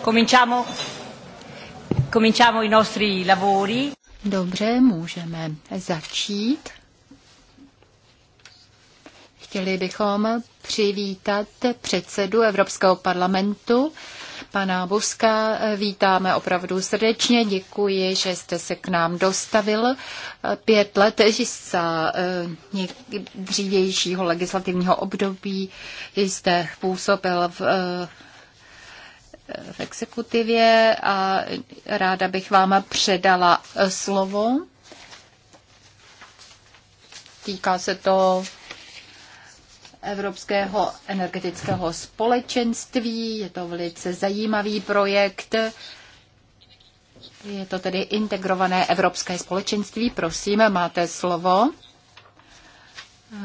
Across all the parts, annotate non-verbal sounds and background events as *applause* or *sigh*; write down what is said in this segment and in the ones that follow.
Cominciamo, cominciamo i nostri lavori. Dobře, můžeme začít. Chtěli bychom přivítat předsedu Evropského parlamentu, pana Buska. Vítáme opravdu srdečně, děkuji, že jste se k nám dostavil. Pět let za eh, dřívějšího legislativního období jste působil v eh, v exekutivě a ráda bych vám předala eh, slovo. Týká se to Evropského energetického společenství. Je to velice zajímavý projekt. Je to tedy integrované Evropské společenství. Prosím, máte slovo.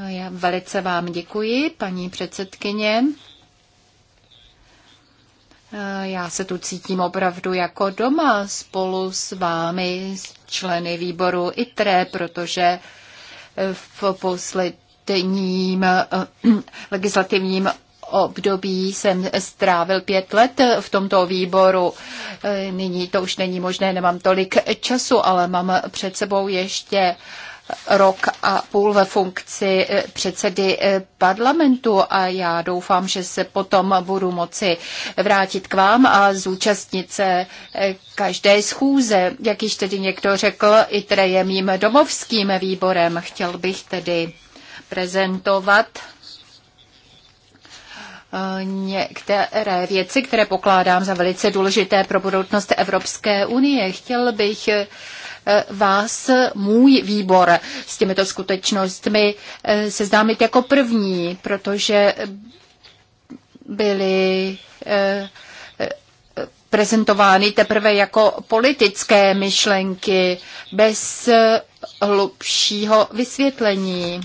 Eh, já velice vám děkuji, paní předsedkyně. Eh, já se tu cítím opravdu jako doma spolu s vámi, s členy výboru ITRE, protože eh, v posledním eh, *clears throat* legislativním období jsem strávil pět let v tomto výboru. Nyní to už není možné, nemám tolik času, ale mám před sebou ještě uh, rok a půl ve funkci eh, předsedy eh, parlamentu a já doufám, že se potom budu moci vrátit k vám a zúčastnit se eh, každé schůze. Jak již tedy někdo řekl, které je mým domovským výborem. Chtěl bych tedy prezentovat některé věci, které pokládám za velice důležité pro budoucnost Evropské unie. Chtěl bych Eh, vás můj výbor s těmito skutečnostmi eh, seznámit jako první, protože byly eh, prezentovány teprve jako politické myšlenky bez hlubšího vysvětlení.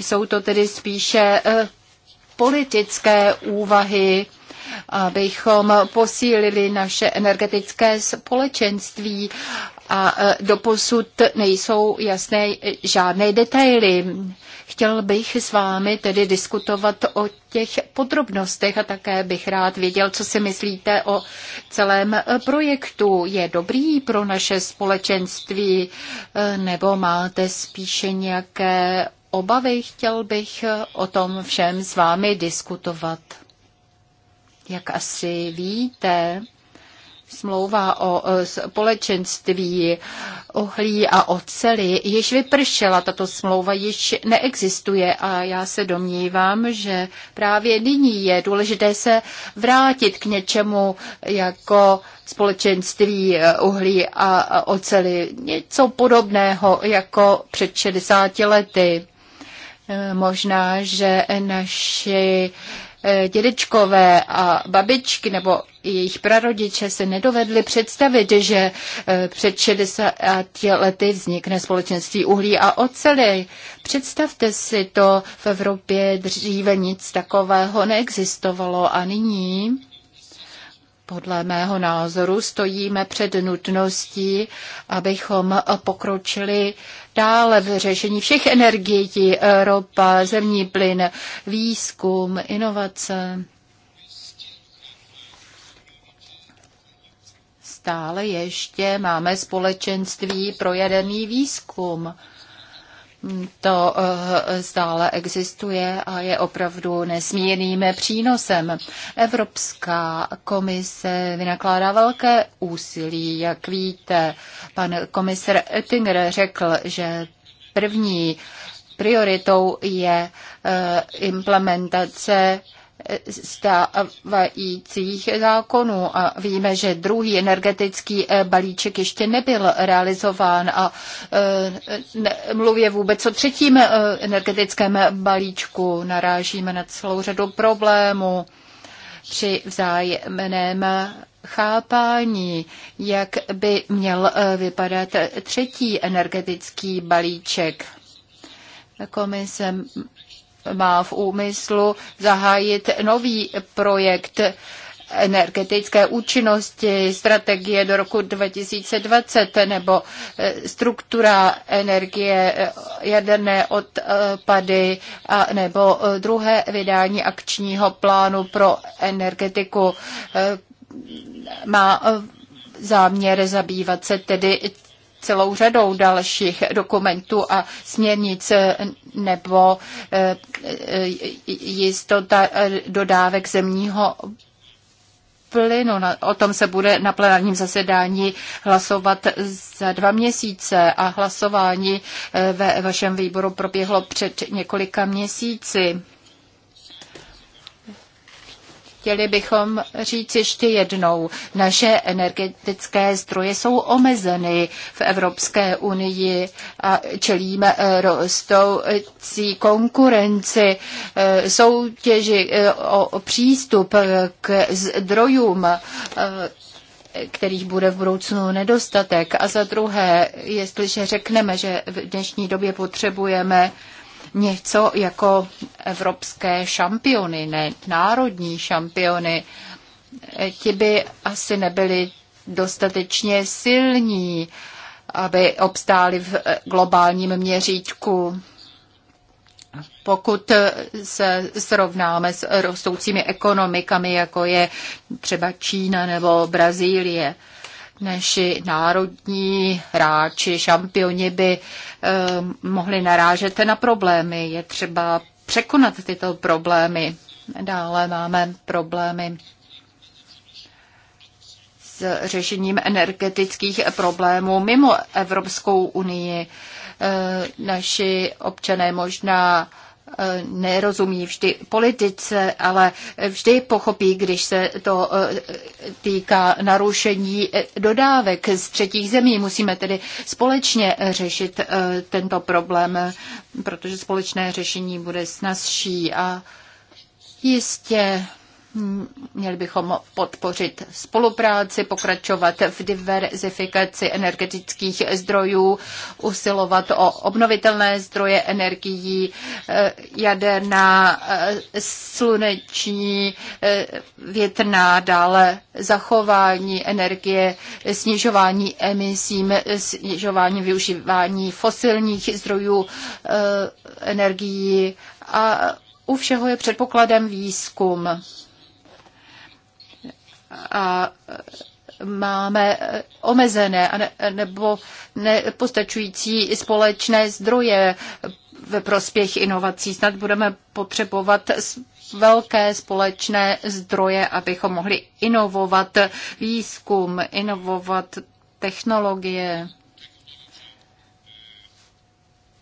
Jsou to tedy spíše politické úvahy, abychom posílili naše energetické společenství a e, doposud nejsou jasné žádné detaily. Chtěl bych s vámi tedy diskutovat o těch podrobnostech a také bych rád věděl, co si myslíte o celém projektu. Je dobrý pro naše společenství e, nebo máte spíše nějaké obavy? Chtěl bych o tom všem s vámi diskutovat. Jak asi víte, smlouva o e, společenství uhlí a oceli již vypršela, tato smlouva již neexistuje a já se domnívám, že právě nyní je důležité se vrátit k něčemu jako společenství e, uhlí a oceli, něco podobného jako před 60 lety. E, možná, že naši Eh, dědečkové a babičky nebo jejich prarodiče se nedovedli představit, že eh, před 60 lety vznikne společenství uhlí a ocely. Představte si to, v Evropě dříve nic takového neexistovalo a nyní podle mého názoru stojíme před nutností, abychom pokročili dále v řešení všech energií, eh, ropa, zemní plyn, výzkum, inovace. Stále ještě máme společenství pro jaderný výzkum to eh, stále existuje a je opravdu nesmírným přínosem. Evropská komise vynakládá velké úsilí, jak víte. Pan komisar Oettinger řekl, že první prioritou je eh, implementace stávajících zákonů a víme, že druhý energetický eh, balíček ještě nebyl realizován a eh, mluvě vůbec o třetím eh, energetickém balíčku. Narážíme na celou řadu problémů při vzájemném chápání, jak by měl vypadat třetí energetický balíček. Komise má v úmyslu zahájit nový projekt energetické účinnosti, strategie do roku 2020 nebo eh, struktura energie, eh, jaderné odpady a nebo eh, druhé vydání akčního plánu pro energetiku má záměr zabývat se tedy celou řadou dalších dokumentů a směrnic nebo e, e, jistota dodávek zemního plynu. O tom se bude na plenárním zasedání hlasovat za dva měsíce a hlasování e, ve vašem výboru proběhlo před několika měsíci chtěli bychom říct ještě jednou, naše energetické zdroje jsou omezeny v Evropské unii a čelíme eh, rostoucí konkurenci, eh, soutěži eh, o přístup k zdrojům kterých bude v budoucnu nedostatek. A za druhé, jestliže řekneme, že v dnešní době potřebujeme uh, něco jako evropské šampiony, ne národní šampiony. Ti by asi nebyli dostatečně silní, aby obstáli v globálním měřítku. Pokud se srovnáme s rostoucími ekonomikami, jako je třeba Čína nebo Brazílie, naši národní hráči, šampioni by eh, mohli narážet na problémy. Je třeba překonat tyto problémy. Dále máme problémy s řešením energetických problémů mimo Evropskou unii. Eh, naši občané možná Eh, nerozumí vždy politice, ale vždy pochopí, když se to eh, týká narušení eh, dodávek z třetích zemí. Musíme tedy společně řešit tento problém, protože společné řešení bude snazší a jistě Měli bychom podpořit spolupráci, pokračovat v diverzifikaci energetických zdrojů, usilovat o obnovitelné zdroje energií, eh, jaderná, eh, sluneční, eh, větrná, dále zachování energie, snižování emisí, snižování využívání fosilních zdrojů energií a u všeho je předpokladem výzkum a máme omezené nebo nepostačující společné zdroje ve prospěch inovací. Snad budeme potřebovat velké společné zdroje, abychom mohli inovovat výzkum, inovovat technologie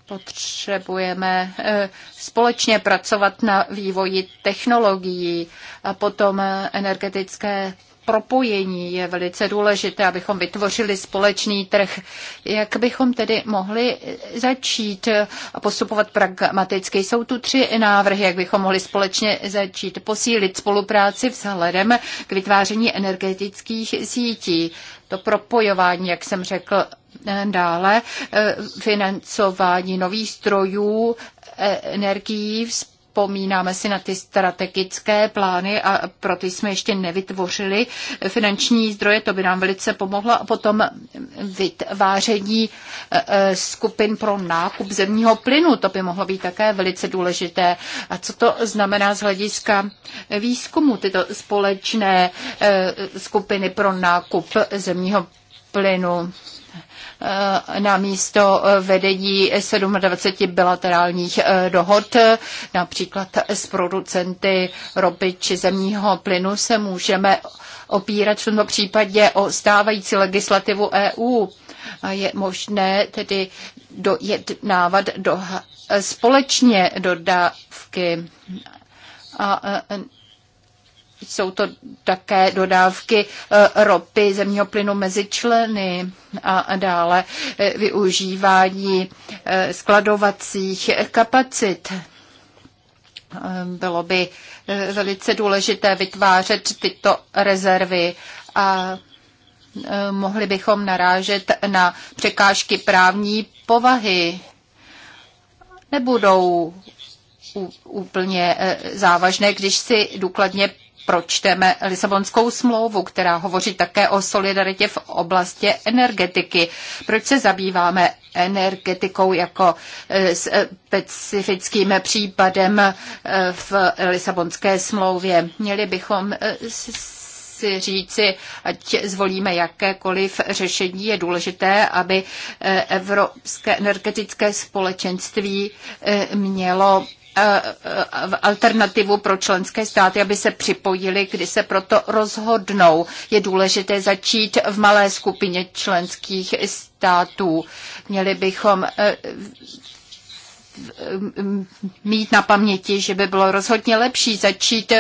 potřebujeme eh, společně pracovat na vývoji technologií a potom eh, energetické propojení je velice důležité, abychom vytvořili společný trh. Jak bychom tedy mohli začít a postupovat pragmaticky? Jsou tu tři návrhy, jak bychom mohli společně začít posílit spolupráci vzhledem k vytváření energetických sítí. To propojování, jak jsem řekl, dále eh, financování nových strojů eh, energií, vzpomínáme si na ty strategické plány a pro ty jsme ještě nevytvořili finanční zdroje, to by nám velice pomohlo. A potom vytváření e, e, skupin pro nákup zemního plynu, to by mohlo být také velice důležité. A co to znamená z hlediska výzkumu, tyto společné e, skupiny pro nákup zemního plynu? Eh, na místo eh, vedení 27 bilaterálních eh, dohod, například s producenty ropy či zemního plynu, se můžeme opírat v tomto případě o stávající legislativu EU. A je možné tedy dojednávat do, společně dodávky a jsou to také dodávky e, ropy, zemního plynu mezi členy a dále e, využívání e, skladovacích kapacit. Bylo by velice důležité vytvářet tyto rezervy a mohli bychom narážet na překážky právní povahy. Nebudou úplně závažné, když si důkladně pročteme Lisabonskou smlouvu, která hovoří také o solidaritě v oblasti energetiky. Proč se zabýváme energetikou jako e, specifickým případem e, v Lisabonské smlouvě? Měli bychom e, si říci, ať zvolíme jakékoliv řešení, je důležité, aby Evropské energetické společenství mělo Eh, eh, alternativu pro členské státy, aby se připojili, kdy se proto rozhodnou. Je důležité začít v malé skupině členských států. Měli bychom eh, mít na paměti, že by bylo rozhodně lepší začít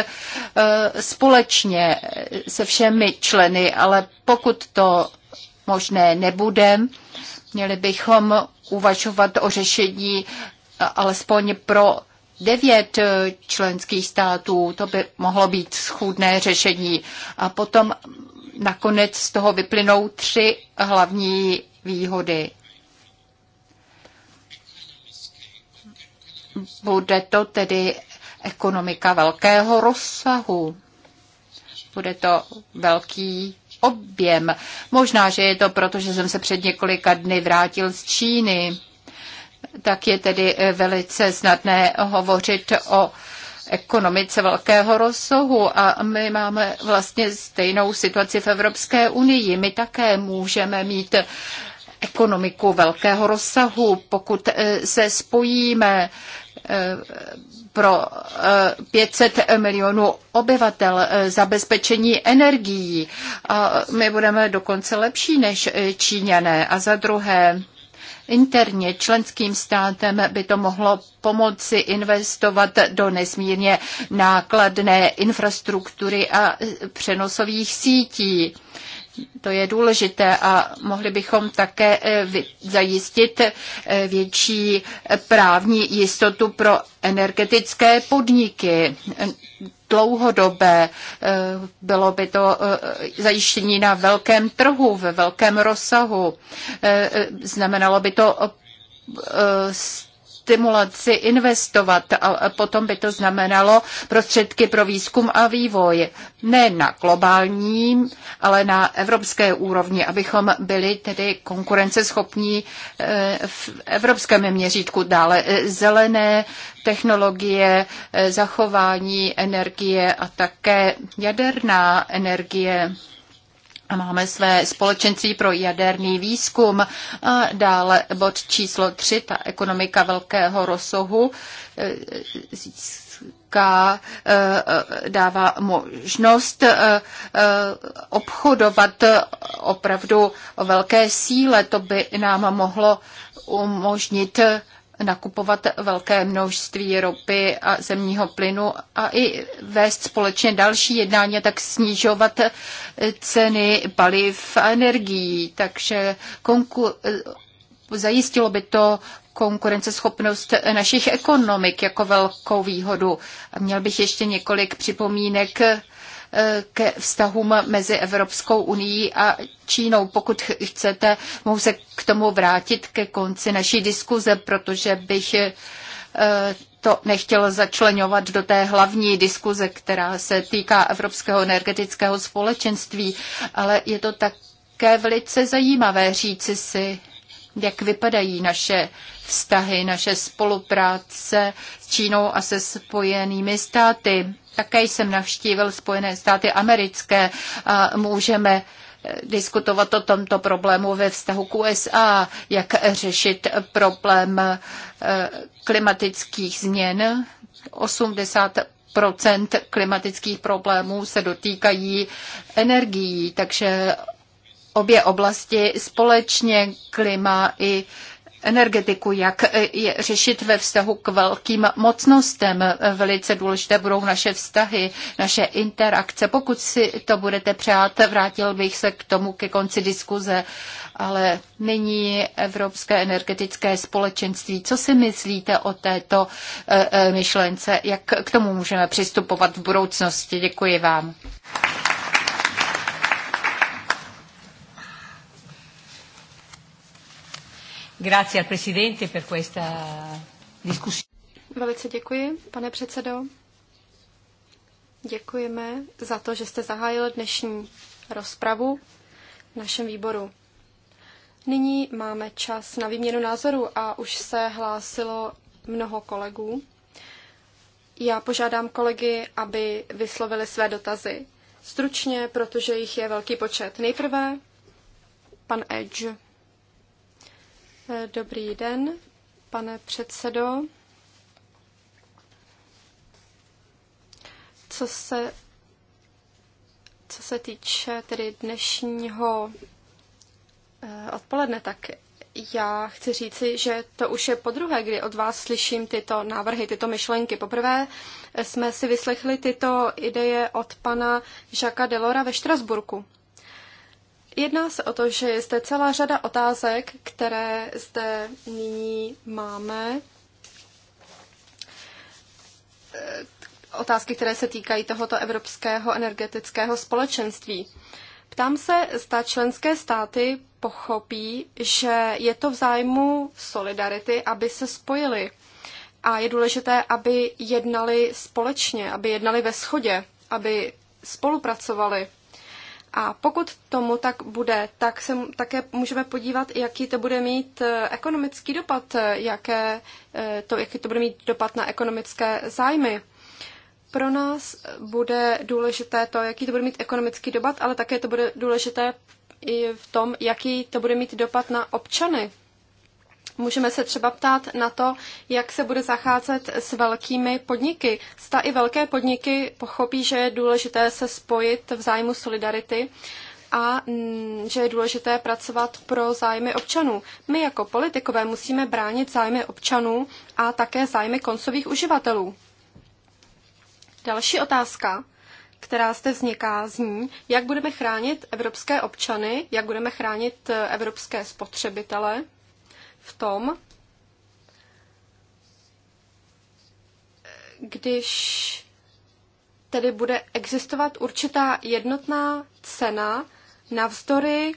společně se všemi členy, ale pokud to možné nebude, měli bychom uvažovat o řešení alespoň pro devět eh, členských států. To by mohlo být schůdné řešení. A potom nakonec z toho vyplynou tři hlavní výhody. Bude to tedy ekonomika velkého rozsahu. Bude to velký objem. Možná, že je to proto, že jsem se před několika dny vrátil z Číny tak je tedy eh, velice snadné hovořit o ekonomice velkého rozsahu a my máme vlastně stejnou situaci v Evropské unii. My také můžeme mít ekonomiku velkého rozsahu, pokud eh, se spojíme eh, pro 500 milionů obyvatel zabezpečení energií. A my budeme dokonce lepší než Číňané. A za druhé, interně členským státem by to mohlo pomoci investovat do nesmírně nákladné infrastruktury a přenosových sítí. To je důležité a mohli bychom také eh, zajistit eh, větší právní jistotu pro energetické podniky dlouhodobé. Eh, bylo by to zajištění na velkém trhu, ve velkém rozsahu. Znamenalo by to stimulaci investovat a potom by to znamenalo prostředky pro výzkum a vývoj. Ne na globálním, ale na evropské úrovni, abychom byli tedy konkurenceschopní eh, v evropském měřítku. Dále eh, zelené technologie, eh, zachování energie a také jaderná energie. Máme své společenství pro jaderný výzkum a dále bod číslo 3, ta ekonomika velkého rozsahu eh, získá, eh, dává možnost eh, obchodovat opravdu o velké síle. To by nám mohlo umožnit nakupovat velké množství ropy a zemního plynu a i vést společně další jednání a tak snižovat ceny paliv a energií. Takže konku- zajistilo by to konkurenceschopnost našich ekonomik jako velkou výhodu. Měl bych ještě několik připomínek Eh, ke vztahům mezi Evropskou unii a Čínou. Pokud chcete, mohu se k tomu vrátit ke konci naší diskuze, protože bych eh, to nechtěla začlenovat do té hlavní diskuze, která se týká Evropského energetického společenství, ale je to také velice zajímavé říci si, jak vypadají naše vztahy, naše spolupráce s Čínou a se spojenými státy. Také jsem navštívil Spojené státy americké a můžeme eh, diskutovat o tomto problému ve vztahu k USA, jak řešit problém eh, klimatických změn. 80 klimatických problémů se dotýkají energií, takže obě oblasti společně klima i energetiku, jak je řešit ve vztahu k velkým mocnostem. Velice důležité budou naše vztahy, naše interakce. Pokud si to budete přát, vrátil bych se k tomu ke konci diskuze. Ale nyní Evropské energetické společenství. Co si myslíte o této eh, eh, myšlence? Jak k tomu můžeme přistupovat v budoucnosti? Děkuji vám. Grazie al Presidente per questa discussione. Velice děkuji, pane předsedo. Děkujeme za to, že jste zahájil dnešní rozpravu v našem výboru. Nyní máme čas na výměnu názorů a už se hlásilo mnoho kolegů. Já požádám kolegy, aby vyslovili své dotazy. Stručně, protože jich je velký počet. Nejprve pan Edge. Dobrý den, pane předsedo. Co se, co se týče tedy dnešního eh, odpoledne, tak já chci říci, že to už je po druhé, kdy od vás slyším tyto návrhy, tyto myšlenky. Poprvé eh, jsme si vyslechli tyto ideje od pana Žaka Delora ve Štrasburku. Jedná se o to, že je zde celá řada otázek, které zde nyní máme. Otázky, které se týkají tohoto evropského energetického společenství. Ptám se, zda členské státy pochopí, že je to v zájmu solidarity, aby se spojili. A je důležité, aby jednali společně, aby jednali ve shodě, aby spolupracovali. A pokud tomu tak bude, tak se také můžeme podívat, jaký to bude mít e, ekonomický dopad, e, jaké e, to, jaký to bude mít dopad na ekonomické zájmy. Pro nás bude důležité to, jaký to bude mít ekonomický dopad, ale také to bude důležité i v tom, jaký to bude mít dopad na občany Můžeme se třeba ptát na to, jak se bude zacházet s velkými podniky. Sta i velké podniky pochopí, že je důležité se spojit v zájmu solidarity a mm, že je důležité pracovat pro zájmy občanů. My jako politikové musíme bránit zájmy občanů a také zájmy koncových uživatelů. Další otázka, která zde vzniká, zní, jak budeme chránit evropské občany, jak budeme chránit eh, evropské spotřebitele v tom, když tedy bude existovat určitá jednotná cena navzdory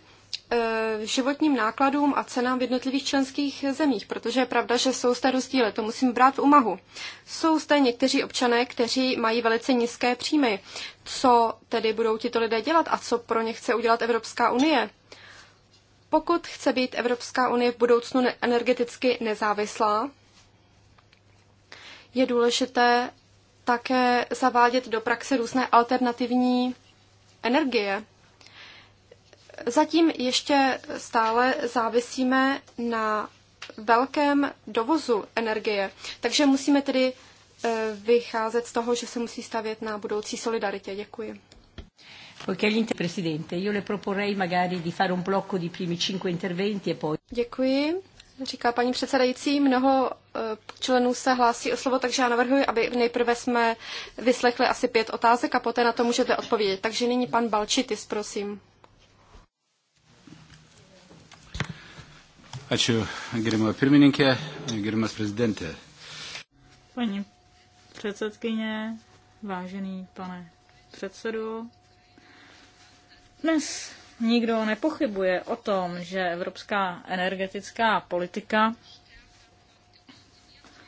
eh, životním nákladům a cenám v jednotlivých členských zemích, protože je pravda, že jsou zde rozdíly, to musím brát v úmahu. Jsou zde někteří občané, kteří mají velice nízké příjmy. Co tedy budou tito lidé dělat a co pro ně chce udělat Evropská unie? Pokud chce být Evropská unie v budoucnu energeticky nezávislá, je důležité také zavádět do praxe různé alternativní energie. Zatím ještě stále závisíme na velkém dovozu energie, takže musíme tedy eh, vycházet z toho, že se musí stavět na budoucí solidaritě. Děkuji. Děkuji. Říká paní předsedající, mnoho eh, členů se hlásí o slovo, takže já navrhuji, aby nejprve jsme vyslechli asi pět otázek a poté na to můžete odpovědět. Takže nyní pan Balčitis, prosím. Ačiū, gerima pirmininkė, gerimas prezidentė. Paní předsedkyně, vážený pane předsedu, dnes nikdo nepochybuje o tom, že evropská energetická politika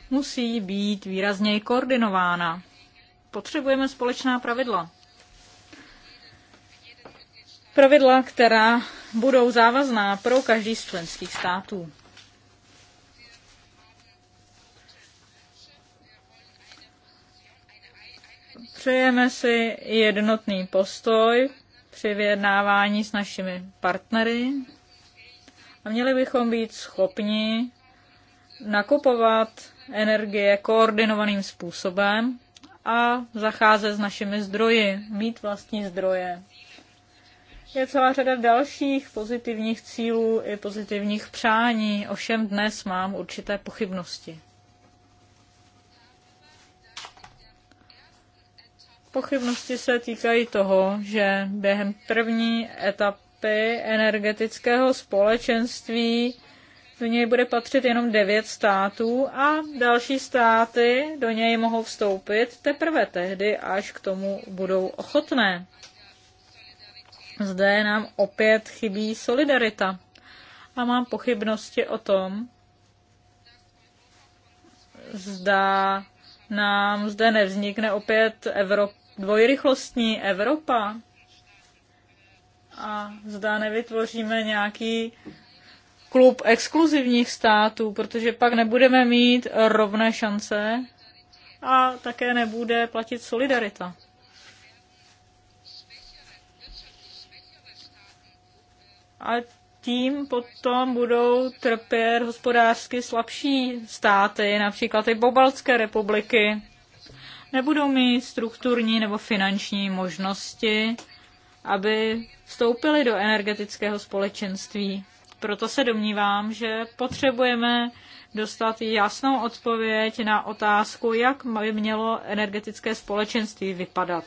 musí být výrazněji koordinována. Potřebujeme společná pravidla. Pravidla, která budou závazná pro každý z členských států. Přejeme si jednotný postoj při vyjednávání s našimi partnery a měli bychom být schopni nakupovat energie koordinovaným způsobem a zacházet s našimi zdroji, mít vlastní zdroje. Je celá řada dalších pozitivních cílů i pozitivních přání, ovšem dnes mám určité pochybnosti. Pochybnosti se týkají toho, že během první etapy energetického společenství do něj bude patřit jenom devět států a další státy do něj mohou vstoupit teprve tehdy, až k tomu budou ochotné. Zde nám opět chybí solidarita a mám pochybnosti o tom, zda nám zde nevznikne opět Evropa dvojrychlostní Evropa a zda nevytvoříme nějaký klub exkluzivních států, protože pak nebudeme mít rovné šance a také nebude platit solidarita. A tím potom budou trpět hospodářsky slabší státy, například i Bobalské republiky, nebudou mít strukturní nebo finanční možnosti, aby vstoupili do energetického společenství. Proto se domnívám, že potřebujeme dostat jasnou odpověď na otázku, jak by mělo energetické společenství vypadat.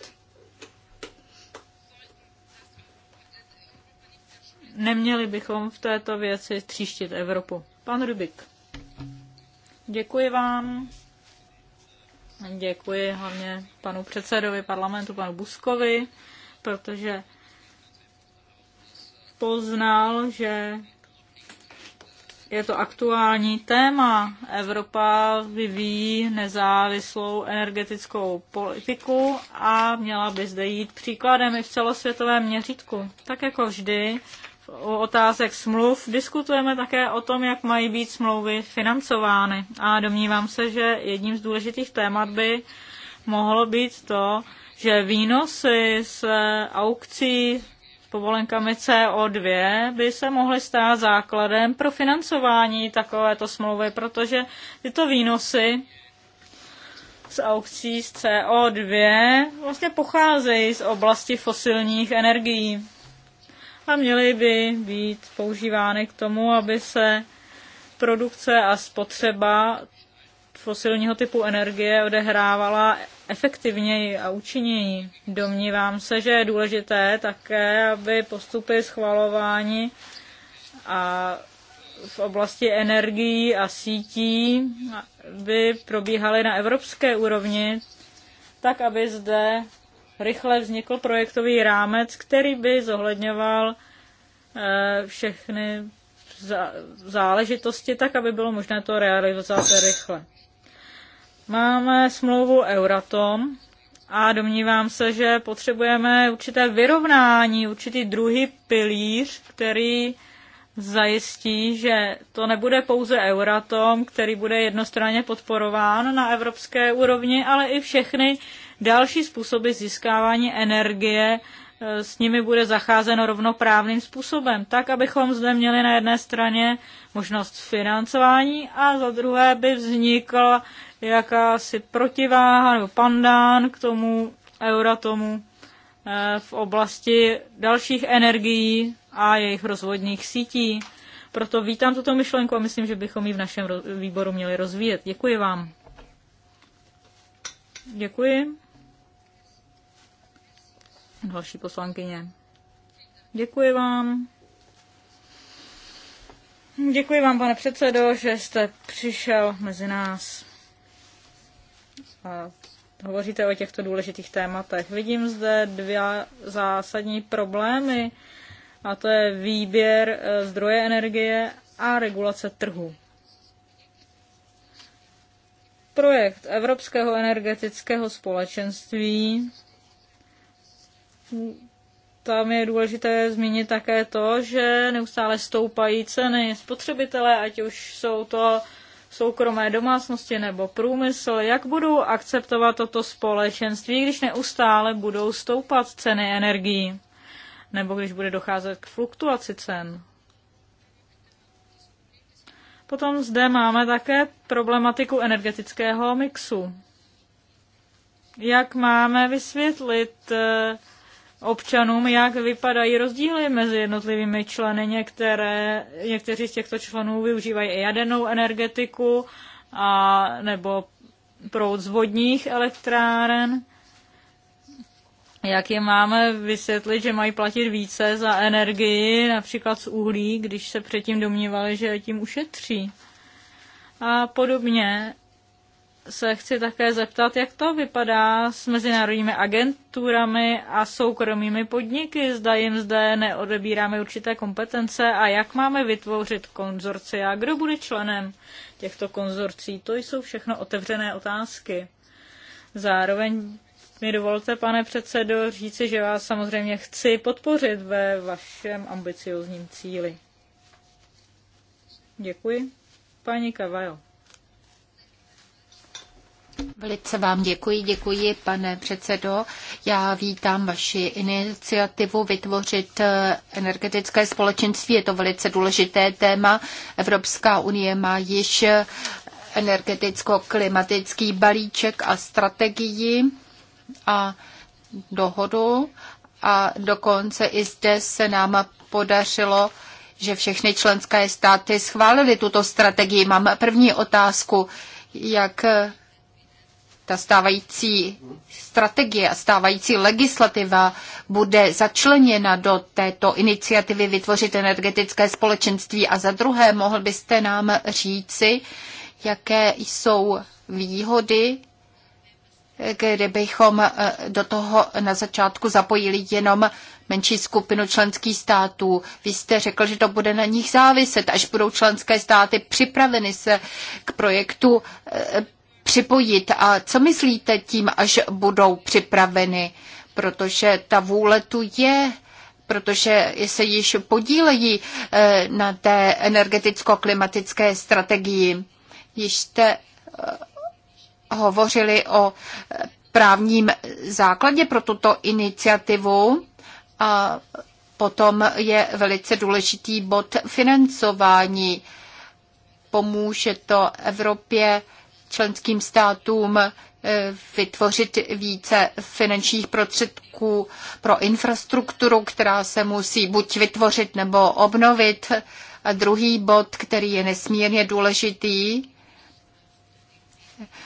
Neměli bychom v této věci tříštit Evropu. Pan Rubik. Děkuji vám. Děkuji hlavně panu předsedovi parlamentu, panu Buskovi, protože poznal, že je to aktuální téma. Evropa vyvíjí nezávislou energetickou politiku a měla by zde jít příkladem i v celosvětovém měřítku. Tak jako vždy o otázek smluv diskutujeme také o tom, jak mají být smlouvy financovány. A domnívám se, že jedním z důležitých témat by mohlo být to, že výnosy z aukcí s povolenkami CO2 by se mohly stát základem pro financování takovéto smlouvy, protože tyto výnosy z aukcí z CO2 vlastně pocházejí z oblasti fosilních energií a měly by být používány k tomu, aby se produkce a spotřeba fosilního typu energie odehrávala efektivněji a účinněji. Domnívám se, že je důležité také, aby postupy schvalování a v oblasti energií a sítí by probíhaly na evropské úrovni, tak aby zde rychle vznikl projektový rámec, který by zohledňoval eh, všechny záležitosti tak, aby bylo možné to realizovat rychle. Máme smlouvu Euratom a domnívám se, že potřebujeme určité vyrovnání, určitý druhý pilíř, který zajistí, že to nebude pouze Euratom, který bude jednostranně podporován na evropské úrovni, ale i všechny další způsoby získávání energie e, s nimi bude zacházeno rovnoprávným způsobem, tak abychom zde měli na jedné straně možnost financování a za druhé by vznikla jakási protiváha nebo pandán k tomu euratomu e, v oblasti dalších energií a jejich rozvodních sítí. Proto vítám tuto myšlenku a myslím, že bychom ji v našem výboru měli rozvíjet. Děkuji vám. Děkuji další poslankyně. Děkuji vám. Děkuji vám, pane předsedo, že jste přišel mezi nás. A hovoříte o těchto důležitých tématech. Vidím zde dvě zásadní problémy, a to je výběr eh, zdroje energie a regulace trhu. Projekt Evropského energetického společenství tam je důležité zmínit také to, že neustále stoupají ceny spotřebitele, ať už jsou to soukromé domácnosti nebo průmysl, jak budou akceptovat toto společenství, když neustále budou stoupat ceny energií, nebo když bude docházet k fluktuaci cen. Potom zde máme také problematiku energetického mixu. Jak máme vysvětlit eh, občanům, jak vypadají rozdíly mezi jednotlivými členy. Některé, někteří z těchto členů využívají i jadernou energetiku a, nebo proud z vodních elektráren. Jak je máme vysvětlit, že mají platit více za energii, například z uhlí, když se předtím domnívali, že tím ušetří. A podobně se chci také zeptat, jak to vypadá s mezinárodními agenturami a soukromými podniky. Zda jim zde neodebíráme určité kompetence a jak máme vytvořit a kdo bude členem těchto konzorcí. To jsou všechno otevřené otázky. Zároveň mi dovolte, pane předsedo, říci, že vás samozřejmě chci podpořit ve vašem ambiciozním cíli. Děkuji. Pani Kavajo. Velice vám děkuji, děkuji, pane předsedo. Já vítám vaši iniciativu vytvořit eh, energetické společenství. Je to velice důležité téma. Evropská unie má již eh, energeticko-klimatický balíček a strategii a dohodu a dokonce i zde se nám podařilo že všechny členské státy schválili tuto strategii. Mám první otázku, jak eh, ta stávající strategie a stávající legislativa bude začleněna do této iniciativy vytvořit energetické společenství? A za druhé, mohl byste nám říci, jaké jsou výhody, kdybychom eh, do toho na začátku zapojili jenom menší skupinu členských států. Vy jste řekl, že to bude na nich záviset, až budou členské státy připraveny se k projektu eh, připojit. A co myslíte tím, až budou připraveny? Protože ta vůle tu je protože se již podílejí eh, na té energeticko-klimatické strategii. Již jste eh, hovořili o eh, právním základě pro tuto iniciativu a potom je velice důležitý bod financování. Pomůže to Evropě členským státům eh, vytvořit více finančních prostředků pro infrastrukturu, která se musí buď vytvořit nebo obnovit. A druhý bod, který je nesmírně důležitý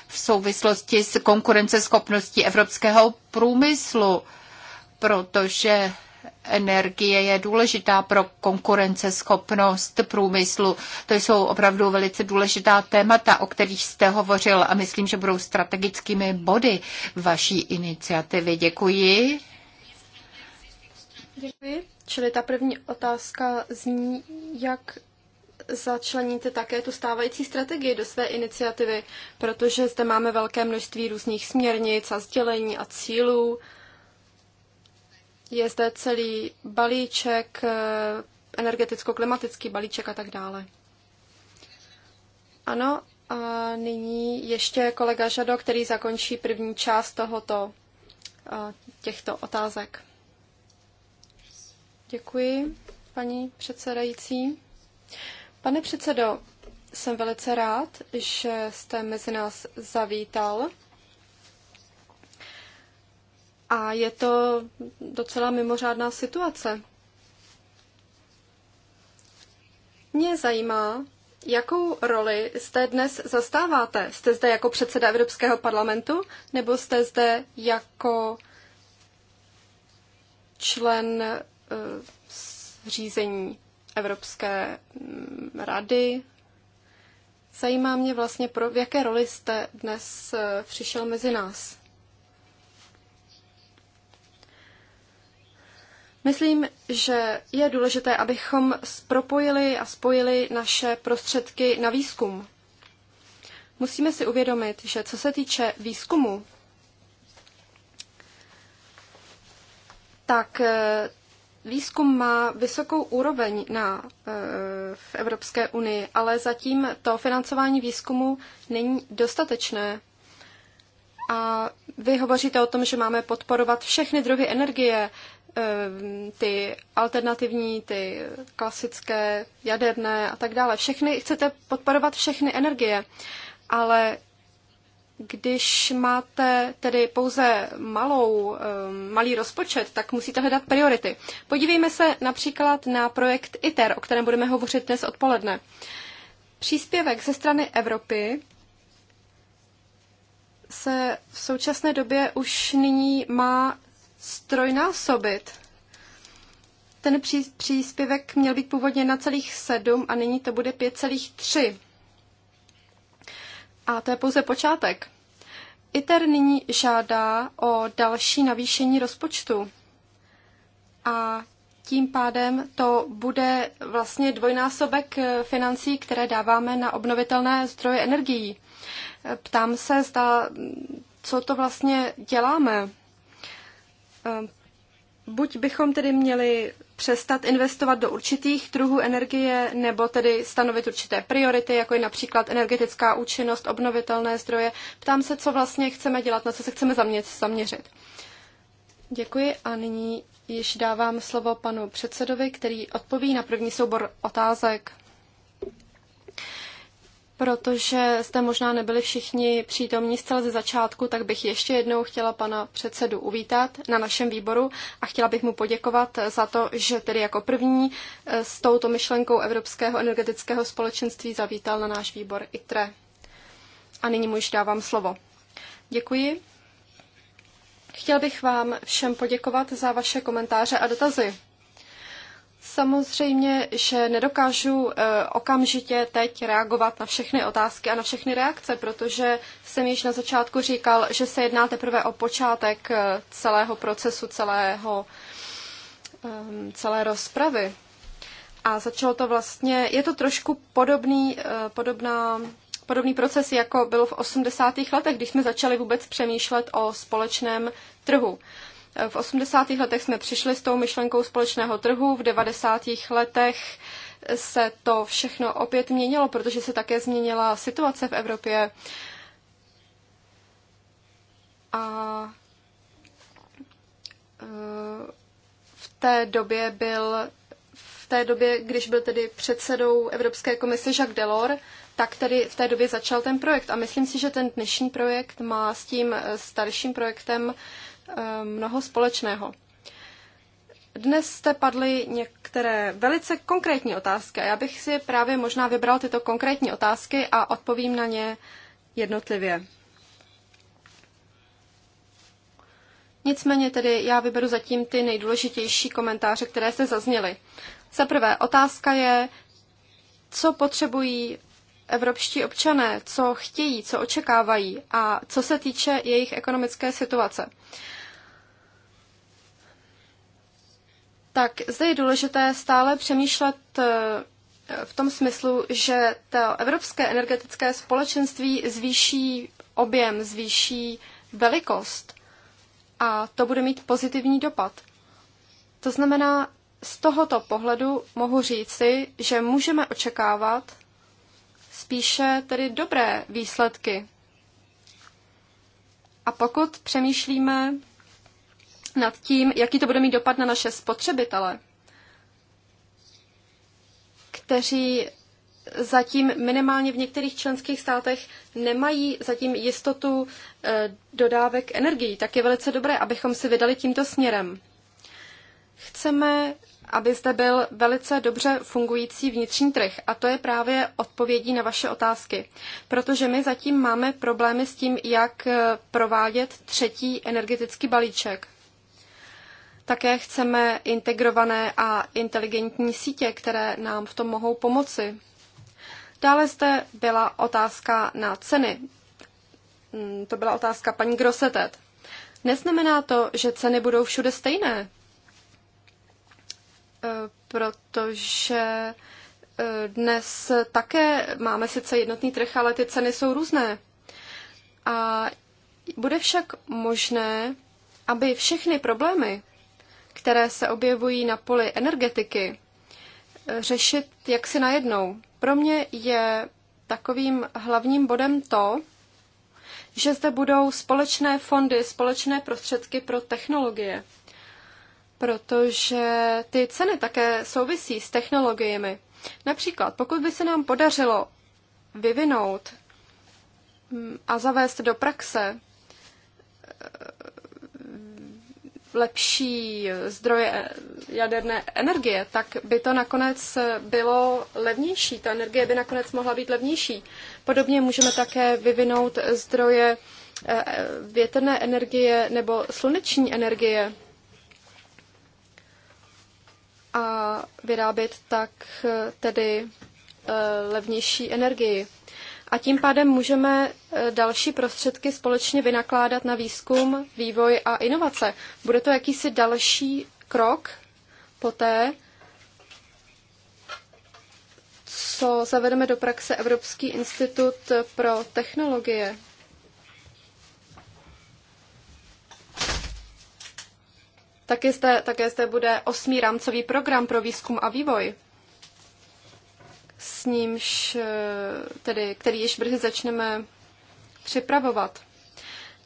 v souvislosti s konkurenceschopností evropského průmyslu, protože energie je důležitá pro konkurenceschopnost průmyslu. To jsou opravdu velice důležitá témata, o kterých jste hovořil a myslím, že budou strategickými body vaší iniciativy. Děkuji. Děkuji. Čili ta první otázka zní, jak začleníte také tu stávající strategii do své iniciativy, protože zde máme velké množství různých směrnic a sdělení a cílů. Je zde celý balíček, eh, energeticko-klimatický balíček a tak dále. Ano, a nyní ještě kolega Žado, který zakončí první část tohoto, eh, těchto otázek. Děkuji, paní předsedající. Pane předsedo, jsem velice rád, že jste mezi nás zavítal. A je to docela mimořádná situace. Mě zajímá, jakou roli jste dnes zastáváte. Jste zde jako předseda Evropského parlamentu nebo jste zde jako člen uh, eh, řízení Evropské mm, rady? Zajímá mě vlastně, pro, v jaké roli jste dnes eh, přišel mezi nás. Myslím, že je důležité, abychom propojili a spojili naše prostředky na výzkum. Musíme si uvědomit, že co se týče výzkumu, tak eh, výzkum má vysokou úroveň na, eh, v Evropské unii, ale zatím to financování výzkumu není dostatečné. A vy hovoříte o tom, že máme podporovat všechny druhy energie, Eh, ty alternativní, ty klasické, jaderné a tak dále. Všechny, chcete podporovat všechny energie, ale když máte tedy pouze malou, eh, malý rozpočet, tak musíte hledat priority. Podívejme se například na projekt ITER, o kterém budeme hovořit dnes odpoledne. Příspěvek ze strany Evropy se v současné době už nyní má strojnásobit. Ten příspěvek měl být původně na celých 7 a nyní to bude 5,3. A to je pouze počátek. ITER nyní žádá o další navýšení rozpočtu. A tím pádem to bude vlastně dvojnásobek financí, které dáváme na obnovitelné zdroje energií. Ptám se, zda, co to vlastně děláme. Ehm, buď bychom tedy měli přestat investovat do určitých druhů energie, nebo tedy stanovit určité priority, jako je například energetická účinnost, obnovitelné zdroje. Ptám se, co vlastně chceme dělat, na co se chceme zaměřit. Děkuji a nyní již dávám slovo panu předsedovi, který odpoví na první soubor otázek. Protože jste možná nebyli všichni přítomní zcela ze začátku, tak bych ještě jednou chtěla pana předsedu uvítat na našem výboru a chtěla bych mu poděkovat za to, že tedy jako první eh, s touto myšlenkou Evropského energetického společenství zavítal na náš výbor ITRE. A nyní mu již dávám slovo. Děkuji. Chtěl bych vám všem poděkovat za vaše komentáře a dotazy. Samozřejmě, že nedokážu eh, okamžitě teď reagovat na všechny otázky a na všechny reakce, protože jsem již na začátku říkal, že se jedná teprve o počátek eh, celého procesu, celého, ehm, celé rozpravy. A začalo to vlastně, je to trošku podobný, eh, podobná, podobný proces, jako byl v 80. letech, když jsme začali vůbec přemýšlet o společném trhu. V 80. letech jsme přišli s tou myšlenkou společného trhu, v 90. letech se to všechno opět měnilo, protože se také změnila situace v Evropě. A eh, v té době byl v té době, když byl tedy předsedou Evropské komise Jacques Delors, tak tedy v té době začal ten projekt. A myslím si, že ten dnešní projekt má s tím eh, starším projektem Eh, mnoho společného. Dnes jste padly některé velice konkrétní otázky a já bych si právě možná vybral tyto konkrétní otázky a odpovím na ně jednotlivě. Nicméně tedy já vyberu zatím ty nejdůležitější komentáře, které se zazněly. Za prvé, otázka je, co potřebují evropští občané, co chtějí, co očekávají a co se týče jejich ekonomické situace. Uh, tak zde je důležité stále přemýšlet eh, v tom smyslu, že to Evropské energetické společenství zvýší objem, zvýší velikost a to bude mít pozitivní dopad. To znamená, z tohoto pohledu mohu říci, že můžeme očekávat spíše tedy dobré výsledky. A pokud přemýšlíme nad tím, jaký to bude mít dopad na naše spotřebitele, kteří zatím minimálně v některých členských státech nemají zatím jistotu eh, dodávek energií, tak je velice dobré, abychom si vydali tímto směrem. Chceme, aby zde byl velice dobře fungující vnitřní trh a to je právě odpovědí na vaše otázky, protože my zatím máme problémy s tím, jak eh, provádět třetí energetický balíček. Také chceme integrované a inteligentní sítě, které nám v tom mohou pomoci. Dále zde byla otázka na ceny. Mm, to byla otázka paní Grosetet. Neznamená to, že ceny budou všude stejné, eh, protože eh, dnes také máme sice jednotný trh, ale ty ceny jsou různé. A bude však možné, aby všechny problémy, které se objevují na poli energetiky, řešit jaksi najednou. Pro mě je takovým hlavním bodem to, že zde budou společné fondy, společné prostředky pro technologie, protože ty ceny také souvisí s technologiemi. Například, pokud by se nám podařilo vyvinout mm, a zavést do praxe lepší zdroje jaderné energie, tak by to nakonec bylo levnější. Ta energie by nakonec mohla být levnější. Podobně můžeme také vyvinout zdroje eh, větrné energie nebo sluneční energie a vyrábět tak eh, tedy eh, levnější energii a tím pádem můžeme eh, další prostředky společně vynakládat na výzkum, vývoj a inovace. Bude to jakýsi další krok poté, co zavedeme do praxe Evropský institut pro technologie. Také zde, také zde bude osmý rámcový program pro výzkum a vývoj nímž, eh, tedy, který již brzy začneme připravovat.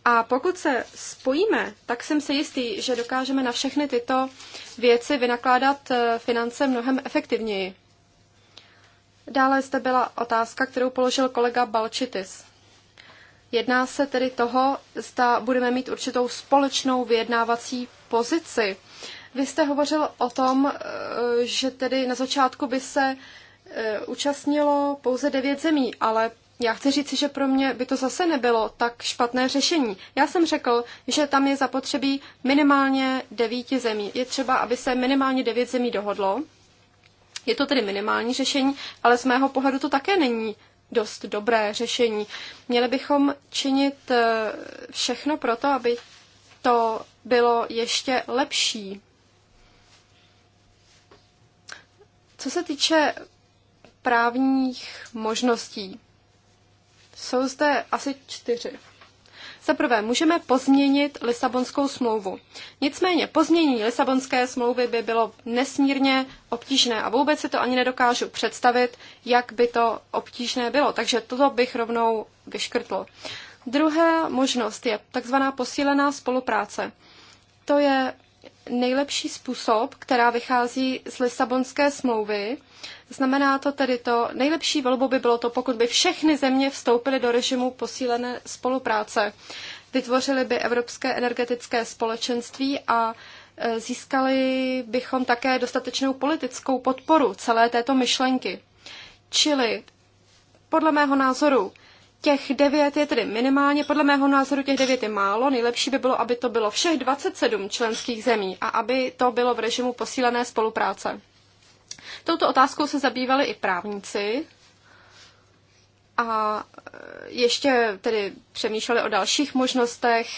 A pokud se spojíme, tak jsem si jistý, že dokážeme na všechny tyto věci vynakládat eh, finance mnohem efektivněji. Dále zde byla otázka, kterou položil kolega Balčitis. Jedná se tedy toho, zda budeme mít určitou společnou vyjednávací pozici. Vy jste hovořil o tom, eh, že tedy na začátku by se Eh, účastnilo pouze devět zemí, ale já chci říct, že pro mě by to zase nebylo tak špatné řešení. Já jsem řekl, že tam je zapotřebí minimálně devíti zemí. Je třeba, aby se minimálně devět zemí dohodlo. Je to tedy minimální řešení, ale z mého pohledu to také není dost dobré řešení. Měli bychom činit eh, všechno pro to, aby to bylo ještě lepší. Co se týče právních možností. Jsou zde asi čtyři. Za prvé, můžeme pozměnit Lisabonskou smlouvu. Nicméně pozměnění Lisabonské smlouvy by bylo nesmírně obtížné a vůbec si to ani nedokážu představit, jak by to obtížné bylo. Takže toto bych rovnou vyškrtl. Druhá možnost je takzvaná posílená spolupráce. To je nejlepší způsob, která vychází z Lisabonské smlouvy. Znamená to tedy to, nejlepší volbou by bylo to, pokud by všechny země vstoupily do režimu posílené spolupráce. Vytvořili by Evropské energetické společenství a e, získali bychom také dostatečnou politickou podporu celé této myšlenky. Čili podle mého názoru Těch devět je tedy minimálně, podle mého názoru těch devět je málo. Nejlepší by bylo, aby to bylo všech 27 členských zemí a aby to bylo v režimu posílené spolupráce. Touto otázkou se zabývali i právníci a e, ještě tedy přemýšleli o dalších možnostech,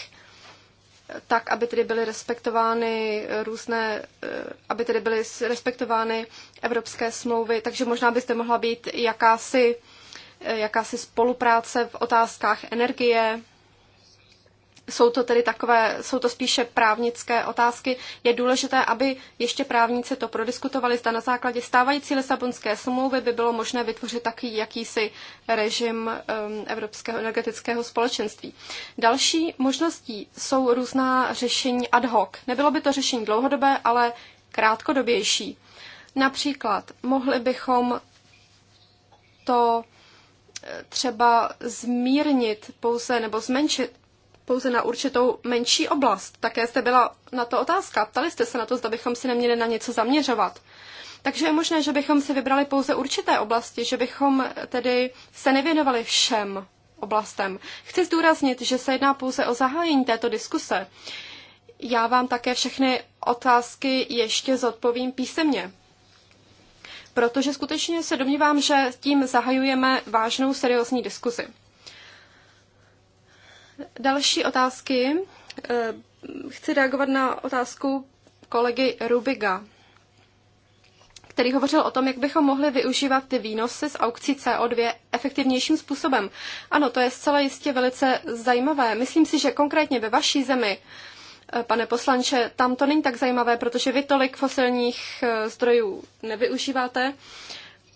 tak, aby tedy byly respektovány různé, e, aby tedy byly respektovány evropské smlouvy, takže možná byste mohla být jakási jakási spolupráce v otázkách energie. Jsou to tedy takové, jsou to spíše právnické otázky. Je důležité, aby ještě právníci to prodiskutovali, zda na základě stávající Lisabonské smlouvy by bylo možné vytvořit taky jakýsi režim um, Evropského energetického společenství. Další možností jsou různá řešení ad hoc. Nebylo by to řešení dlouhodobé, ale krátkodobější. Například mohli bychom to třeba zmírnit pouze nebo zmenšit pouze na určitou menší oblast. Také jste byla na to otázka. Ptali jste se na to, zda bychom si neměli na něco zaměřovat. Takže je možné, že bychom si vybrali pouze určité oblasti, že bychom tedy se nevěnovali všem oblastem. Chci zdůraznit, že se jedná pouze o zahájení této diskuse. Já vám také všechny otázky ještě zodpovím písemně protože skutečně se domnívám, že tím zahajujeme vážnou, seriózní diskuzi. Další otázky. Eh, chci reagovat na otázku kolegy Rubiga, který hovořil o tom, jak bychom mohli využívat ty výnosy z aukcí CO2 efektivnějším způsobem. Ano, to je zcela jistě velice zajímavé. Myslím si, že konkrétně ve vaší zemi Eh, pane poslanče, tam to není tak zajímavé, protože vy tolik fosilních eh, zdrojů nevyužíváte,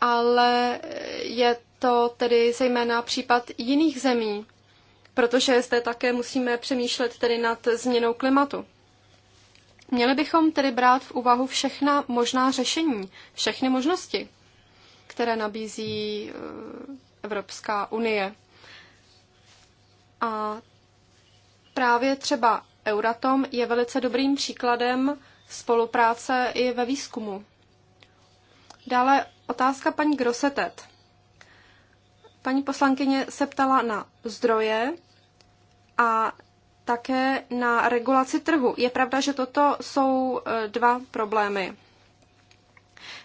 ale je to tedy zejména případ jiných zemí, protože zde také musíme přemýšlet tedy nad změnou klimatu. Měli bychom tedy brát v úvahu všechna možná řešení, všechny možnosti, které nabízí eh, Evropská unie. A právě třeba Euratom je velice dobrým příkladem spolupráce i ve výzkumu. Dále otázka paní Grosetet. Paní poslankyně se ptala na zdroje a také na regulaci trhu. Je pravda, že toto jsou eh, dva problémy.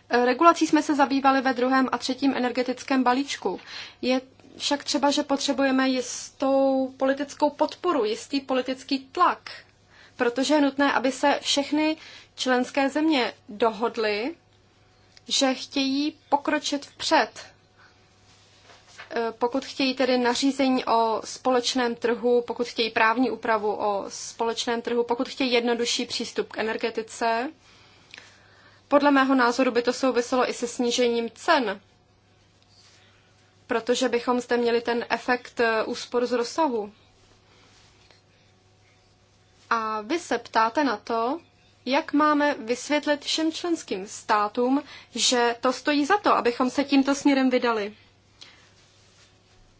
Eh, regulací jsme se zabývali ve druhém a třetím energetickém balíčku. Je však třeba, že potřebujeme jistou politickou podporu, jistý politický tlak, protože je nutné, aby se všechny členské země dohodly, že chtějí pokročit vpřed. E, pokud chtějí tedy nařízení o společném trhu, pokud chtějí právní úpravu o společném trhu, pokud chtějí jednodušší přístup k energetice, podle mého názoru by to souviselo i se snížením cen protože bychom zde měli ten efekt eh, úspor z rozsahu. A vy se ptáte na to, jak máme vysvětlit všem členským státům, že to stojí za to, abychom se tímto směrem vydali.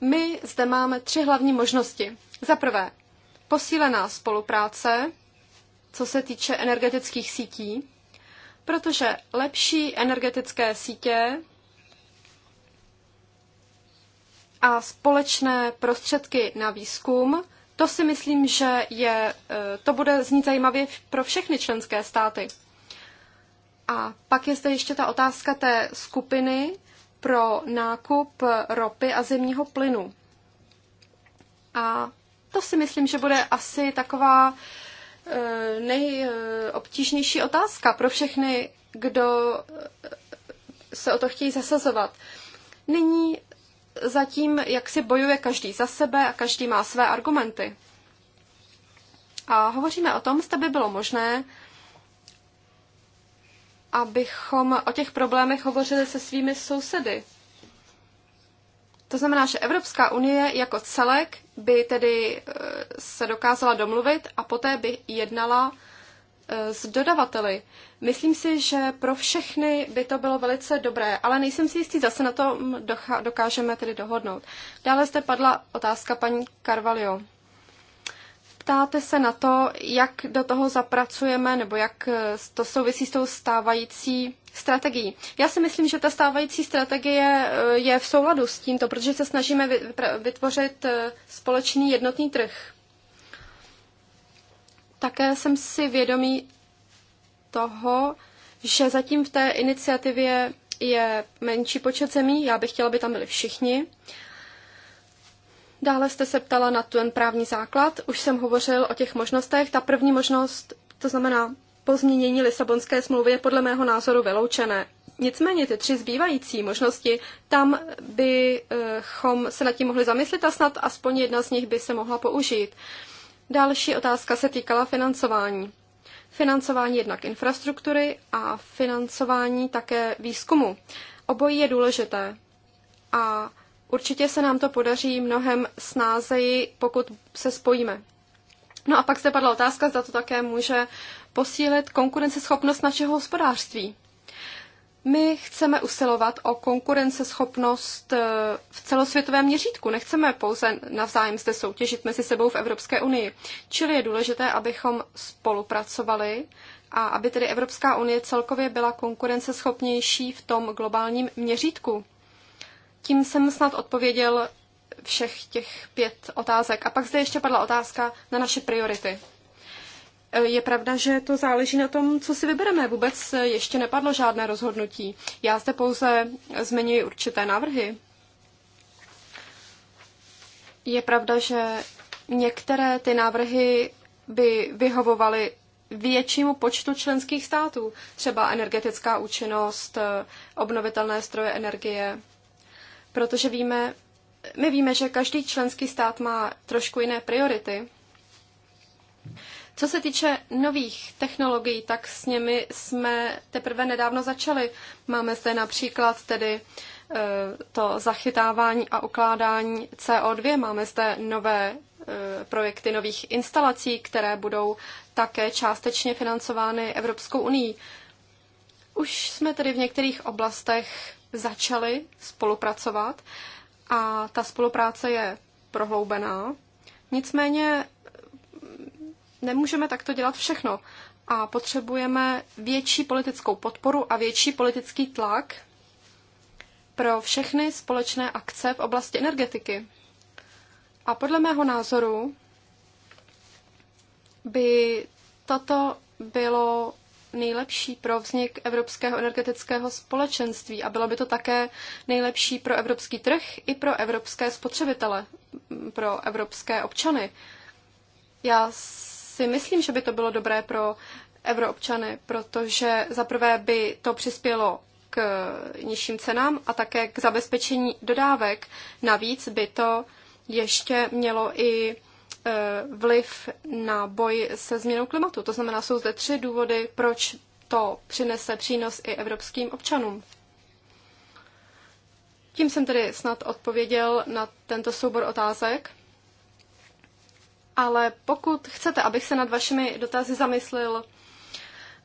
My zde máme tři hlavní možnosti. Za prvé, posílená spolupráce, co se týče energetických sítí, protože lepší energetické sítě a společné prostředky na výzkum, to si myslím, že je, e, to bude znít zajímavě pro všechny členské státy. A pak je zde ještě ta otázka té skupiny pro nákup ropy a zemního plynu. A to si myslím, že bude asi taková e, nejobtížnější otázka pro všechny, kdo e, se o to chtějí zasazovat. Nyní zatím jak si bojuje každý za sebe a každý má své argumenty. A hovoříme o tom, zda by bylo možné, abychom o těch problémech hovořili se svými sousedy. To znamená, že Evropská unie jako celek by tedy eh, se dokázala domluvit a poté by jednala Eh, s dodavateli. Myslím si, že pro všechny by to bylo velice dobré, ale nejsem si jistý, zase na to dokážeme tedy dohodnout. Dále zde padla otázka paní Carvalho. Ptáte se na to, jak do toho zapracujeme, nebo jak eh, to souvisí s tou stávající strategií. Já si myslím, že ta stávající strategie eh, je v souladu s tímto, protože se snažíme vytvořit společný jednotný trh. Také jsem si vědomý toho, že zatím v té iniciativě je menší počet zemí, já bych chtěla, aby tam byli všichni. Dále jste se ptala na ten právní základ. Už jsem hovořil o těch možnostech. Ta první možnost, to znamená pozměnění Lisabonské smlouvy, je podle mého názoru vyloučené. Nicméně ty tři zbývající možnosti, tam bychom se nad tím mohli zamyslet a snad aspoň jedna z nich by se mohla použít. Uh, Další otázka se týkala financování. Financování jednak infrastruktury a financování také výzkumu. Obojí je důležité a určitě se nám to podaří mnohem snázeji, pokud se spojíme. No a pak se padla otázka, zda to také může posílit konkurenceschopnost našeho hospodářství. My chceme usilovat o konkurenceschopnost eh, v celosvětovém měřítku. Nechceme pouze navzájem zde soutěžit mezi sebou v Evropské unii. Čili je důležité, abychom spolupracovali a aby tedy Evropská unie celkově byla konkurenceschopnější v tom globálním měřítku. Tím jsem snad odpověděl všech těch pět otázek. A pak zde ještě padla otázka na naše priority. Je pravda, že to záleží na tom, co si vybereme. Vůbec ještě nepadlo žádné rozhodnutí. Já zde pouze zmiňuji určité návrhy. Je pravda, že některé ty návrhy by vyhovovaly většímu počtu členských států, třeba energetická účinnost, obnovitelné stroje energie, protože víme, my víme, že každý členský stát má trošku jiné priority. Co se týče nových technologií, tak s nimi jsme teprve nedávno začali. Máme zde například tedy e, to zachytávání a ukládání CO2. Máme zde nové e, projekty nových instalací, které budou také částečně financovány Evropskou unii. Už jsme tedy v některých oblastech začali spolupracovat a ta spolupráce je prohloubená. Nicméně Nemůžeme takto dělat všechno a potřebujeme větší politickou podporu a větší politický tlak pro všechny společné akce v oblasti energetiky. A podle mého názoru by toto bylo nejlepší pro vznik Evropského energetického společenství a bylo by to také nejlepší pro evropský trh i pro evropské spotřebitele, pro evropské občany. Já si myslím, že by to bylo dobré pro evroobčany, protože zaprvé by to přispělo k nižším cenám a také k zabezpečení dodávek. Navíc by to ještě mělo i e, vliv na boj se změnou klimatu. To znamená, jsou zde tři důvody, proč to přinese přínos i evropským občanům. Tím jsem tedy snad odpověděl na tento soubor otázek ale pokud chcete, abych se nad vašimi dotazy zamyslil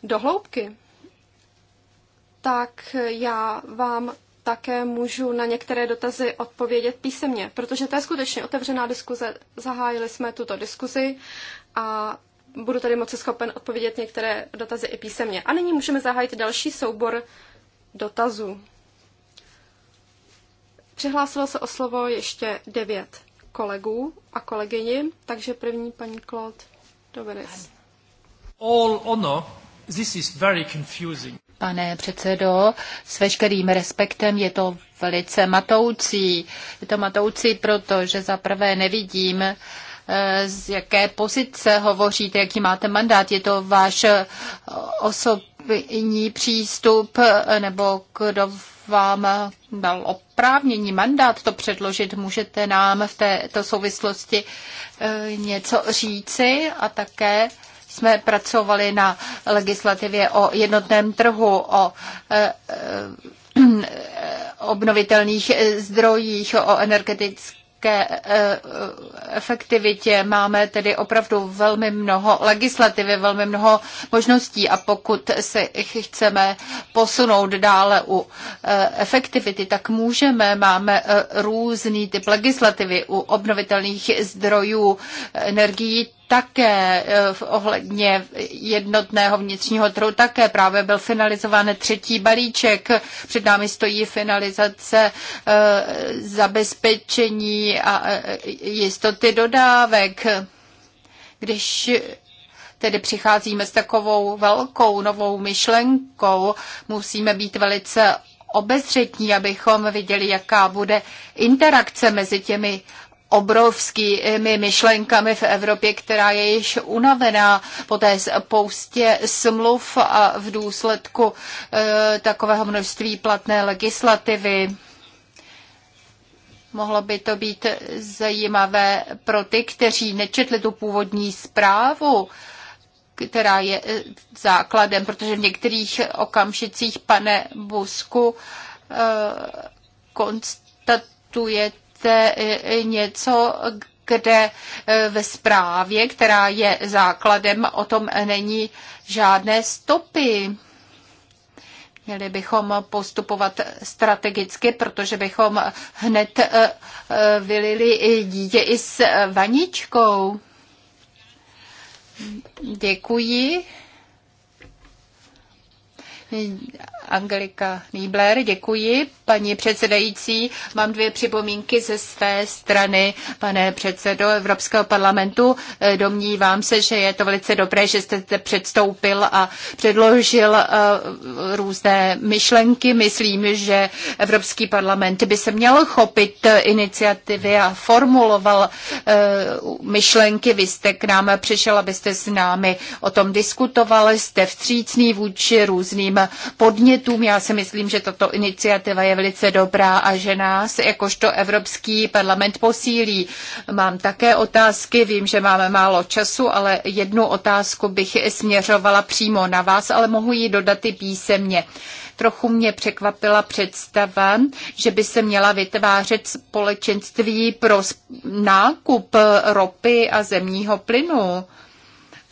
do hloubky, tak já vám také můžu na některé dotazy odpovědět písemně, protože to je skutečně otevřená diskuze. Zahájili jsme tuto diskuzi a budu tady moci schopen odpovědět některé dotazy i písemně. A nyní můžeme zahájit další soubor dotazů. Přihlásilo se o slovo ještě devět kolegů a kolegyni, takže první paní Claude Dovenes. All honor, this is very confusing. Pane předsedo, s veškerým respektem je to velice matoucí. Je to matoucí protože že za prvé nevidím, eh, z jaké pozice hovoříte, jaký máte mandát. Je to váš eh, osobní přístup eh, nebo kdo vám dal oprávnění mandát to předložit. Můžete nám v této souvislosti e, něco říci a také jsme pracovali na legislativě o jednotném trhu, o e, e, *clears throat* obnovitelných zdrojích, o energetické ke eh, efektivitě. Máme tedy opravdu velmi mnoho legislativy, velmi mnoho možností a pokud se chceme posunout dále u eh, efektivity, tak můžeme. Máme eh, různý typ legislativy u obnovitelných zdrojů energií také eh, v ohledně jednotného vnitřního trhu také právě byl finalizován třetí balíček. Před námi stojí finalizace eh, zabezpečení a eh, jistoty dodávek. Když tedy přicházíme s takovou velkou novou myšlenkou, musíme být velice obezřetní, abychom viděli, jaká bude interakce mezi těmi obrovskými myšlenkami v Evropě, která je již unavená po té spoustě smluv a v důsledku e, takového množství platné legislativy. Mohlo by to být zajímavé pro ty, kteří nečetli tu původní zprávu, která je eh, základem, protože v některých okamžicích, pane Busku, eh, konstatujete, máte e, e, něco, kde e, ve zprávě, která je základem, o tom není žádné stopy. Měli bychom postupovat strategicky, protože bychom hned vylili dítě i s vaničkou. Děkuji. Angelika Niebler, děkuji. Paní předsedající, mám dvě připomínky ze své strany, pane předsedo Evropského parlamentu. Eh, domnívám se, že je to velice dobré, že jste zde předstoupil a předložil eh, různé myšlenky. Myslím, že Evropský parlament by se měl chopit eh, iniciativy a formuloval myšlenky. Vy jste k nám přišel, abyste s námi o tom diskutoval. Jste vstřícný vůči různým vašim podnětům. Já si myslím, že tato iniciativa je velice dobrá a že nás, jakožto Evropský parlament, posílí. Mám také otázky, vím, že máme málo času, ale jednu otázku bych směřovala přímo na vás, ale mohu ji dodat i písemně. Trochu mě překvapila představa, že by se měla vytvářet společenství pro nákup ropy a zemního plynu.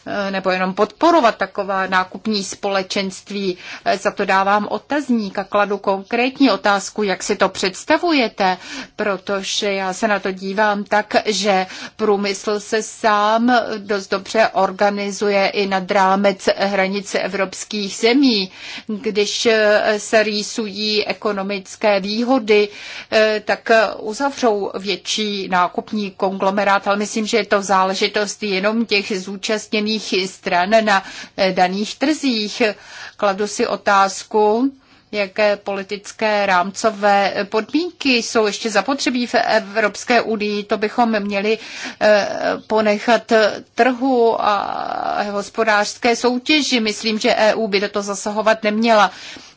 Eh, nebo jenom podporovat taková nákupní společenství. Eh, za to dávám otazník a kladu konkrétní otázku, jak si to představujete, protože já se na to dívám tak, že průmysl se sám dost dobře organizuje i nad rámec hranice evropských zemí. Když eh, se rýsují ekonomické výhody, tak uzavřou větší nákupní konglomerát, ale myslím, že je to záležitost jenom těch zúčastněných smluvních stran na eh, daných trzích. Kladu si otázku, jaké politické rámcové eh, podmínky jsou ještě zapotřebí v Evropské unii. To bychom měli eh, ponechat trhu a hospodářské soutěži. Myslím, že EU by do toho zasahovat neměla.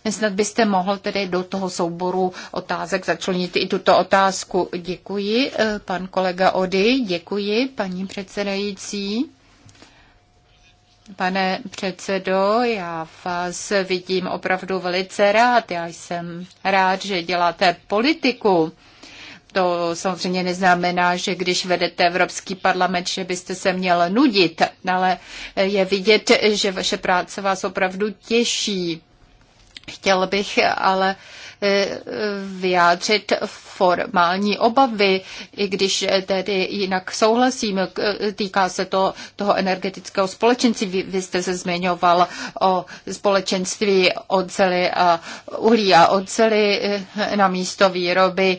Snad byste mohl tedy do toho souboru otázek začlenit i tuto otázku. Děkuji, pan kolega Ody, děkuji, paní předsedající. Pane předsedo, já vás vidím opravdu velice rád. Já jsem rád, že děláte politiku. To samozřejmě neznamená, že když vedete Evropský parlament, že byste se měl nudit, ale je vidět, že vaše práce vás opravdu těší. Chtěl bych ale Eh, vyjádřit formální obavy, i když eh, tedy jinak souhlasím, eh, týká se to toho energetického společenství. Vy, vy jste se zmiňoval o společenství oceli a uhlí a oceli na místo výroby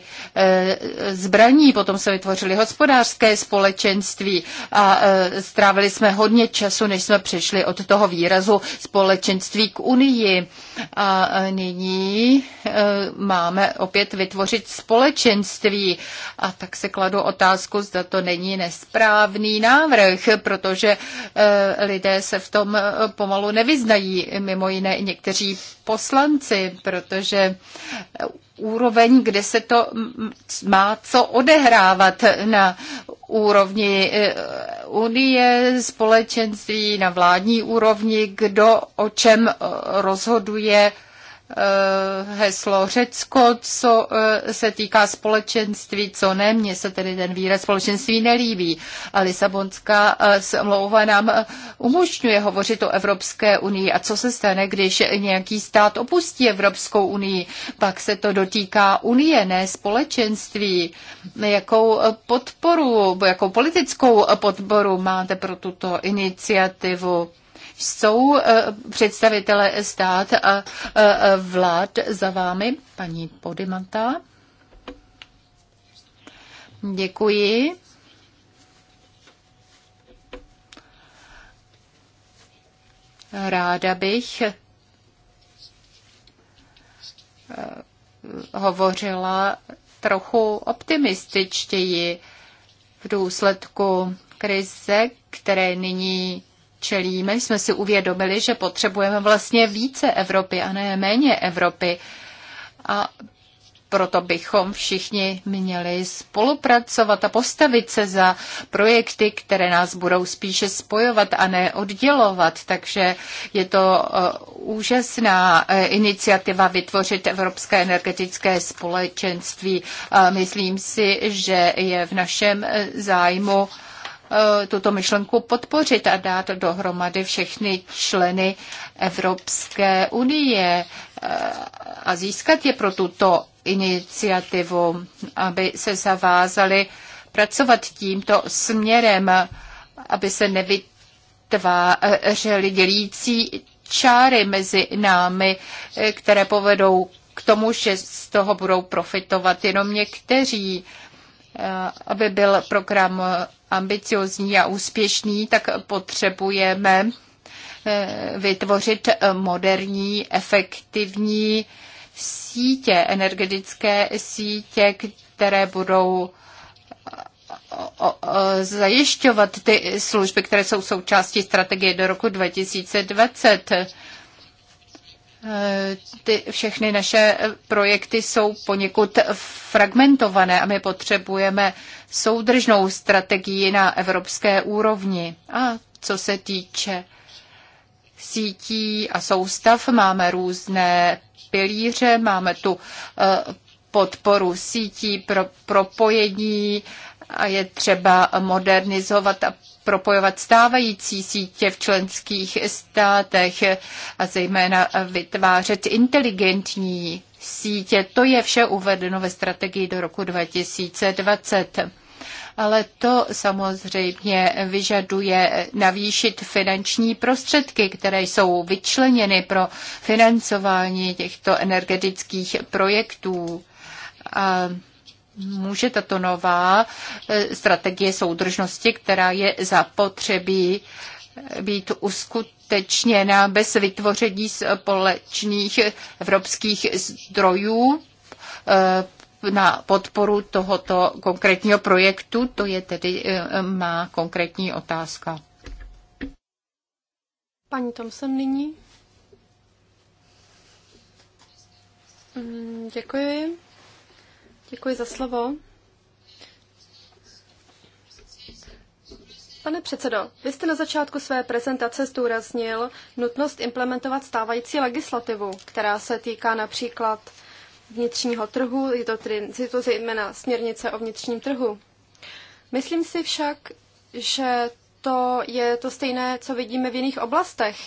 zbraní. Potom se vytvořili hospodářské společenství a strávili jsme hodně času, než jsme přešli od toho výrazu společenství k unii. A nyní e, máme opět vytvořit společenství. A tak se kladu otázku, zda to není nesprávný návrh, protože e, lidé se v tom e, pomalu nevyznají, mimo jiné i někteří poslanci, protože úroveň, kde se to má co odehrávat na úrovni e, Unie, společenství, na vládní úrovni, kdo o čem e, rozhoduje Eh, heslo Řecko, co eh, se týká společenství, co ne. Mně se tedy ten výraz společenství nelíbí. A Lisabonská eh, smlouva nám umožňuje hovořit o Evropské unii. A co se stane, když nějaký stát opustí Evropskou unii? Pak se to dotýká unie, ne společenství. Jakou podporu, jakou politickou podporu máte pro tuto iniciativu? jsou eh, představitelé stát a eh, vlád za vámi, paní Podimanta? Děkuji. Ráda bych eh, hovořila trochu optimističtěji v důsledku krize, které nyní čelíme, jsme si uvědomili, že potřebujeme vlastně více Evropy a ne méně Evropy. A proto bychom všichni měli spolupracovat a postavit se za projekty, které nás budou spíše spojovat a ne oddělovat. Takže je to eh, úžasná eh, iniciativa vytvořit Evropské energetické společenství. Myslím si, že je v našem eh, zájmu Eh, tuto myšlenku podpořit a dát dohromady všechny členy Evropské unie eh, a získat je pro tuto iniciativu, aby se zavázali pracovat tímto směrem, aby se nevytvářely dělící čáry mezi námi, eh, které povedou k tomu, že z toho budou profitovat jenom někteří, aby byl program ambiciozní a úspěšný, tak potřebujeme eh, vytvořit eh, moderní, efektivní sítě, energetické sítě, které budou eh, zajišťovat ty služby, které jsou součástí strategie do roku 2020. Eh, ty všechny naše projekty jsou poněkud fragmentované a my potřebujeme soudržnou strategii na evropské úrovni. A co se týče sítí a soustav, máme různé pilíře, máme tu eh, podporu sítí pro propojení a je třeba modernizovat a propojovat stávající sítě v členských státech a zejména vytvářet inteligentní sítě. To je vše uvedeno ve strategii do roku 2020 ale to samozřejmě vyžaduje navýšit finanční prostředky, které jsou vyčleněny pro financování těchto energetických projektů. A může tato nová e, strategie soudržnosti, která je zapotřebí e, být uskutečněna bez vytvoření společných evropských zdrojů e, na podporu tohoto konkrétního projektu? To je tedy má konkrétní otázka. Paní Tomsen nyní. Mm, děkuji. Děkuji za slovo. Pane předsedo, vy jste na začátku své prezentace zdůraznil nutnost implementovat stávající legislativu, která se týká například vnitřního trhu, je to, tedy, je to zejména směrnice o vnitřním trhu. Myslím si však, že to je to stejné, co vidíme v jiných oblastech.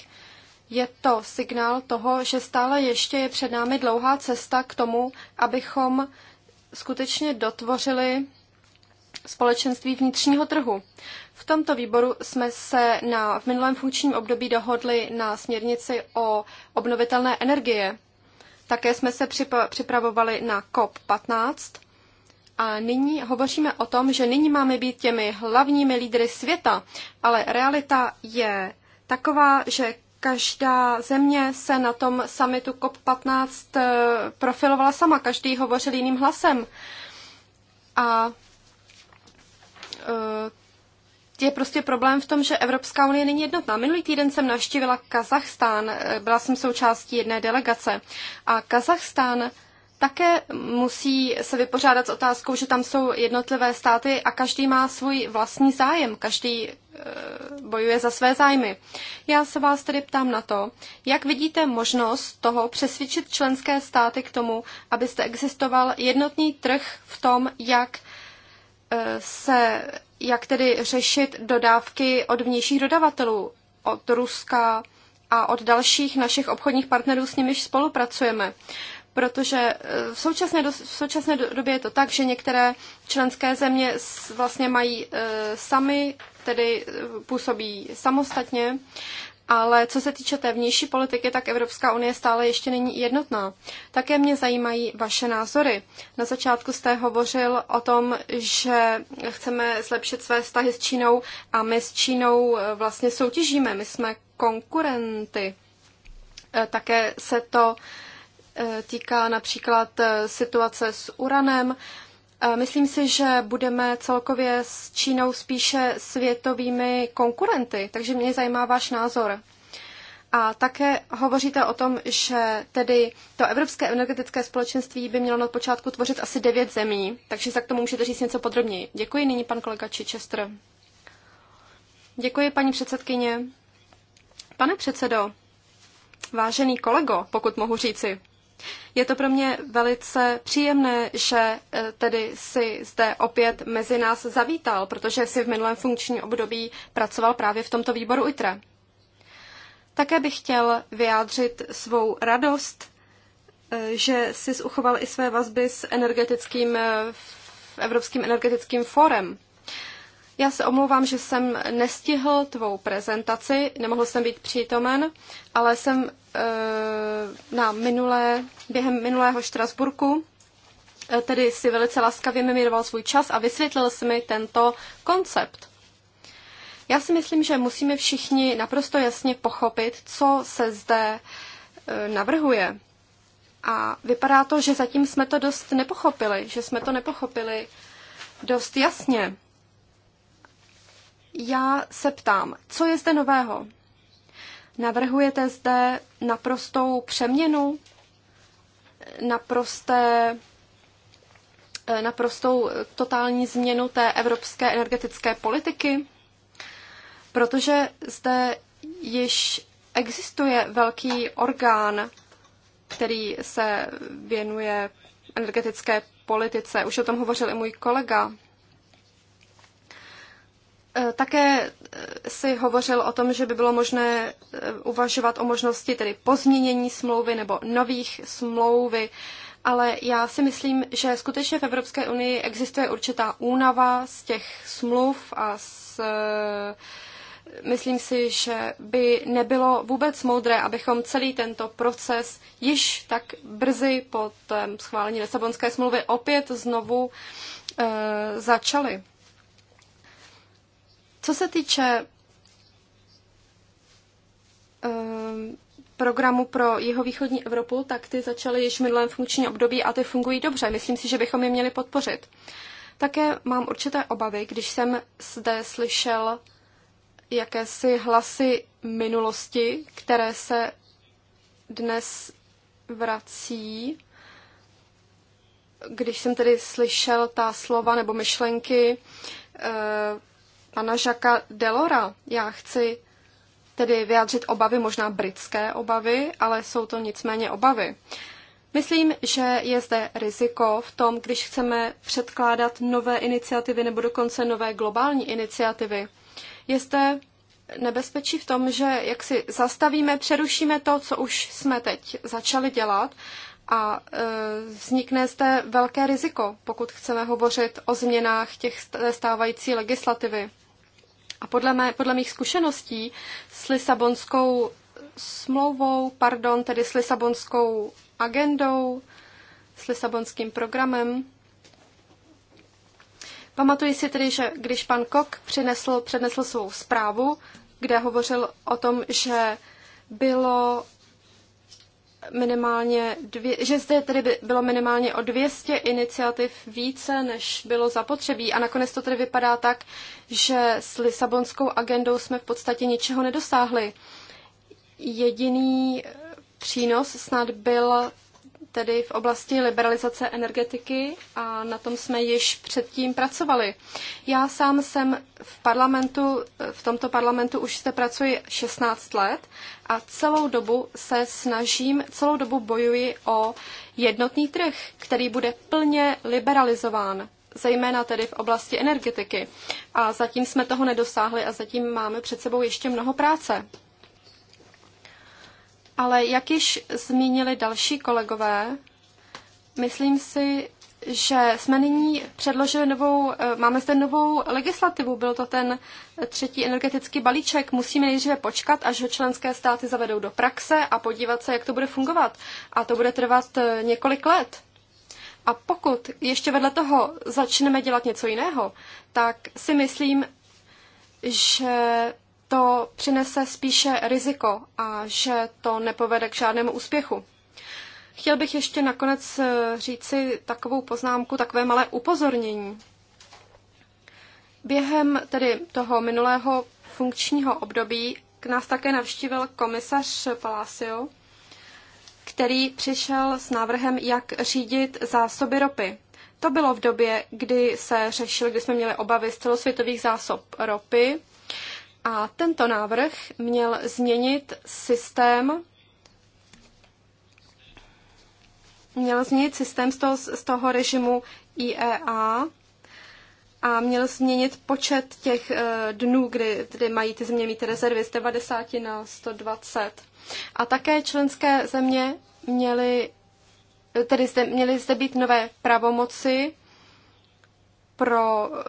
Je to signál toho, že stále ještě je před námi dlouhá cesta k tomu, abychom skutečně dotvořili společenství vnitřního trhu. V tomto výboru jsme se na, v minulém funkčním období dohodli na směrnici o obnovitelné energie. Také jsme se připravovali na COP15 a nyní hovoříme o tom, že nyní máme být těmi hlavními lídry světa, ale realita je taková, že Každá země se na tom summitu COP15 eh, profilovala sama, každý hovořil jiným hlasem. A eh, je prostě problém v tom, že Evropská unie není jednotná. Minulý týden jsem navštívila Kazachstán, eh, byla jsem součástí jedné delegace a Kazachstán také musí se vypořádat s otázkou, že tam jsou jednotlivé státy a každý má svůj vlastní zájem, každý eh, bojuje za své zájmy. Já se vás tedy ptám na to, jak vidíte možnost toho přesvědčit členské státy k tomu, abyste existoval jednotný trh v tom, jak eh, se, jak tedy řešit dodávky od vnějších dodavatelů, od Ruska a od dalších našich obchodních partnerů, s nimiž spolupracujeme protože eh, v současné, do, v současné době je to tak, že některé členské země vlastně mají eh, sami, tedy eh, působí samostatně, ale co se týče té vnější politiky, tak Evropská unie stále ještě není jednotná. Také mě zajímají vaše názory. Na začátku jste hovořil o tom, že chceme zlepšit své vztahy s Čínou a my s Čínou vlastně soutěžíme, my jsme konkurenty. Také se to Eh, týká například eh, situace s uranem. Eh, myslím si, že budeme celkově s Čínou spíše světovými konkurenty, takže mě zajímá váš názor. A také hovoříte o tom, že tedy to Evropské energetické společenství by mělo na počátku tvořit asi devět zemí, takže se k tomu můžete říct něco podrobněji. Děkuji nyní pan kolega Chichester. Děkuji paní předsedkyně. Pane předsedo, vážený kolego, pokud mohu říci, je to pro mě velice příjemné, že eh, tedy si zde opět mezi nás zavítal, protože si v minulém funkčním období pracoval právě v tomto výboru ITRE. Také bych chtěl vyjádřit svou radost, eh, že si uchoval i své vazby s energetickým, eh, Evropským energetickým fórem. Já se omlouvám, že jsem nestihl tvou prezentaci, nemohl jsem být přítomen, ale jsem Eh, na minulé, během minulého Štrasburku eh, tedy si velice laskavě mi svůj čas a vysvětlil si mi tento koncept. Já si myslím, že musíme všichni naprosto jasně pochopit, co se zde eh, navrhuje. A vypadá to, že zatím jsme to dost nepochopili, že jsme to nepochopili dost jasně. Já se ptám, co je zde nového? Navrhujete zde naprostou přeměnu, naprosté, naprostou totální změnu té evropské energetické politiky, protože zde již existuje velký orgán, který se věnuje energetické politice. Už o tom hovořil i můj kolega. Eh, také eh, si hovořil o tom, že by bylo možné eh, uvažovat o možnosti tedy pozměnění smlouvy nebo nových smlouvy, ale já si myslím, že skutečně v Evropské unii existuje určitá únava z těch smluv a z, myslím si, že by nebylo vůbec moudré, abychom celý tento proces již tak brzy po schválení Lisabonské smlouvy opět znovu e, začali. Co se týče ehm, programu pro jeho východní Evropu, tak ty začaly již v minulém funkčním období a ty fungují dobře. Myslím si, že bychom je měli podpořit. Také mám určité obavy, když jsem zde slyšel jakési hlasy minulosti, které se dnes vrací. Když jsem tedy slyšel ta slova nebo myšlenky, eh, pana Žaka Delora. Já chci tedy vyjádřit obavy, možná britské obavy, ale jsou to nicméně obavy. Myslím, že je zde riziko v tom, když chceme předkládat nové iniciativy nebo dokonce nové globální iniciativy. Je zde nebezpečí v tom, že jak si zastavíme, přerušíme to, co už jsme teď začali dělat a e, vznikne zde velké riziko, pokud chceme hovořit o změnách těch stávající legislativy. A podle, mé, podle mých zkušeností s Lisabonskou smlouvou, pardon, tedy s Lisabonskou agendou, s Lisabonským programem, Pamatuji si tedy, že když pan Kok přinesl, přednesl svou zprávu, kde hovořil o tom, že bylo minimálně dvě, že zde tedy bylo minimálně o 200 iniciativ více, než bylo zapotřebí. A nakonec to tedy vypadá tak, že s Lisabonskou agendou jsme v podstatě ničeho nedosáhli. Jediný přínos snad byl tedy v oblasti liberalizace energetiky a na tom jsme již předtím pracovali. Já sám jsem v parlamentu, v tomto parlamentu už se pracuji 16 let a celou dobu se snažím, celou dobu bojuji o jednotný trh, který bude plně liberalizován zejména tedy v oblasti energetiky. A zatím jsme toho nedosáhli a zatím máme před sebou ještě mnoho práce. Ale jak již zmínili další kolegové, myslím si, že jsme nyní předložili novou, eh, máme zde novou legislativu, byl to ten třetí energetický balíček. Musíme nejdříve počkat, až ho členské státy zavedou do praxe a podívat se, jak to bude fungovat. A to bude trvat eh, několik let. A pokud ještě vedle toho začneme dělat něco jiného, tak si myslím, že to přinese spíše riziko a že to nepovede k žádnému úspěchu. Chtěl bych ještě nakonec eh, říci takovou poznámku, takové malé upozornění. Během tedy toho minulého funkčního období k nás také navštívil komisař Palacio, který přišel s návrhem, jak řídit zásoby ropy. To bylo v době, kdy se řešil, kdy jsme měli obavy z celosvětových zásob ropy a tento návrh měl změnit systém měl změnit systém z toho, z toho režimu IEA a měl změnit počet těch eh, dnů, kdy, kdy mají ty země mít rezervy z 90 na 120. A také členské země měly, tedy zde, měly zde být nové pravomoci pro eh,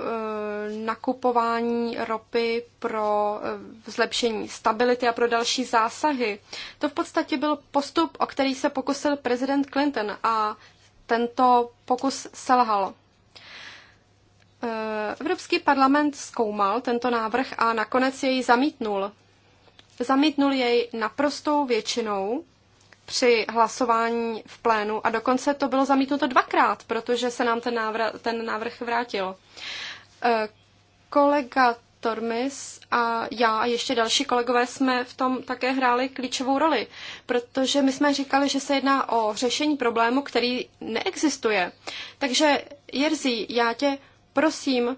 nakupování ropy pro eh, zlepšení stability a pro další zásahy. To v podstatě byl postup, o který se pokusil prezident Clinton a tento pokus selhal. Eh, Evropský parlament zkoumal tento návrh a nakonec jej zamítnul. Zamítnul jej naprostou většinou při hlasování v plénu a dokonce to bylo zamítnuto dvakrát, protože se nám ten návrh, ten návrh vrátil. Eh, kolega Tormis a já a ještě další kolegové jsme v tom také hráli klíčovou roli, protože my jsme říkali, že se jedná o řešení problému, který neexistuje. Takže Jerzy, já tě prosím,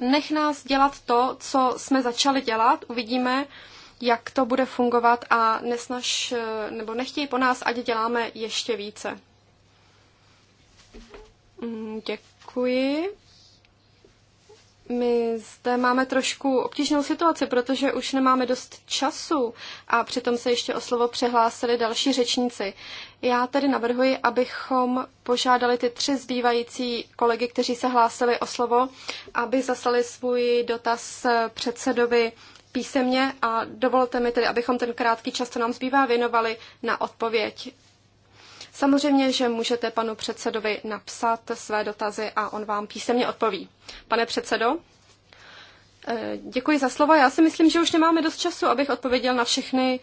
nech nás dělat to, co jsme začali dělat, uvidíme, jak to bude fungovat a nesnaž, eh, nebo nechtějí po nás, ať děláme ještě více. Mm, děkuji my zde máme trošku obtížnou situaci, protože už nemáme dost času a přitom se ještě o slovo přehlásili další řečníci. Já tedy navrhuji, abychom požádali ty tři zbývající kolegy, kteří se hlásili o slovo, aby zaslali svůj dotaz předsedovi písemně a dovolte mi tedy, abychom ten krátký čas, co nám zbývá, věnovali na odpověď Samozřejmě, že můžete panu předsedovi napsat své dotazy a on vám písemně odpoví. Pane předsedo, eh, děkuji za slovo. Já si myslím, že už nemáme dost času, abych odpověděl na všechny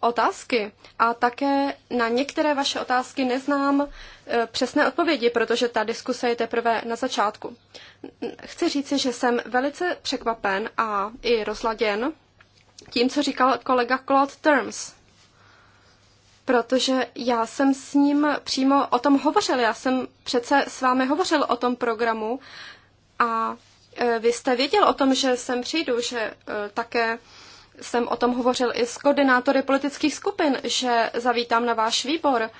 otázky a také na některé vaše otázky neznám eh, přesné odpovědi, protože ta diskuse je teprve na začátku. Chci říci, že jsem velice překvapen a i rozladěn tím, co říkal kolega Claude Terms protože já jsem s ním přímo o tom hovořil. Já jsem přece s vámi hovořil o tom programu a e, vy jste věděl o tom, že sem přijdu, že e, také jsem o tom hovořil i s koordinátory politických skupin, že zavítám na váš výbor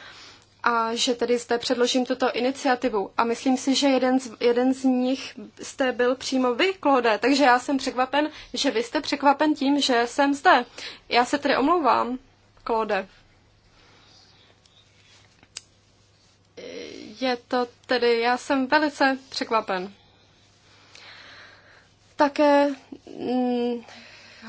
a že tedy zde předložím tuto iniciativu. A myslím si, že jeden z, jeden z nich jste byl přímo vy, Klode, takže já jsem překvapen, že vy jste překvapen tím, že jsem zde. Já se tedy omlouvám, Klode. je to tedy, já jsem velice překvapen. Také hm,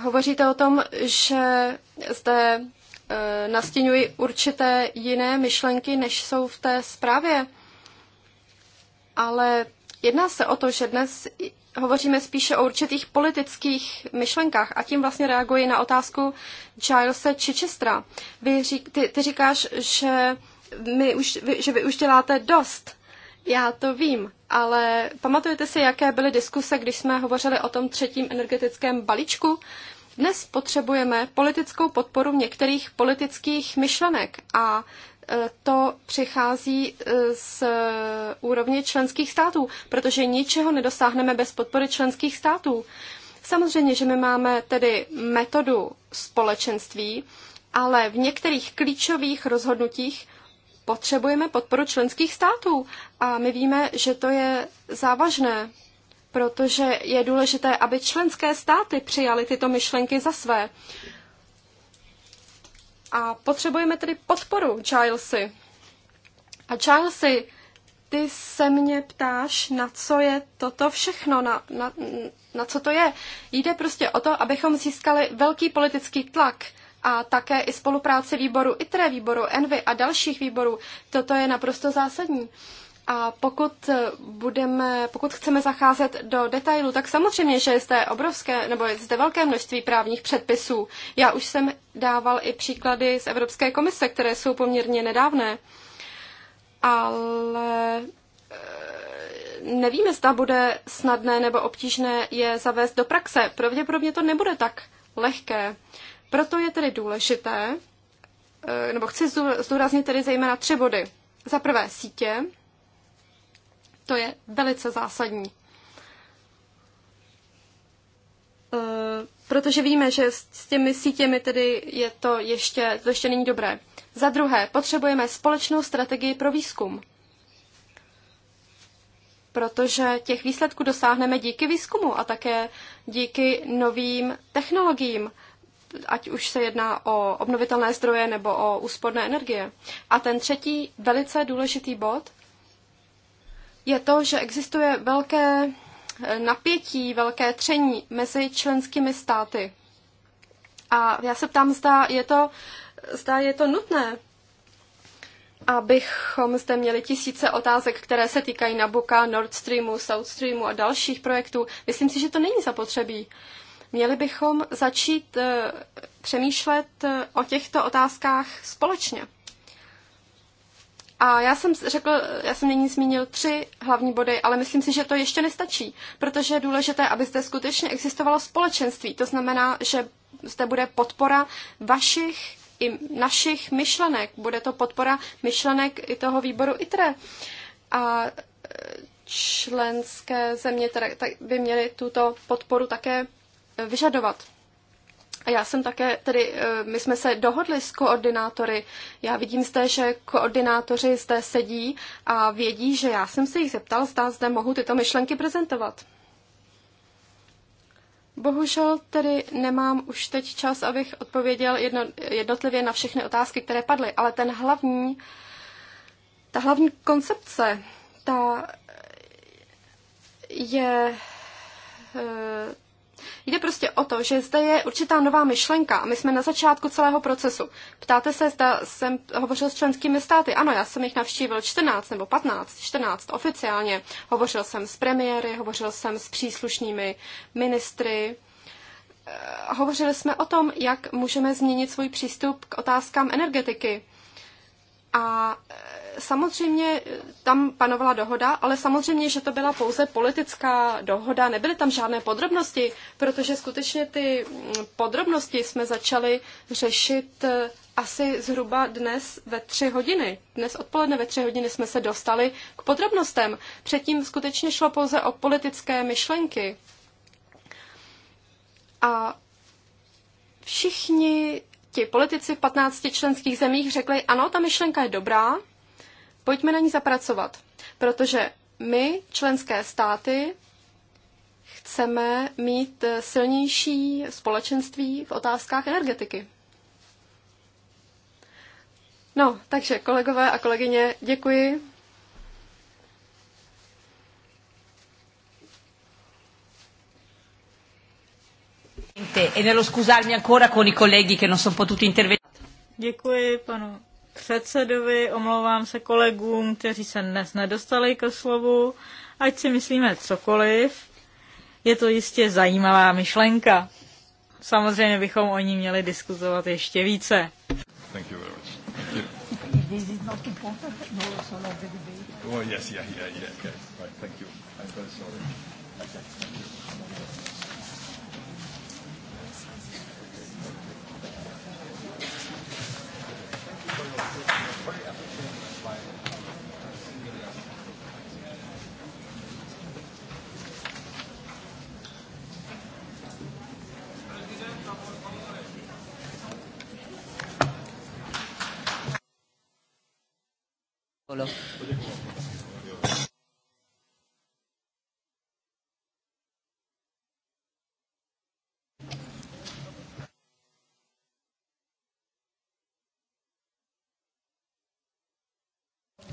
hovoříte o tom, že zde e, nastěňují určité jiné myšlenky, než jsou v té zprávě. Ale jedná se o to, že dnes hovoříme spíše o určitých politických myšlenkách a tím vlastně reaguji na otázku Gilesa Chichestra. Vy řík, ty, ty říkáš, že my už, vy, že vy už děláte dost. Já to vím, ale pamatujete si, jaké byly diskuse, když jsme hovořili o tom třetím energetickém balíčku? Dnes potřebujeme politickou podporu některých politických myšlenek a e, to přichází e, z úrovně členských států, protože ničeho nedosáhneme bez podpory členských států. Samozřejmě, že my máme tedy metodu společenství, ale v některých klíčových rozhodnutích potřebujeme podporu členských států. A my víme, že to je závažné, protože je důležité, aby členské státy přijaly tyto myšlenky za své. A potřebujeme tedy podporu Gilesy. A Gilesy, ty se mě ptáš, na co je toto všechno, na, na, na co to je. Jde prostě o to, abychom získali velký politický tlak – a také i spolupráce výboru ITRE, výboru ENVY a dalších výborů. Toto je naprosto zásadní. A pokud, budeme, pokud chceme zacházet do detailu, tak samozřejmě, že je zde obrovské, nebo je zde velké množství právních předpisů. Já už jsem dával i příklady z Evropské komise, které jsou poměrně nedávné. Ale eh, nevíme, zda bude snadné nebo obtížné je zavést do praxe. Pravděpodobně to nebude tak lehké. Uh, proto je tedy důležité, eh, nebo chci zdůraznit tedy zejména tři body. Za prvé sítě, to je velice zásadní. Eh, protože víme, že s těmi sítěmi tedy je to ještě, to ještě není dobré. Za druhé, potřebujeme společnou strategii pro výzkum. Protože těch výsledků dosáhneme díky výzkumu a také díky novým technologiím ať už se jedná o obnovitelné zdroje nebo o úsporné energie. A ten třetí velice důležitý bod je to, že existuje velké eh, napětí, velké tření mezi členskými státy. A já se ptám, zda je to, zda je to nutné, abychom zde měli tisíce otázek, které se týkají Nabuka, Nord Streamu, South Streamu a dalších projektů. Myslím si, že to není zapotřebí. Uh, Měli bychom začít eh, přemýšlet eh, o těchto otázkách společně. A já jsem řekl, já jsem nyní zmínil tři hlavní body, ale myslím si, že to ještě nestačí, protože je důležité, aby zde skutečně existovalo společenství. To znamená, že zde bude podpora vašich i našich myšlenek. Bude to podpora myšlenek i toho výboru ITRE. A eh, členské země by měly tuto podporu také vyžadovat. A já jsem také, tedy eh, my jsme se dohodli s koordinátory. Já vidím zde, že koordinátoři zde sedí a vědí, že já jsem se jich zeptal, zda zde mohu tyto myšlenky prezentovat. Bohužel tedy nemám už teď čas, abych odpověděl jedno, jednotlivě na všechny otázky, které padly, ale ten hlavní, ta hlavní koncepce, ta je eh, Jde prostě o to, že zde je určitá nová myšlenka a my jsme na začátku celého procesu. Ptáte se, zda jsem hovořil s členskými státy. Ano, já jsem jich navštívil 14 nebo 15, 14 oficiálně. Hovořil jsem s premiéry, hovořil jsem s příslušnými ministry. Eh, hovořili jsme o tom, jak můžeme změnit svůj přístup k otázkám energetiky. A e, samozřejmě e, tam panovala dohoda, ale samozřejmě, že to byla pouze politická dohoda, nebyly tam žádné podrobnosti, protože skutečně ty mm, podrobnosti jsme začali řešit e, asi zhruba dnes ve tři hodiny. Dnes odpoledne ve tři hodiny jsme se dostali k podrobnostem. Předtím skutečně šlo pouze o politické myšlenky. A všichni ti politici v 15 členských zemích řekli, ano, ta myšlenka je dobrá, pojďme na ní zapracovat, protože my, členské státy, chceme mít eh, silnější společenství v otázkách energetiky. No, takže kolegové a kolegyně, děkuji E nello scusarmi ancora con i colleghi che non sono potuti intervenire. Děkuji panu předsedovi, omlouvám se kolegům, kteří se dnes nedostali ke slovu. Ať si myslíme cokoliv, je to jistě zajímavá myšlenka. Samozřejmě bychom o ní měli diskutovat ještě více. Thank you very much. Thank you. No, no, oh, yes, yeah, yeah, yeah, okay. Right, thank you. I'm very sorry. Okay.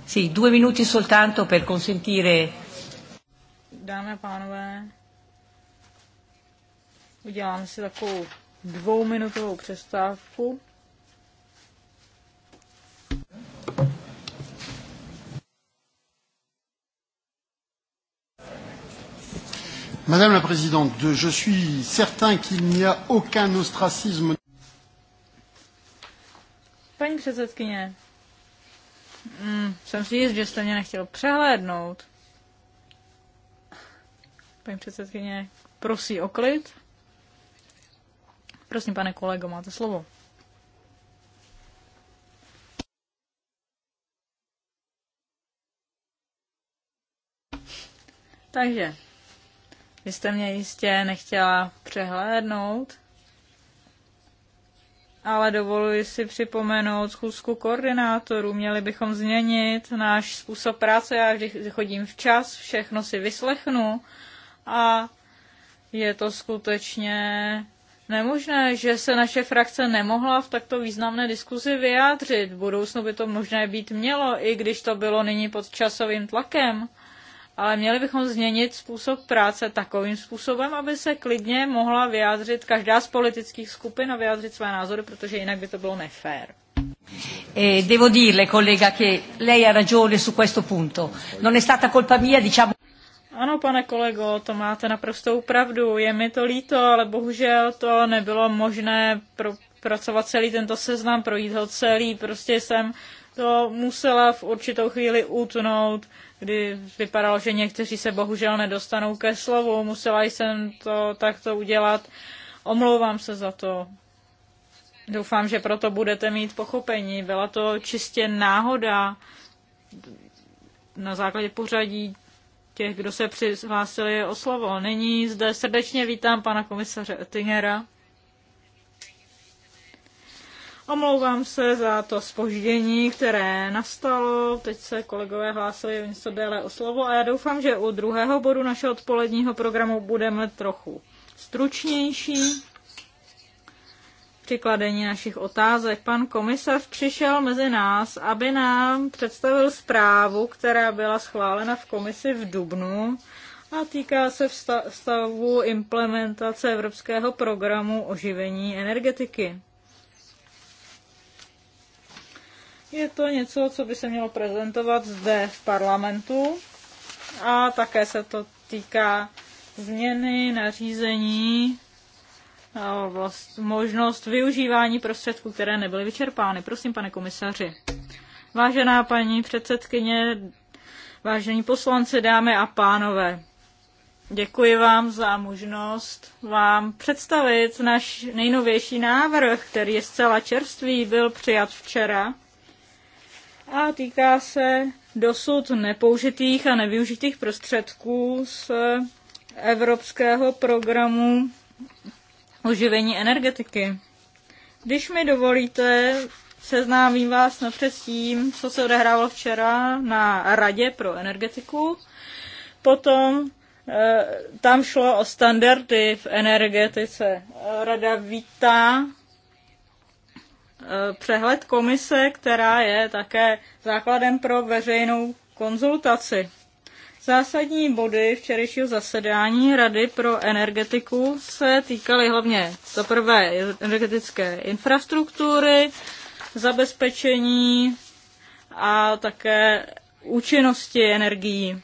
Sì, due minuti soltanto per consentire. Dámy a pánové, udělám si takovou dvouminutovou přestávku. Madame la Présidente, je suis certain qu'il n'y a aucun ostracisme. Paní předsedkyně, Mm, jsem si jist, že jste mě nechtěl přehlédnout. Paní předsedkyně prosí o klid. Prosím, pane kolego, máte slovo. Takže, vy jste mě jistě nechtěla přehlédnout ale dovoluji si připomenout schůzku koordinátorů. Měli bychom změnit náš způsob práce. Já vždy chodím včas, všechno si vyslechnu a je to skutečně nemožné, že se naše frakce nemohla v takto významné diskuzi vyjádřit. V budoucnu by to možné být mělo, i když to bylo nyní pod časovým tlakem ale měli bychom změnit způsob práce takovým způsobem, aby se klidně mohla vyjádřit každá z politických skupin a vyjádřit své názory, protože jinak by to bylo nefér. Eh, devo dirle, collega, che lei ha ragione su questo punto. Non è stata colpa mia, diciamo. Ano, pane kolego, to máte naprostou pravdu. Je mi to líto, ale bohužel to nebylo možné pro, pracovat celý tento seznam, projít ho celý. Prostě jsem to musela v určitou chvíli utnout kdy vypadalo, že někteří se bohužel nedostanou ke slovu. Musela jsem to takto udělat. Omlouvám se za to. Doufám, že proto budete mít pochopení. Byla to čistě náhoda na základě pořadí těch, kdo se přihlásili o slovo. Nyní zde srdečně vítám pana komisaře Ettingera. Omlouvám se za to spoždění, které nastalo. Teď se kolegové hlásili o něco déle o slovo a já doufám, že u druhého bodu našeho odpoledního programu budeme trochu stručnější Přikladení našich otázek. Pan komisař přišel mezi nás, aby nám představil zprávu, která byla schválena v komisi v Dubnu a týká se stavu implementace Evropského programu oživení energetiky. Je to něco, co by se mělo prezentovat zde v parlamentu a také se to týká změny nařízení vlast, možnost využívání prostředků, které nebyly vyčerpány. Prosím, pane komisaři. Vážená paní předsedkyně, vážení poslanci, dámy a pánové, děkuji vám za možnost vám představit náš nejnovější návrh, který je zcela čerstvý, byl přijat včera a týká se dosud nepoužitých a nevyužitých prostředků z Evropského programu oživení energetiky. Když mi dovolíte, seznámím vás napřed s tím, co se odehrávalo včera na Radě pro energetiku. Potom eh, tam šlo o standardy v energetice. Rada vítá Eh, přehled komise, která je také základem pro veřejnou konzultaci. Zásadní body včerejšího zasedání Rady pro energetiku se týkaly hlavně za prvé energetické infrastruktury, zabezpečení a také účinnosti energií.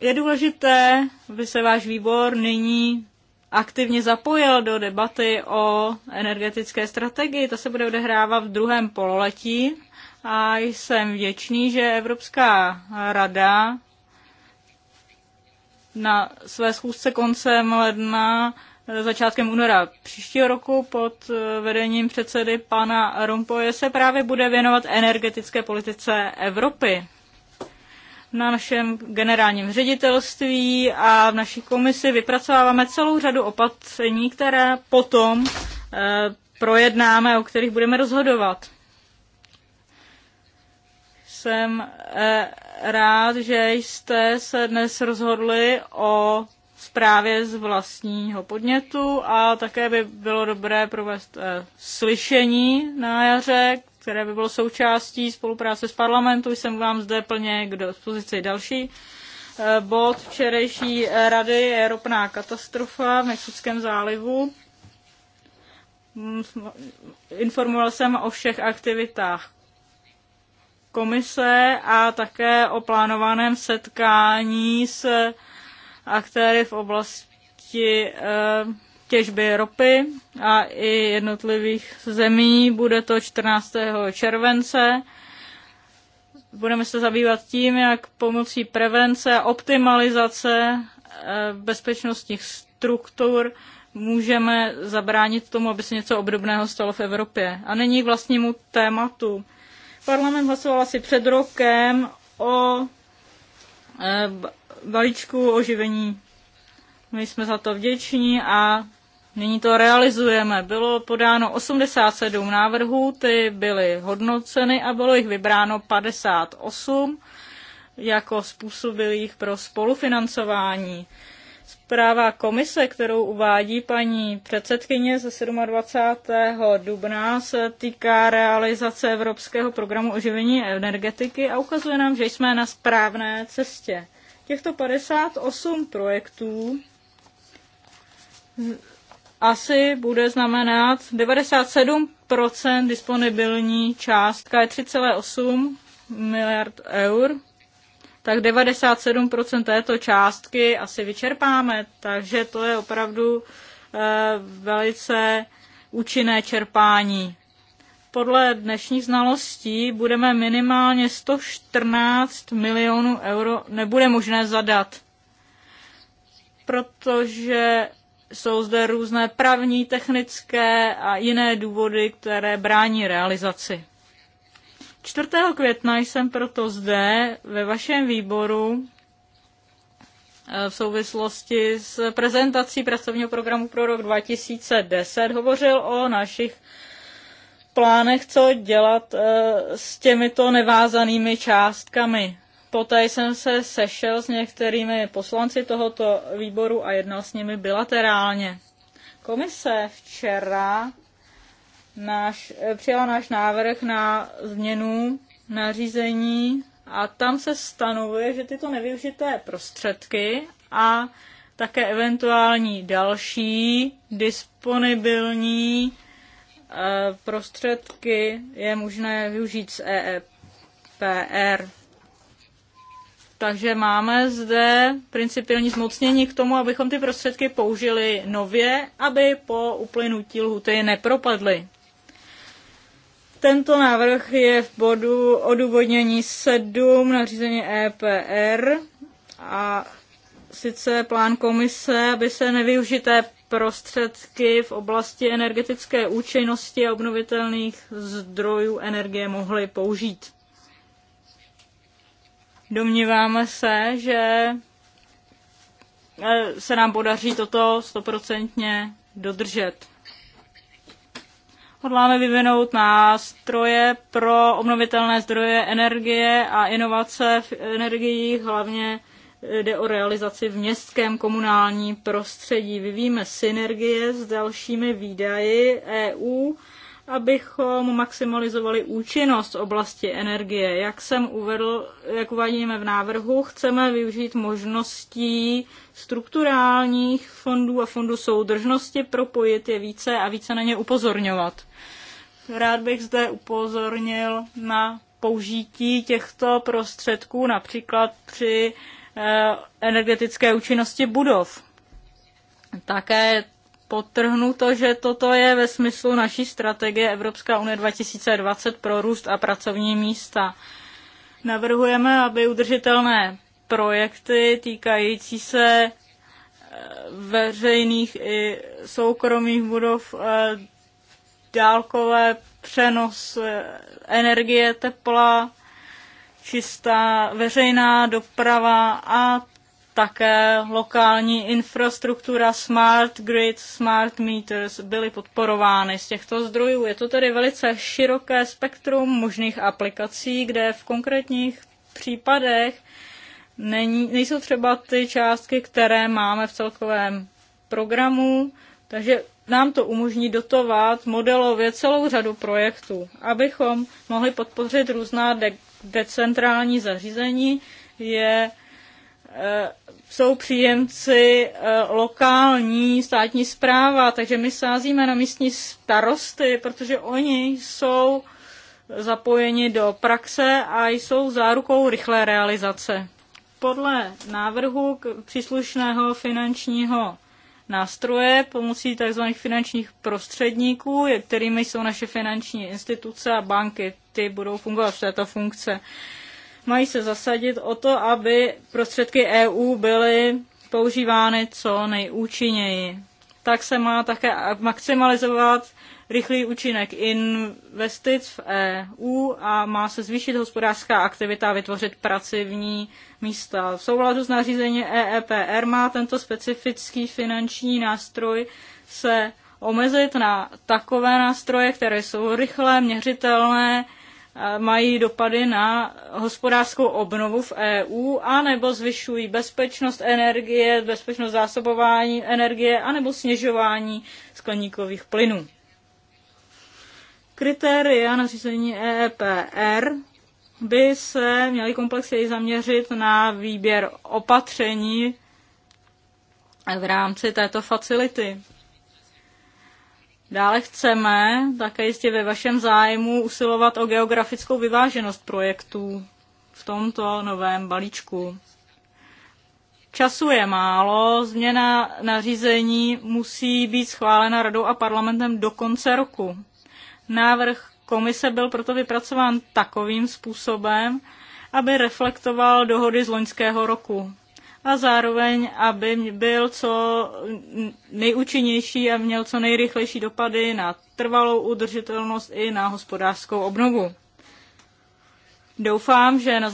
Je důležité, aby se váš výbor nyní aktivně zapojil do debaty o energetické strategii. To se bude odehrávat v druhém pololetí a jsem vděčný, že Evropská rada na své schůzce koncem ledna, začátkem února příštího roku pod vedením předsedy pana Rompoje se právě bude věnovat energetické politice Evropy na našem generálním ředitelství a v naší komisi vypracováváme celou řadu opatření, které potom eh, projednáme, o kterých budeme rozhodovat. Jsem eh, rád, že jste se dnes rozhodli o zprávě z vlastního podnětu a také by bylo dobré provést eh, slyšení na jaře, které by bylo součástí spolupráce s parlamentu. Jsem vám zde plně k dispozici další. Eh, bod včerejší eh, rady je ropná katastrofa v Mexickém zálivu. Mm, informoval jsem o všech aktivitách komise a také o plánovaném setkání s aktéry v oblasti eh, těžby ropy a i jednotlivých zemí. Bude to 14. července. Budeme se zabývat tím, jak pomocí prevence a optimalizace eh, bezpečnostních struktur můžeme zabránit tomu, aby se něco obdobného stalo v Evropě. A není k vlastnímu tématu. Parlament hlasoval asi před rokem o eh, balíčku oživení. My jsme za to vděční a Nyní to realizujeme. Bylo podáno 87 návrhů, ty byly hodnoceny a bylo jich vybráno 58 jako způsobilých pro spolufinancování. Zpráva komise, kterou uvádí paní předsedkyně ze 27. dubna, se týká realizace Evropského programu oživení energetiky a ukazuje nám, že jsme na správné cestě. Těchto 58 projektů asi bude znamenat 97% disponibilní částka je 3,8 miliard eur, tak 97% této částky asi vyčerpáme, takže to je opravdu eh, velice účinné čerpání. Podle dnešních znalostí budeme minimálně 114 milionů euro nebude možné zadat, protože jsou zde různé právní, technické a jiné důvody, které brání realizaci. 4. května jsem proto zde ve vašem výboru eh, v souvislosti s prezentací pracovního programu pro rok 2010 hovořil o našich plánech, co dělat eh, s těmito nevázanými částkami. Poté jsem se sešel s některými poslanci tohoto výboru a jednal s nimi bilaterálně. Komise včera náš, přijala náš návrh na změnu nařízení a tam se stanovuje, že tyto nevyužité prostředky a také eventuální další disponibilní eh, prostředky je možné využít z EEPR. Takže máme zde principiální zmocnění k tomu, abychom ty prostředky použili nově, aby po uplynutí lhuty nepropadly. Tento návrh je v bodu odůvodnění 7 nařízení EPR a sice plán komise, aby se nevyužité prostředky v oblasti energetické účinnosti a obnovitelných zdrojů energie mohly použít. Domníváme se, že eh, se nám podaří toto stoprocentně dodržet. Hodláme vyvinout nástroje pro obnovitelné zdroje energie a inovace v energiích, hlavně eh, jde o realizaci v městském komunálním prostředí. Vyvíjíme synergie s dalšími výdaji EU abychom maximalizovali účinnost v oblasti energie. Jak jsem uvedl, jak uvádíme v návrhu, chceme využít možností strukturálních fondů a fondů soudržnosti, propojit je více a více na ně upozorňovat. Rád bych zde upozornil na použití těchto prostředků například při eh, energetické účinnosti budov. Také potrhnu to, že toto je ve smyslu naší strategie Evropská unie 2020 pro růst a pracovní místa. Navrhujeme, aby udržitelné projekty týkající se eh, veřejných i soukromých budov, eh, dálkové přenos eh, energie, tepla, čistá veřejná doprava a také lokální infrastruktura, smart grid, smart meters byly podporovány z těchto zdrojů. Je to tedy velice široké spektrum možných aplikací, kde v konkrétních případech není, nejsou třeba ty částky, které máme v celkovém programu, takže nám to umožní dotovat modelově celou řadu projektů, abychom mohli podpořit různá de- decentrální zařízení, je Eh, jsou příjemci eh, lokální státní zpráva, takže my sázíme na místní starosty, protože oni jsou zapojeni do praxe a jsou zárukou rychlé realizace. Podle návrhu příslušného finančního nástroje pomocí tzv. finančních prostředníků, kterými jsou naše finanční instituce a banky, ty budou fungovat v této funkce mají se zasadit o to, aby prostředky EU byly používány co nejúčinněji. Tak se má také maximalizovat rychlý účinek investic v EU a má se zvýšit hospodářská aktivita a vytvořit pracovní místa. V souladu s nařízení EEPR má tento specifický finanční nástroj se omezit na takové nástroje, které jsou rychlé, měřitelné, mají dopady na hospodářskou obnovu v EU, anebo zvyšují bezpečnost energie, bezpečnost zásobování energie, anebo snižování skleníkových plynů. Kritéria nařízení EEPR by se měly komplexněji zaměřit na výběr opatření v rámci této facility. Dále chceme také jistě ve vašem zájmu usilovat o geografickou vyváženost projektů v tomto novém balíčku. Času je málo, změna nařízení musí být schválena radou a parlamentem do konce roku. Návrh komise byl proto vypracován takovým způsobem, aby reflektoval dohody z loňského roku a zároveň, aby byl co nejúčinnější a měl co nejrychlejší dopady na trvalou udržitelnost i na hospodářskou obnovu. Doufám, že na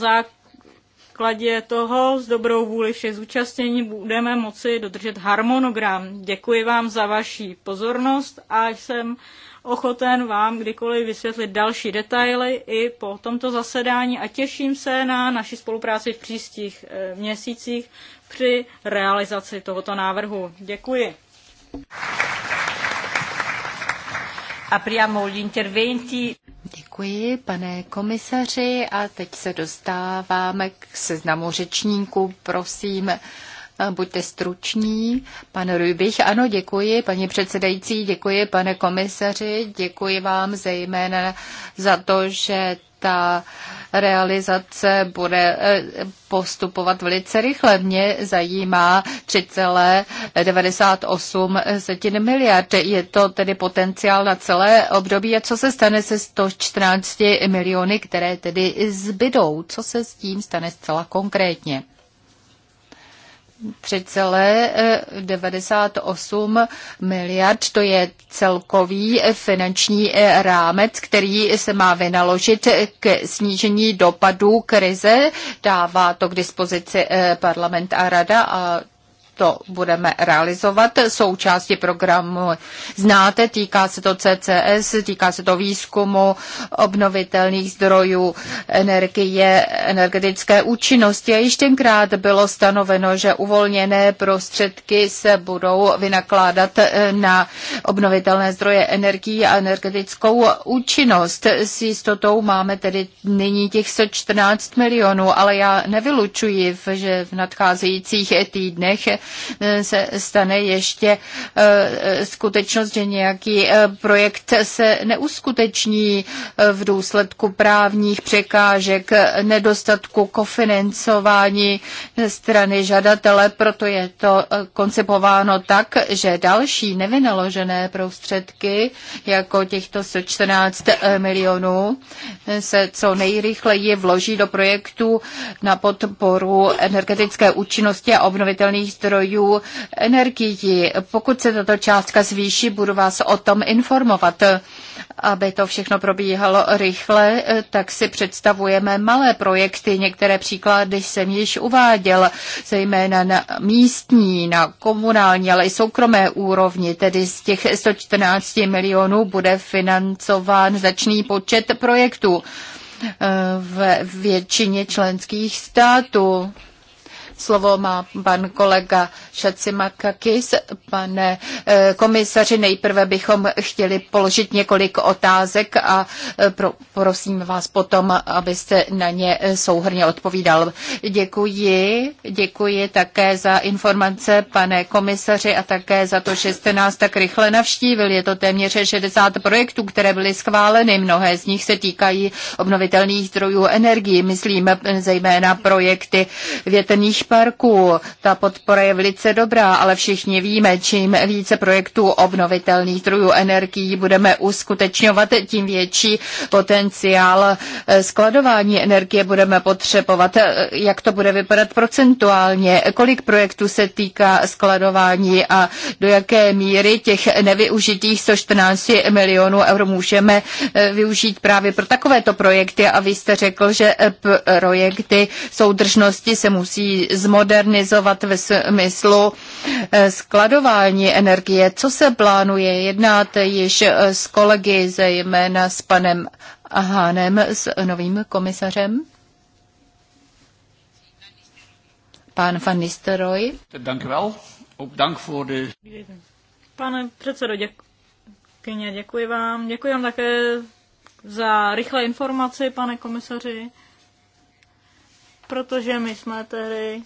základě toho s dobrou vůli všech zúčastnění budeme moci dodržet harmonogram. Děkuji vám za vaši pozornost a jsem ochoten vám kdykoliv vysvětlit další detaily i po tomto zasedání a těším se na naši spolupráci v příštích eh, měsících při realizaci tohoto návrhu. Děkuji. Apriamo gli interventi. Děkuji, pane komisaři, a teď se dostáváme k seznamu řečníků. Prosím, Buďte struční. Pan Rubich, ano, děkuji. Paní předsedající, děkuji, pane komisaři. Děkuji vám zejména za to, že ta realizace bude eh, postupovat velice rychle. Mě zajímá 3,98 miliard. Je to tedy potenciál na celé období. A co se stane se 114 miliony, které tedy zbydou? Co se s tím stane zcela konkrétně? 3,98 eh, miliard, to je celkový eh, finanční eh, rámec, který se má vynaložit k snížení dopadů krize. Dává to k dispozici parlament a rada a to budeme realizovat. Součástí programu znáte, týká se to CCS, týká se to výzkumu obnovitelných zdrojů energie, energetické účinnosti. A již tenkrát bylo stanoveno, že uvolněné prostředky se budou vynakládat eh, na obnovitelné zdroje energie a energetickou účinnost. S jistotou máme tedy nyní těch 114 milionů, ale já nevylučuji, že v nadcházejících týdnech Eh, se stane ještě eh, skutečnost, že nějaký eh, projekt se neuskuteční v důsledku právních překážek, nedostatku kofinancování ze strany žadatele, proto je to koncipováno tak, že další nevynaložené prostředky, jako těchto 114 milionů, se co nejrychleji vloží do projektu na podporu energetické účinnosti a obnovitelných zdrojů zdrojů energií. Pokud se tato částka zvýší, budu vás o tom informovat. Aby to všechno probíhalo rychle, tak si představujeme malé projekty. Některé příklady jsem již uváděl, zejména na místní, na komunální, ale i soukromé úrovni. Tedy z těch 114 milionů bude financován začný počet projektů eh, v většině členských států. Slovo má pan kolega Šacimakakis. Pane eh, komisaři, nejprve bychom chtěli položit několik otázek a eh, prosím vás potom, abyste na ně eh, souhrně odpovídal. Děkuji, děkuji také za informace, pane komisaři, a také za to, že jste nás tak rychle navštívil. Je to téměř 60 projektů, které byly schváleny. Mnohé z nich se týkají obnovitelných zdrojů energii. Myslím zejména projekty větrných parků. Ta podpora je velice dobrá, ale všichni víme, čím více projektů obnovitelných zdrojů energií budeme uskutečňovat, tím větší potenciál skladování energie budeme potřebovat. Jak to bude vypadat procentuálně? Kolik projektů se týká skladování a do jaké míry těch nevyužitých 114 milionů euro můžeme eh, využít právě pro takovéto projekty? A vy jste řekl, že projekty soudržnosti se musí zmodernizovat ve smyslu eh, skladování energie. Co se plánuje? Jednáte již eh, s kolegy, zejména s panem Hánem, s novým komisařem? Pán van Nistelrooy. Pane předsedo, děkuji, děkuji vám. Děkuji vám také za rychlé informaci, pane komisaři protože my jsme tedy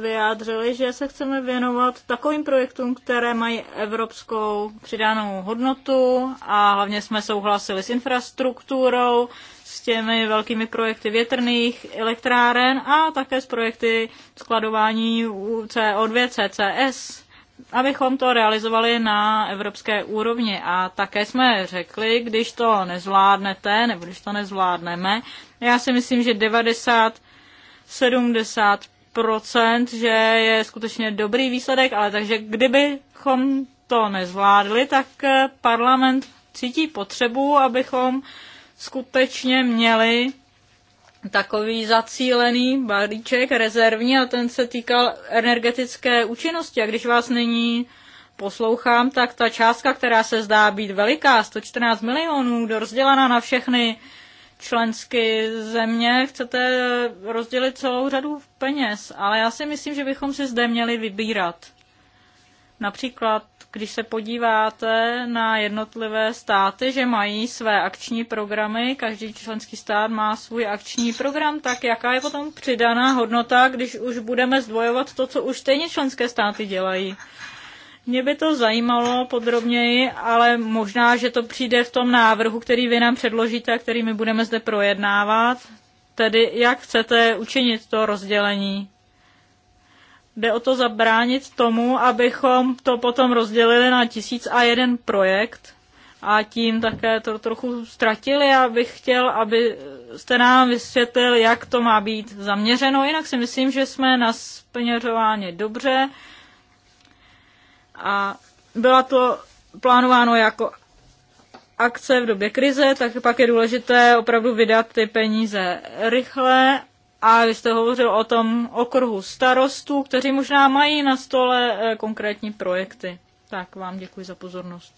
vyjádřili, že se chceme věnovat takovým projektům, které mají evropskou přidanou hodnotu a hlavně jsme souhlasili s infrastrukturou, s těmi velkými projekty větrných elektráren a také s projekty skladování CO2, CCS, abychom to realizovali na evropské úrovni. A také jsme řekli, když to nezvládnete, nebo když to nezvládneme, já si myslím, že 90-70%, že je skutečně dobrý výsledek, ale takže kdybychom to nezvládli, tak eh, parlament cítí potřebu, abychom skutečně měli takový zacílený balíček rezervní a ten se týkal energetické účinnosti. A když vás nyní poslouchám, tak ta částka, která se zdá být veliká, 114 milionů, rozdělená na všechny členské země chcete rozdělit celou řadu peněz, ale já si myslím, že bychom si zde měli vybírat. Například, když se podíváte na jednotlivé státy, že mají své akční programy, každý členský stát má svůj akční program, tak jaká je potom přidaná hodnota, když už budeme zdvojovat to, co už stejně členské státy dělají? Mě by to zajímalo podrobněji, ale možná, že to přijde v tom návrhu, který vy nám předložíte a který my budeme zde projednávat. Tedy jak chcete učinit to rozdělení? Jde o to zabránit tomu, abychom to potom rozdělili na tisíc a jeden projekt a tím také to trochu ztratili. Já bych chtěl, aby nám vysvětlil, jak to má být zaměřeno. Jinak si myslím, že jsme na nasměřováni dobře a byla to plánováno jako akce v době krize, tak pak je důležité opravdu vydat ty peníze rychle. A vy jste hovořil o tom okruhu starostů, kteří možná mají na stole eh, konkrétní projekty. Tak vám děkuji za pozornost.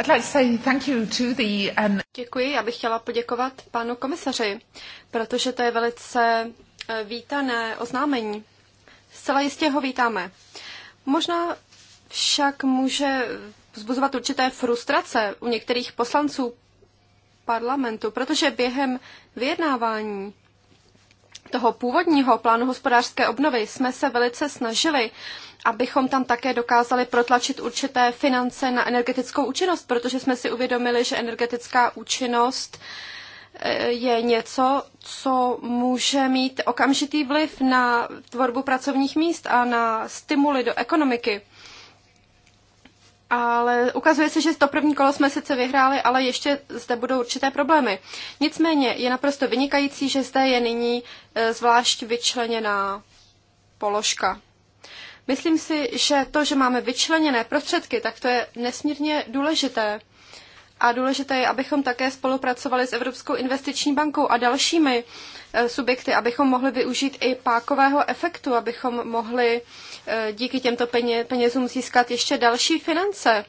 I'd like to say thank you to the, um, Děkuji, já bych chtěla poděkovat panu komisaři, protože to je velice Eh, vítané oznámení. Zcela jistě ho vítáme. Možná však může vzbuzovat určité frustrace u některých poslanců parlamentu, protože během vyjednávání toho původního plánu hospodářské obnovy jsme se velice snažili, abychom tam také dokázali protlačit určité finance na energetickou účinnost, protože jsme si uvědomili, že energetická účinnost uh, je něco, co může mít okamžitý vliv na tvorbu pracovních míst a na stimuly do ekonomiky. Ale ukazuje se, že to první kolo jsme sice vyhráli, ale ještě zde budou určité problémy. Nicméně je naprosto vynikající, že zde je nyní e, zvlášť vyčleněná položka. Myslím si, že to, že máme vyčleněné prostředky, tak to je nesmírně důležité. A důležité je, abychom také spolupracovali s Evropskou investiční bankou a dalšími eh, subjekty, abychom mohli využít i pákového efektu, abychom mohli eh, díky těmto penězům získat ještě další finance.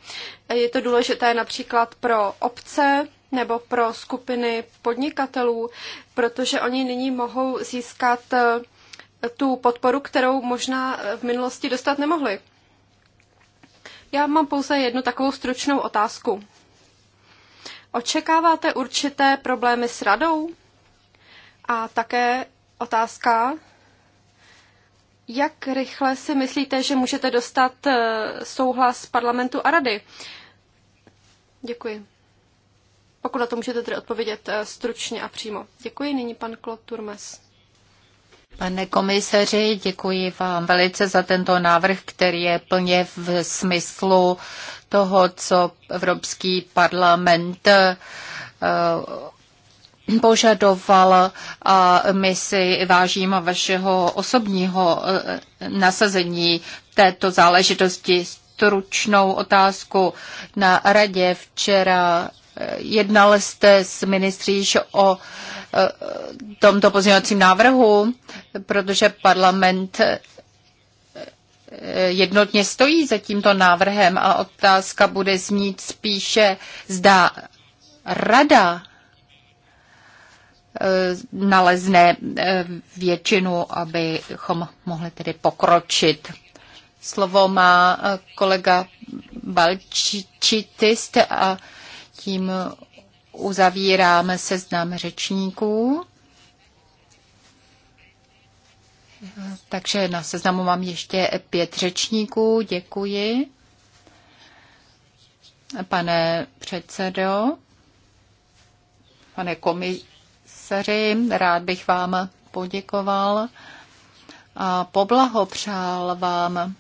Je to důležité například pro obce nebo pro skupiny podnikatelů, protože oni nyní mohou získat eh, tu podporu, kterou možná v minulosti dostat nemohli. Já mám pouze jednu takovou stručnou otázku. Očekáváte určité problémy s radou? A také otázka, jak rychle si myslíte, že můžete dostat eh, souhlas parlamentu a rady? Děkuji. Pokud na to můžete tedy odpovědět eh, stručně a přímo. Děkuji. Nyní pan Klot Turmes. Pane komisaři, děkuji vám velice za tento návrh, který je plně v smyslu toho, co Evropský parlament eh, požadoval a my si vážíme vašeho osobního eh, nasazení této záležitosti stručnou otázku. Na radě včera Jednal jste s ministry již o e, tomto pozměňovacím návrhu, protože parlament e, jednotně stojí za tímto návrhem a otázka bude znít spíše, zda rada e, nalezne většinu, abychom mohli tedy pokročit. Slovo má kolega Balčitist a tím uzavíráme seznam řečníků. Takže na seznamu mám ještě pět řečníků. Děkuji. Pane předsedo, pane komisaři, rád bych vám poděkoval a poblahopřál vám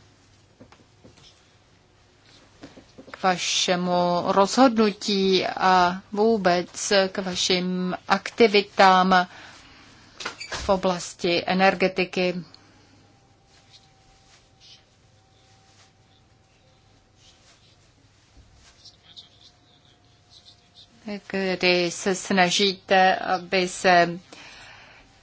vašemu rozhodnutí a vůbec k vašim aktivitám v oblasti energetiky. kdy se snažíte, aby se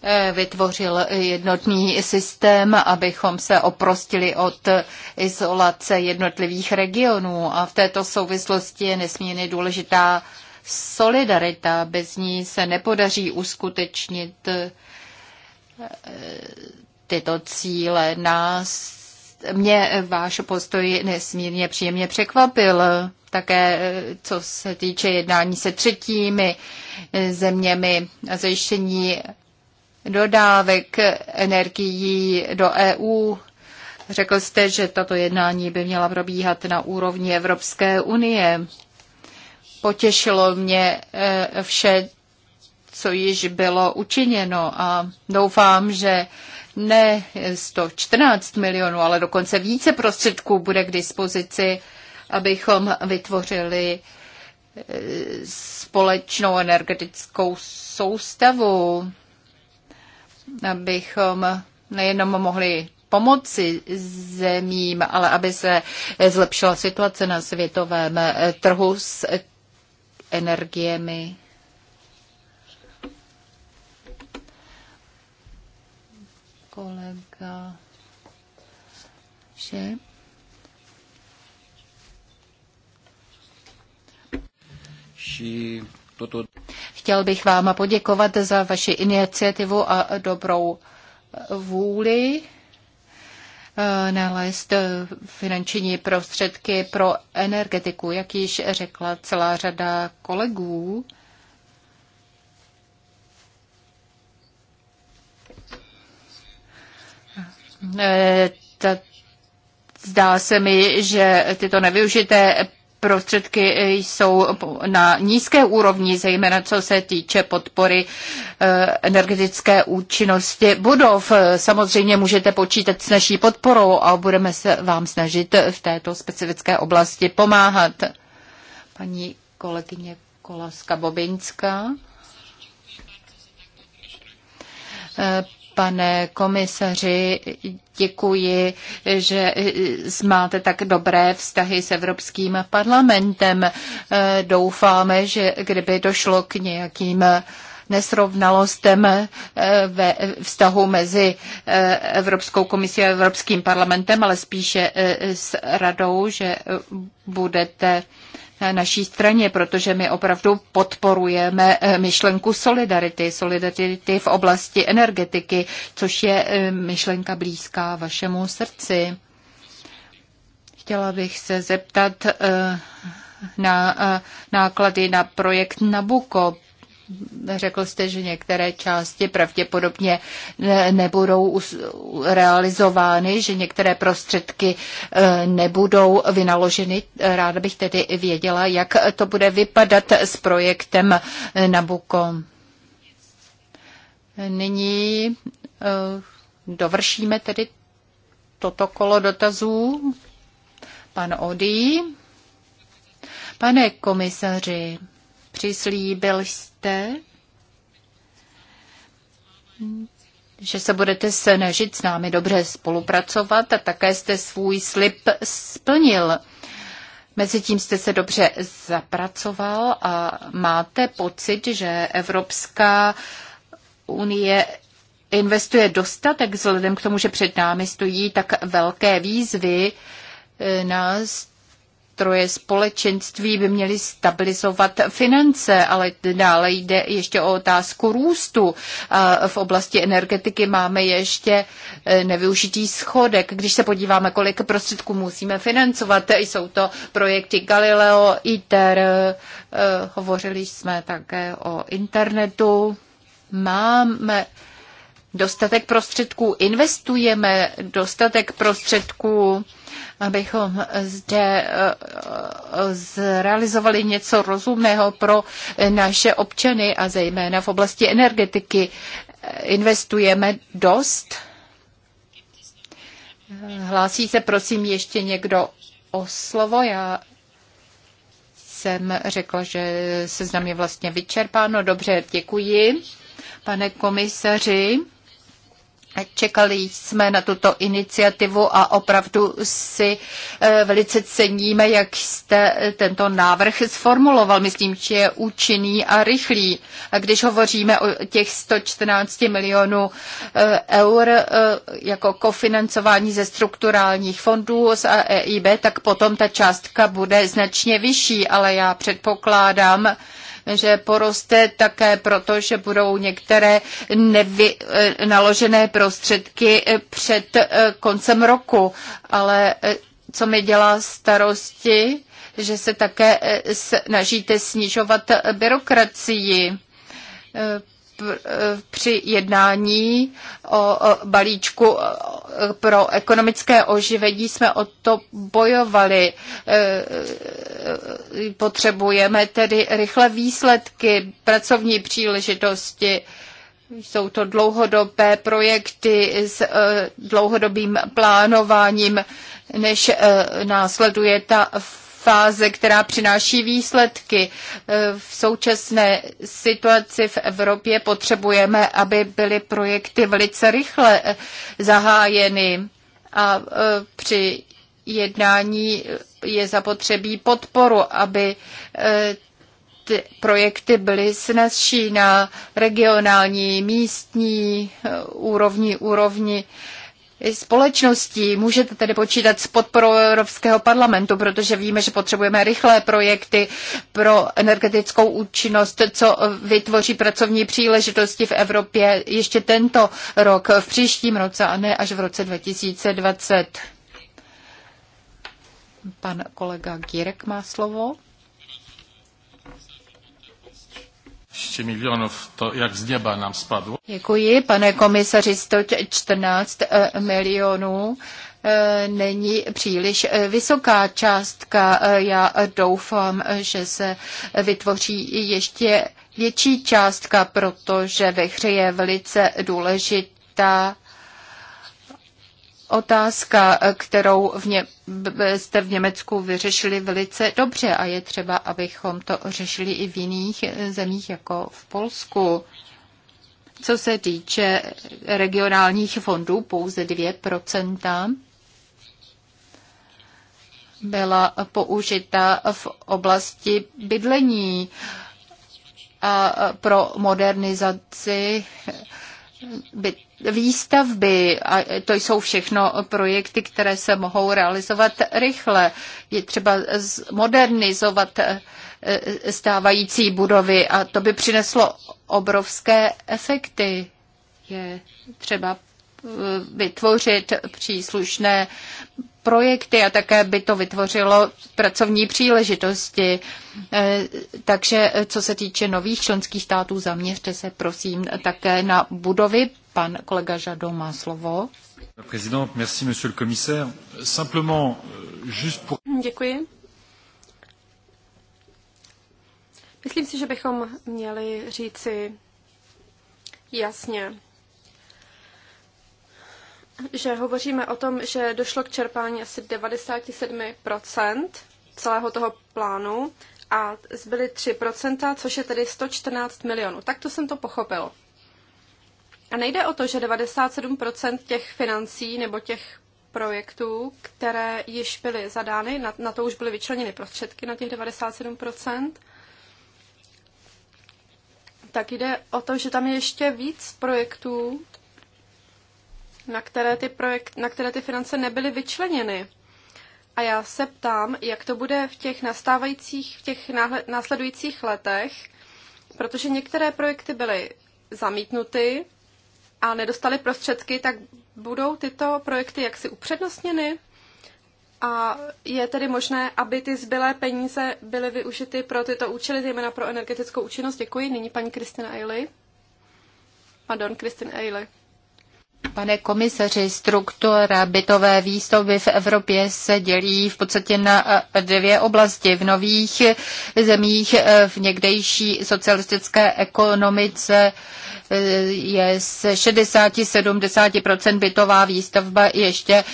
Eh, vytvořil jednotný systém, abychom se oprostili od izolace jednotlivých regionů. A v této souvislosti je nesmírně důležitá solidarita. Bez ní se nepodaří uskutečnit eh, tyto cíle. Nás, mě váš postoj nesmírně příjemně překvapil. Také eh, co se týče jednání se třetími zeměmi a zajištění dodávek energií do EU. Řekl jste, že tato jednání by měla probíhat na úrovni Evropské unie. Potěšilo mě eh, vše, co již bylo učiněno a doufám, že ne 114 milionů, ale dokonce více prostředků bude k dispozici, abychom vytvořili eh, společnou energetickou soustavu abychom nejenom mohli pomoci zemím, ale aby se zlepšila situace na světovém trhu s energiemi. Kolega že? Și totul Chtěl bych vám poděkovat za vaši iniciativu a dobrou vůli eh, nalézt eh, finanční prostředky pro energetiku, jak již řekla celá řada kolegů. Eh, zdá se mi, že tyto nevyužité prostředky jsou na nízké úrovni, zejména co se týče podpory eh, energetické účinnosti budov. Samozřejmě můžete počítat s naší podporou a budeme se vám snažit v této specifické oblasti pomáhat. Paní kolegyně Kolaska Bobinská. Eh, Pane komisaři, děkuji, že máte tak dobré vztahy s Evropským parlamentem. Doufáme, že kdyby došlo k nějakým nesrovnalostem ve vztahu mezi Evropskou komisí a Evropským parlamentem, ale spíše s radou, že budete naší straně, protože my opravdu podporujeme eh, myšlenku solidarity, solidarity v oblasti energetiky, což je eh, myšlenka blízká vašemu srdci. Chtěla bych se zeptat eh, na náklady na projekt Nabuko, Řekl jste, že některé části pravděpodobně nebudou realizovány, že některé prostředky e, nebudou vynaloženy. Ráda bych tedy věděla, jak to bude vypadat s projektem Nabuko. Nyní e, dovršíme tedy toto kolo dotazů. Pan Odí. Pane komisaři, Přislíbil jste, že se budete snažit s námi dobře spolupracovat a také jste svůj slib splnil. Mezitím jste se dobře zapracoval a máte pocit, že Evropská unie investuje dostatek vzhledem k tomu, že před námi stojí tak velké výzvy e, nás nástroje společenství by měly stabilizovat finance, ale dále jde ještě o otázku růstu. v oblasti energetiky máme ještě eh, nevyužitý schodek. Když se podíváme, kolik prostředků musíme financovat, jsou to projekty Galileo, ITER, eh, hovořili jsme také o internetu. Máme dostatek prostředků, investujeme dostatek prostředků abychom zde eh, zrealizovali něco rozumného pro eh, naše občany a zejména v oblasti energetiky. Eh, investujeme dost? Hlásí se prosím ještě někdo o slovo? Já jsem řekla, že seznam je vlastně vyčerpáno. Dobře, děkuji, pane komisaři. Čekali jsme na tuto iniciativu a opravdu si eh, velice ceníme, jak jste tento návrh sformuloval. Myslím, že je účinný a rychlý. A když hovoříme o těch 114 milionů eh, eur eh, jako kofinancování ze strukturálních fondů z EIB, tak potom ta částka bude značně vyšší, ale já předpokládám, že poroste také proto, že budou některé nevy, eh, naložené prostředky eh, před eh, koncem roku. Ale co mi dělá starosti, že se také snažíte snižovat byrokracii při jednání o balíčku pro ekonomické oživení jsme o to bojovali. E, e, potřebujeme tedy rychle výsledky, pracovní příležitosti. Jsou to dlouhodobé projekty s e, dlouhodobým plánováním, než následuje ta fáze, která přináší výsledky. E, v současné situaci v Evropě potřebujeme, aby byly projekty velice rychle e, zahájeny a e, při jednání je zapotřebí podporu, aby ty projekty byly snazší na regionální, místní úrovni, úrovni společností. Můžete tedy počítat s podporou Evropského parlamentu, protože víme, že potřebujeme rychlé projekty pro energetickou účinnost, co vytvoří pracovní příležitosti v Evropě ještě tento rok, v příštím roce a ne až v roce 2020. Pan kolega Gírek má slovo. milionů, to jak z neba nám spadlo. Děkuji, pane komisaři, 114 eh, milionů eh, není příliš eh, vysoká částka. Já doufám, že se vytvoří ještě větší částka, protože ve hře je velice důležitá otázka, kterou v ně, jste v Německu vyřešili velice dobře a je třeba, abychom to řešili i v jiných eh, zemích, jako v Polsku. Co se týče regionálních fondů, pouze 2% byla použita v oblasti bydlení a pro modernizaci byt výstavby. A to jsou všechno projekty, které se mohou realizovat rychle. Je třeba modernizovat eh, eh, stávající budovy a to by přineslo obrovské efekty. Je třeba eh, vytvořit příslušné projekty a také by to vytvořilo pracovní příležitosti. Takže co se týče nových členských států, zaměřte se prosím také na budovy Pan kolega Žado má slovo. Euh, Děkuji. Myslím si, že bychom měli říci jasně, že hovoříme o tom, že došlo k čerpání asi 97% celého toho plánu a zbyly 3%, což je tedy 114 milionů. Tak to jsem to pochopil. A nejde o to, že 97% těch financí nebo těch projektů, které již byly zadány, na, na to už byly vyčleněny prostředky na těch 97%, tak jde o to, že tam je ještě víc projektů, na které ty, projekt, na které ty finance nebyly vyčleněny. A já se ptám, jak to bude v těch nastávajících, v těch následujících letech, protože některé projekty byly zamítnuty, a nedostali prostředky, tak budou tyto projekty jaksi upřednostněny? A je tedy možné, aby ty zbylé peníze byly využity pro tyto účely, zejména pro energetickou účinnost? Děkuji. Nyní paní Kristina Eily. Pardon, Kristin Eily. Pane komisaři, struktura bytové výstavby v Evropě se dělí v podstatě na eh, dvě oblasti. V nových eh, zemích eh, v někdejší socialistické ekonomice je z 60-70% bytová výstavba ještě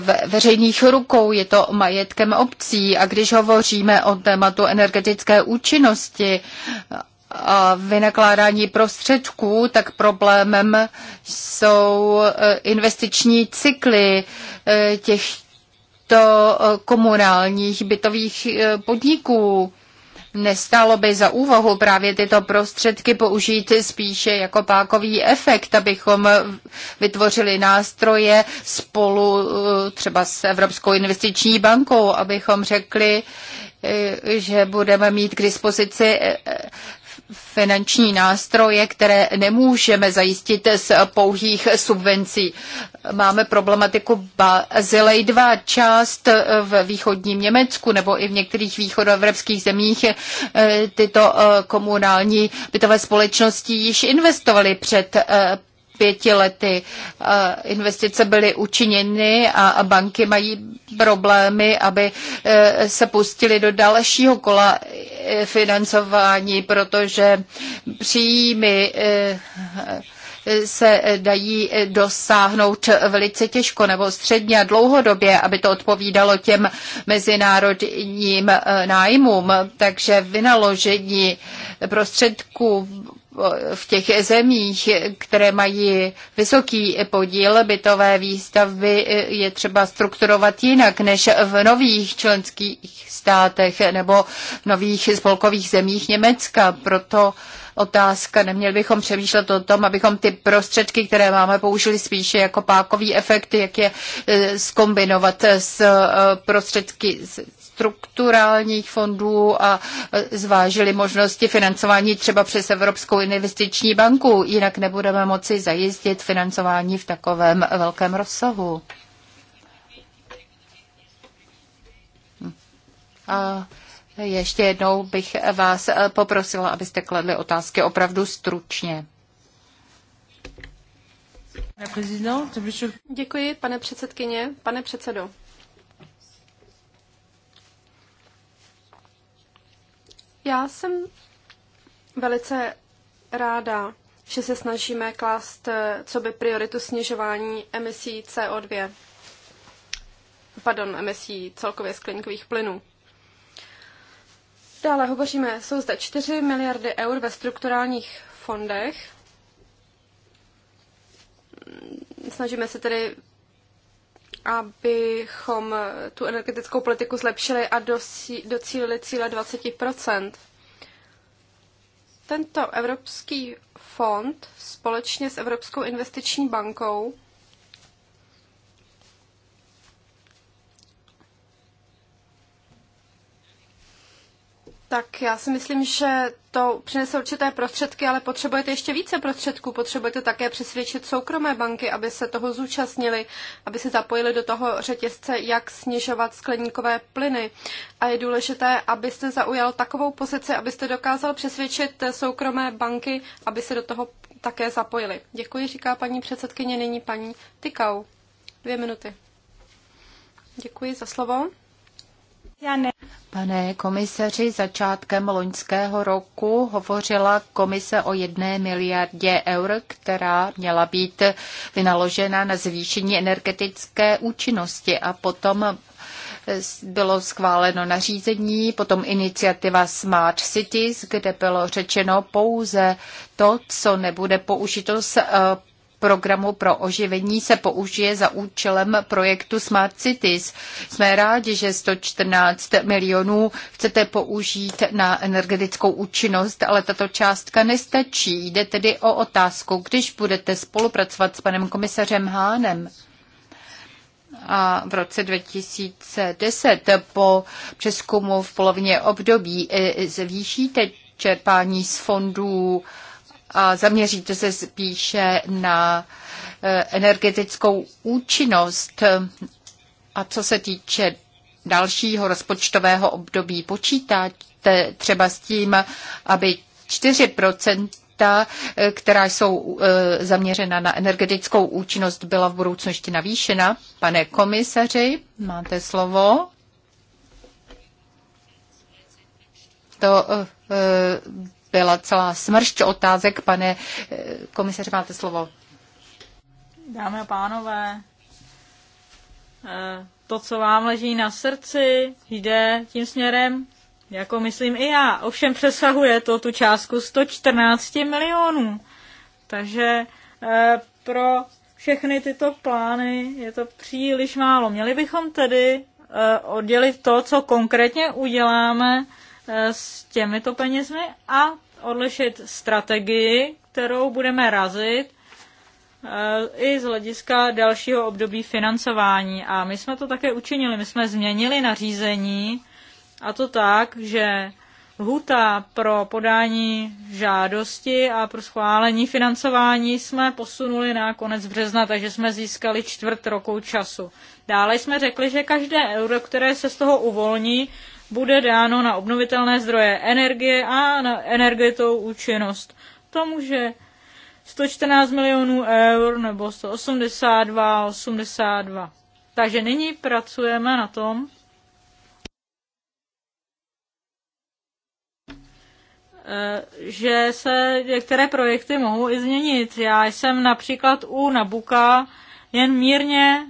v veřejných rukou, je to majetkem obcí. A když hovoříme o tématu energetické účinnosti a vynakládání prostředků, tak problémem jsou e, investiční cykly e, těchto e, komunálních bytových podniků. Nestálo by za úvahu právě tyto prostředky použít spíše jako pákový efekt, abychom vytvořili nástroje spolu třeba s Evropskou investiční bankou, abychom řekli, že budeme mít k dispozici finanční nástroje, které nemůžeme zajistit z pouhých subvencí. Máme problematiku Bazilej 2. Část v východním Německu nebo i v některých východoevropských zemích eh, tyto eh, komunální bytové společnosti již investovaly před eh, pěti lety eh, investice byly učiněny a banky mají problémy, aby eh, se pustili do dalšího kola eh, financování, protože příjmy se dají dosáhnout velice těžko nebo středně a dlouhodobě, aby to odpovídalo těm mezinárodním nájmům. Takže vynaložení prostředků v těch zemích, které mají vysoký podíl bytové výstavby, je třeba strukturovat jinak než v nových členských státech nebo v nových spolkových zemích Německa. Proto otázka, neměli bychom přemýšlet o tom, abychom ty prostředky, které máme, použili spíše jako pákový efekt, jak je eh, skombinovat s eh, prostředky z strukturálních fondů a zvážili možnosti financování třeba přes Evropskou investiční banku, jinak nebudeme moci zajistit financování v takovém velkém rozsahu. A ještě jednou bych vás poprosila, abyste kladli otázky opravdu stručně. Děkuji, pane předsedkyně, pane předsedo. Já jsem velice ráda, že se snažíme klást eh, co by prioritu snižování emisí CO2, pardon, emisí celkově skleníkových plynů. Dále hovoříme, jsou zde 4 miliardy eur ve strukturálních fondech. Snažíme se tedy abychom tu energetickou politiku zlepšili a dosí, docílili cíle 20 Tento Evropský fond společně s Evropskou investiční bankou Tak já si myslím, že to přinese určité prostředky, ale potřebujete ještě více prostředků. Potřebujete také přesvědčit soukromé banky, aby se toho zúčastnili, aby se zapojili do toho řetězce, jak snižovat skleníkové plyny. A je důležité, abyste zaujal takovou pozici, abyste dokázal přesvědčit soukromé banky, aby se do toho také zapojili. Děkuji, říká paní předsedkyně, nyní paní Tykau. Dvě minuty. Děkuji za slovo. Pane komisaři, začátkem loňského roku hovořila komise o jedné miliardě eur, která měla být vynaložena na zvýšení energetické účinnosti a potom bylo schváleno nařízení, potom iniciativa Smart Cities, kde bylo řečeno pouze to, co nebude použito z eh, programu pro oživení se použije za účelem projektu Smart Cities. Jsme rádi, že 114 milionů chcete použít na energetickou účinnost, ale tato částka nestačí. Jde tedy o otázku, když budete spolupracovat s panem komisařem Hánem a v roce 2010 po přeskumu v polovině období e, zvýšíte čerpání z fondů a zaměříte se spíše na e, energetickou účinnost. A co se týče dalšího rozpočtového období, počítáte třeba s tím, aby 4 e, která jsou e, zaměřena na energetickou účinnost, byla v budoucnu ještě navýšena. Pane komisaři, máte slovo. To byla celá smršť otázek. Pane eh, komisaře, máte slovo. Dámy a pánové, eh, to, co vám leží na srdci, jde tím směrem, jako myslím i já. Ovšem přesahuje to tu částku 114 milionů. Takže eh, pro všechny tyto plány je to příliš málo. Měli bychom tedy oddělit to, co konkrétně uděláme Eh, s těmito penězmi a odlišit strategii, kterou budeme razit eh, i z hlediska dalšího období financování. A my jsme to také učinili, my jsme změnili nařízení a to tak, že Lhuta pro podání žádosti a pro schválení financování jsme posunuli na konec března, takže jsme získali čtvrt roku času. Dále jsme řekli, že každé euro, které se z toho uvolní, bude dáno na obnovitelné zdroje energie a na energetou účinnost. To může 114 milionů eur nebo 182, 82. Takže nyní pracujeme na tom, eh, že se některé projekty mohou i změnit. Já jsem například u Nabuka jen mírně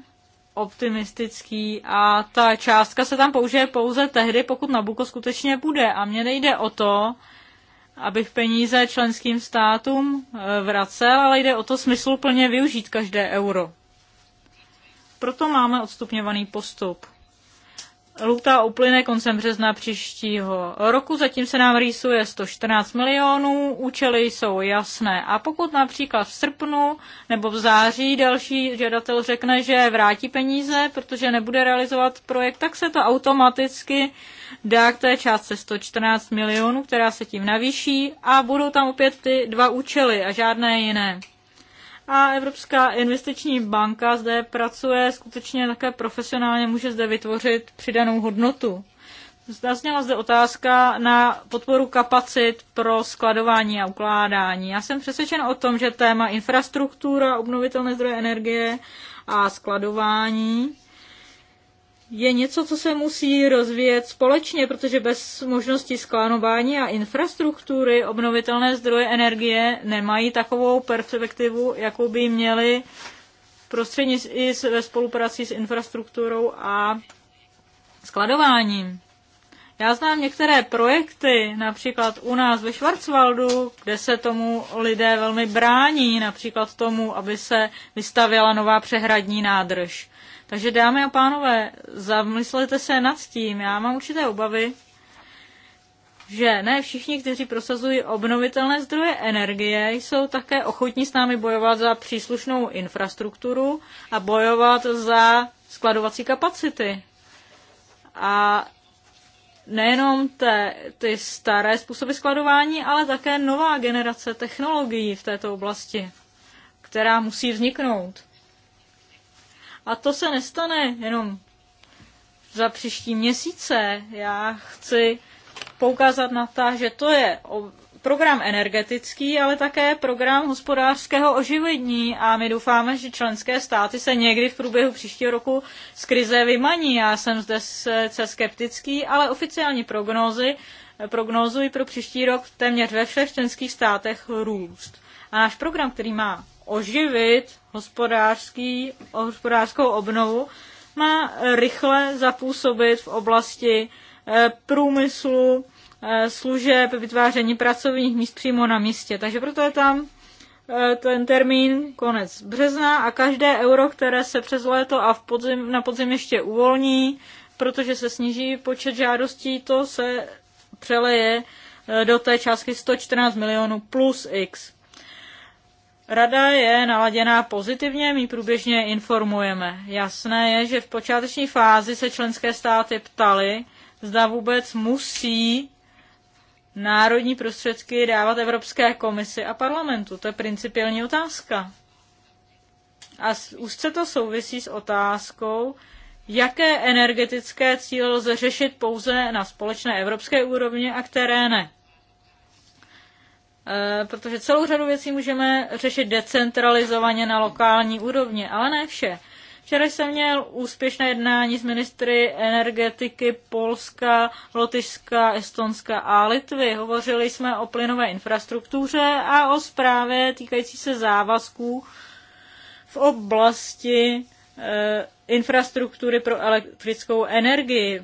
optimistický a ta částka se tam použije pouze tehdy, pokud Nabuko skutečně bude. A mně nejde o to, abych peníze členským státům eh, vracel, ale jde o to smysluplně využít každé euro. Proto máme odstupňovaný postup luta uplyne koncem března příštího roku, zatím se nám rýsuje 114 milionů, účely jsou jasné. A pokud například v srpnu nebo v září další žadatel řekne, že vrátí peníze, protože nebude realizovat projekt, tak se to automaticky dá k té částce 114 milionů, která se tím navýší a budou tam opět ty dva účely a žádné jiné a Evropská investiční banka zde pracuje skutečně také profesionálně, může zde vytvořit přidanou hodnotu. Zazněla zde otázka na podporu kapacit pro skladování a ukládání. Já jsem přesvědčen o tom, že téma infrastruktura, obnovitelné zdroje energie a skladování je něco, co se musí rozvíjet společně, protože bez možnosti sklánování a infrastruktury obnovitelné zdroje energie nemají takovou perspektivu, jakou by měly prostřednictvím i ve spolupráci s infrastrukturou a skladováním. Já znám některé projekty, například u nás ve Schwarzwaldu, kde se tomu lidé velmi brání, například tomu, aby se vystavila nová přehradní nádrž. Takže dámy a pánové, zamyslete se nad tím. Já mám určité obavy, že ne všichni, kteří prosazují obnovitelné zdroje energie, jsou také ochotní s námi bojovat za příslušnou infrastrukturu a bojovat za skladovací kapacity. A nejenom te, ty staré způsoby skladování, ale také nová generace technologií v této oblasti, která musí vzniknout. A to se nestane jenom za příští měsíce. Já chci poukázat na to, že to je program energetický, ale také program hospodářského oživení a my doufáme, že členské státy se někdy v průběhu příštího roku z krize vymaní. Já jsem zde se skeptický, ale oficiální prognózy prognozují pro příští rok téměř ve všech členských státech růst. A náš program, který má oživit hospodářský, hospodářskou obnovu, má rychle zapůsobit v oblasti eh, průmyslu, eh, služeb, vytváření pracovních míst přímo na místě. Takže proto je tam eh, ten termín konec března a každé euro, které se přes léto a v podzim, na podzim ještě uvolní, protože se sníží počet žádostí, to se přeleje do té částky 114 milionů plus x. Rada je naladěná pozitivně, my průběžně informujeme. Jasné je, že v počáteční fázi se členské státy ptali, zda vůbec musí národní prostředky dávat Evropské komisi a parlamentu. To je principiální otázka. A úzce to souvisí s otázkou, jaké energetické cíle lze řešit pouze na společné evropské úrovni a které ne. Eh, protože celou řadu věcí můžeme řešit decentralizovaně na lokální úrovni, ale ne vše. Včera jsem měl úspěšné jednání s ministry energetiky Polska, Lotyšska, Estonska a Litvy. Hovořili jsme o plynové infrastruktuře a o zprávě týkající se závazků v oblasti e, infrastruktury pro elektrickou energii.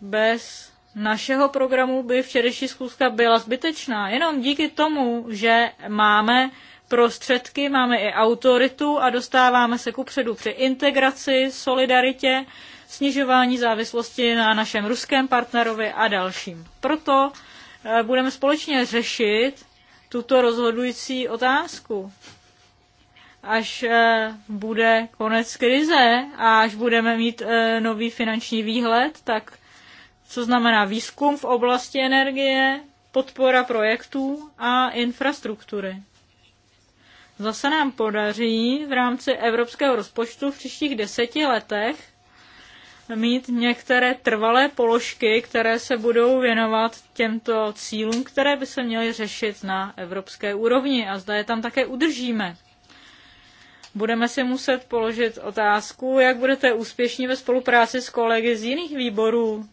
Bez našeho programu by včerejší schůzka byla zbytečná. Jenom díky tomu, že máme prostředky, máme i autoritu a dostáváme se kupředu při integraci, solidaritě, snižování závislosti na našem ruském partnerovi a dalším. Proto eh, budeme společně řešit tuto rozhodující otázku. Až eh, bude konec krize a až budeme mít eh, nový finanční výhled, tak co znamená výzkum v oblasti energie, podpora projektů a infrastruktury. Zase nám podaří v rámci evropského rozpočtu v příštích deseti letech mít některé trvalé položky, které se budou věnovat těmto cílům, které by se měly řešit na evropské úrovni a zda je tam také udržíme. Budeme si muset položit otázku, jak budete úspěšní ve spolupráci s kolegy z jiných výborů,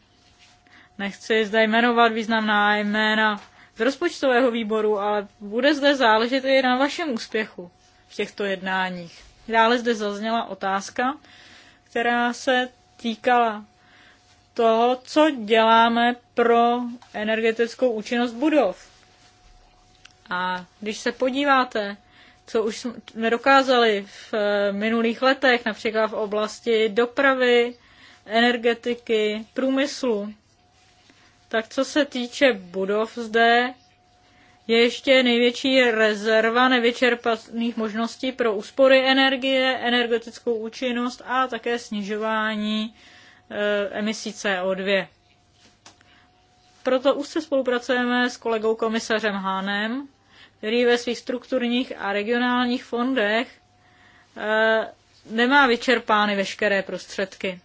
Nechci zde jmenovat významná jména z rozpočtového výboru, ale bude zde záležet i na vašem úspěchu v těchto jednáních. Dále zde zazněla otázka, která se týkala toho, co děláme pro energetickou účinnost budov. A když se podíváte, co už jsme dokázali v eh, minulých letech, například v oblasti dopravy, energetiky, průmyslu, tak co se týče budov zde, je ještě největší rezerva nevyčerpaných možností pro úspory energie, energetickou účinnost a také snižování eh, emisí CO2. Proto už se spolupracujeme s kolegou komisařem Hánem, který ve svých strukturních a regionálních fondech eh, nemá vyčerpány veškeré prostředky.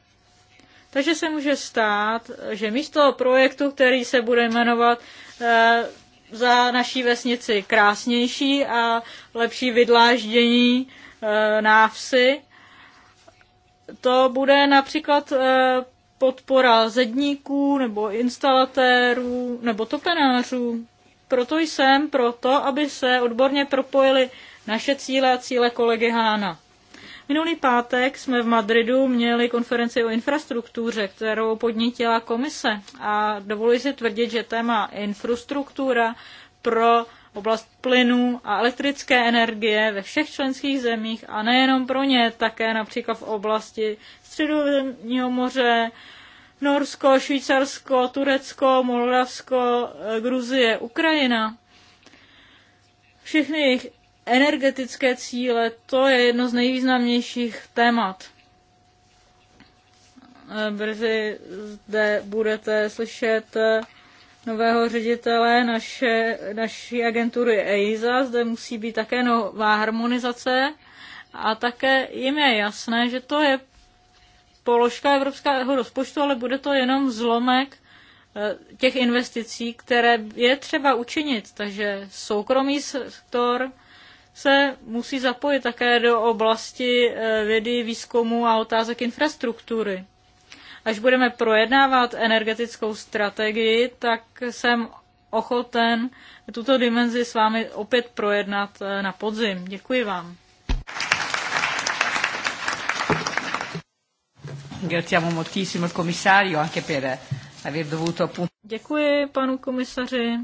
Takže se může stát, že místo projektu, který se bude jmenovat eh, za naší vesnici krásnější a lepší vydláždění eh, návsi, to bude například eh, podpora zedníků nebo instalatérů nebo topenářů. Proto jsem proto, aby se odborně propojili naše cíle a cíle kolegy Hána. Minulý pátek jsme v Madridu měli konferenci o infrastruktuře, kterou podnítila komise a dovoluji si tvrdit, že téma infrastruktura pro oblast plynu a elektrické energie ve všech členských zemích a nejenom pro ně, také například v oblasti Středozemního moře, Norsko, Švýcarsko, Turecko, Moldavsko, Gruzie, Ukrajina. Všechny jejich energetické cíle, to je jedno z nejvýznamnějších témat. Eh, Brzy zde budete slyšet eh, nového ředitele naše, naší agentury EISA. Zde musí být také nová harmonizace a také jim je jasné, že to je položka evropského rozpočtu, ale bude to jenom zlomek eh, těch investicí, které je třeba učinit. Takže soukromý sektor, se musí zapojit také do oblasti eh, vědy, výzkumu a otázek infrastruktury. Až budeme projednávat energetickou strategii, tak jsem ochoten tuto dimenzi s vámi opět projednat eh, na podzim. Děkuji vám. Děkuji panu komisaři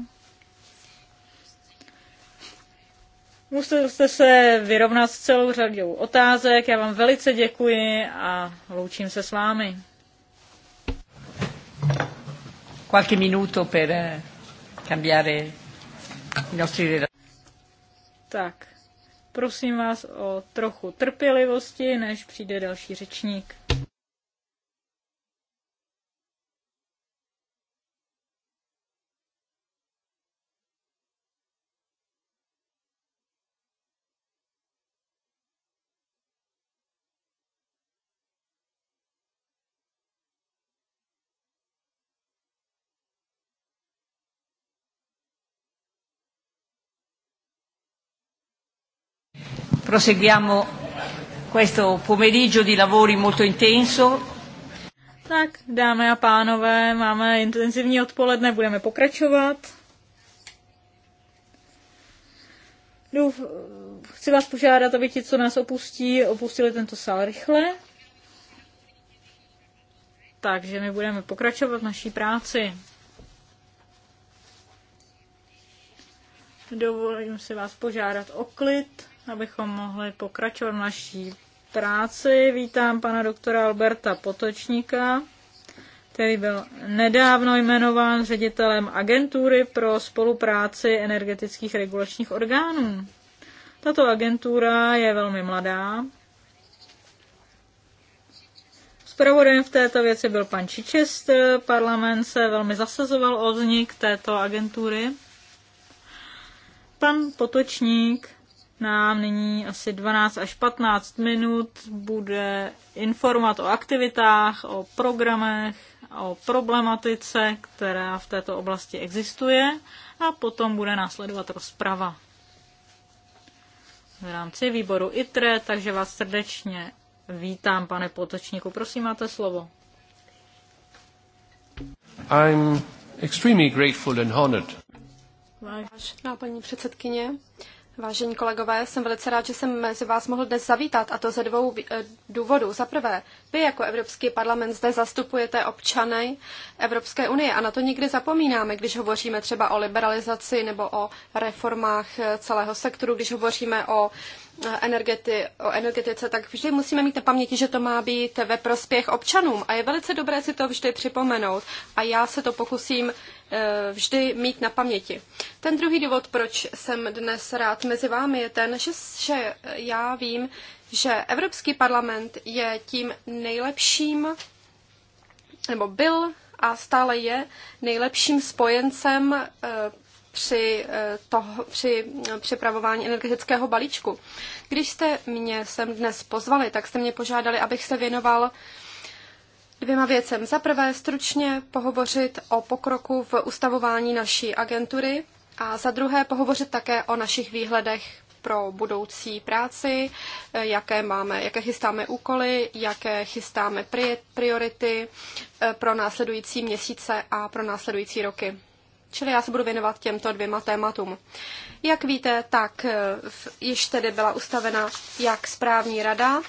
Musel jste se vyrovnat s celou řadou otázek. Já vám velice děkuji a loučím se s vámi. Qualche minuto per eh, cambiare i nostri Tak, prosím vás o trochu trpělivosti, než přijde další řečník. Proseguiamo questo pomeriggio di lavori molto intenso. Tak, dámy a pánové, máme intenzivní odpoledne, budeme pokračovat. Jdu, chci vás požádat, aby ti, co nás opustí, opustili tento sál rychle. Takže my budeme pokračovat v naší práci. Dovolím si vás požádat o klid abychom mohli pokračovat v naší práci. Vítám pana doktora Alberta Potočníka, který byl nedávno jmenován ředitelem agentury pro spolupráci energetických regulačních orgánů. Tato agentura je velmi mladá. Spravodajem v této věci byl pan Čičest. Parlament se velmi zasazoval o vznik této agentury. Pan Potočník nám nyní asi 12 až 15 minut bude informovat o aktivitách, o programech, o problematice, která v této oblasti existuje a potom bude následovat rozprava v rámci výboru ITRE, takže vás srdečně vítám, pane potočníku. Prosím, máte slovo. I'm extremely grateful and honored. Vážená paní předsedkyně, Vážení kolegové, jsem velice rád, že jsem mezi vás mohl dnes zavítat, a to ze dvou eh, důvodů. Za prvé, vy jako Evropský parlament zde zastupujete občany Evropské unie a na to nikdy zapomínáme, když hovoříme třeba o liberalizaci nebo o reformách eh, celého sektoru, když hovoříme o energety, o energetice, tak vždy musíme mít na paměti, že to má být ve prospěch občanům a je velice dobré si to vždy připomenout a já se to pokusím eh, vždy mít na paměti. Ten druhý důvod, proč jsem dnes rád mezi vámi, je ten, že, že já vím, že Evropský parlament je tím nejlepším, nebo byl a stále je nejlepším spojencem eh, při, eh, toho, při eh, připravování energetického balíčku. Když jste mě sem dnes pozvali, tak jste mě požádali, abych se věnoval dvěma věcem. Za prvé stručně pohovořit o pokroku v ustavování naší agentury a za druhé pohovořit také o našich výhledech pro budoucí práci, eh, jaké, máme, jaké chystáme úkoly, jaké chystáme priority pro následující měsíce a pro následující roky. Čili já se budu věnovat těmto dvěma tématům. Jak víte, tak eh, již tedy byla ustavena jak správní rada,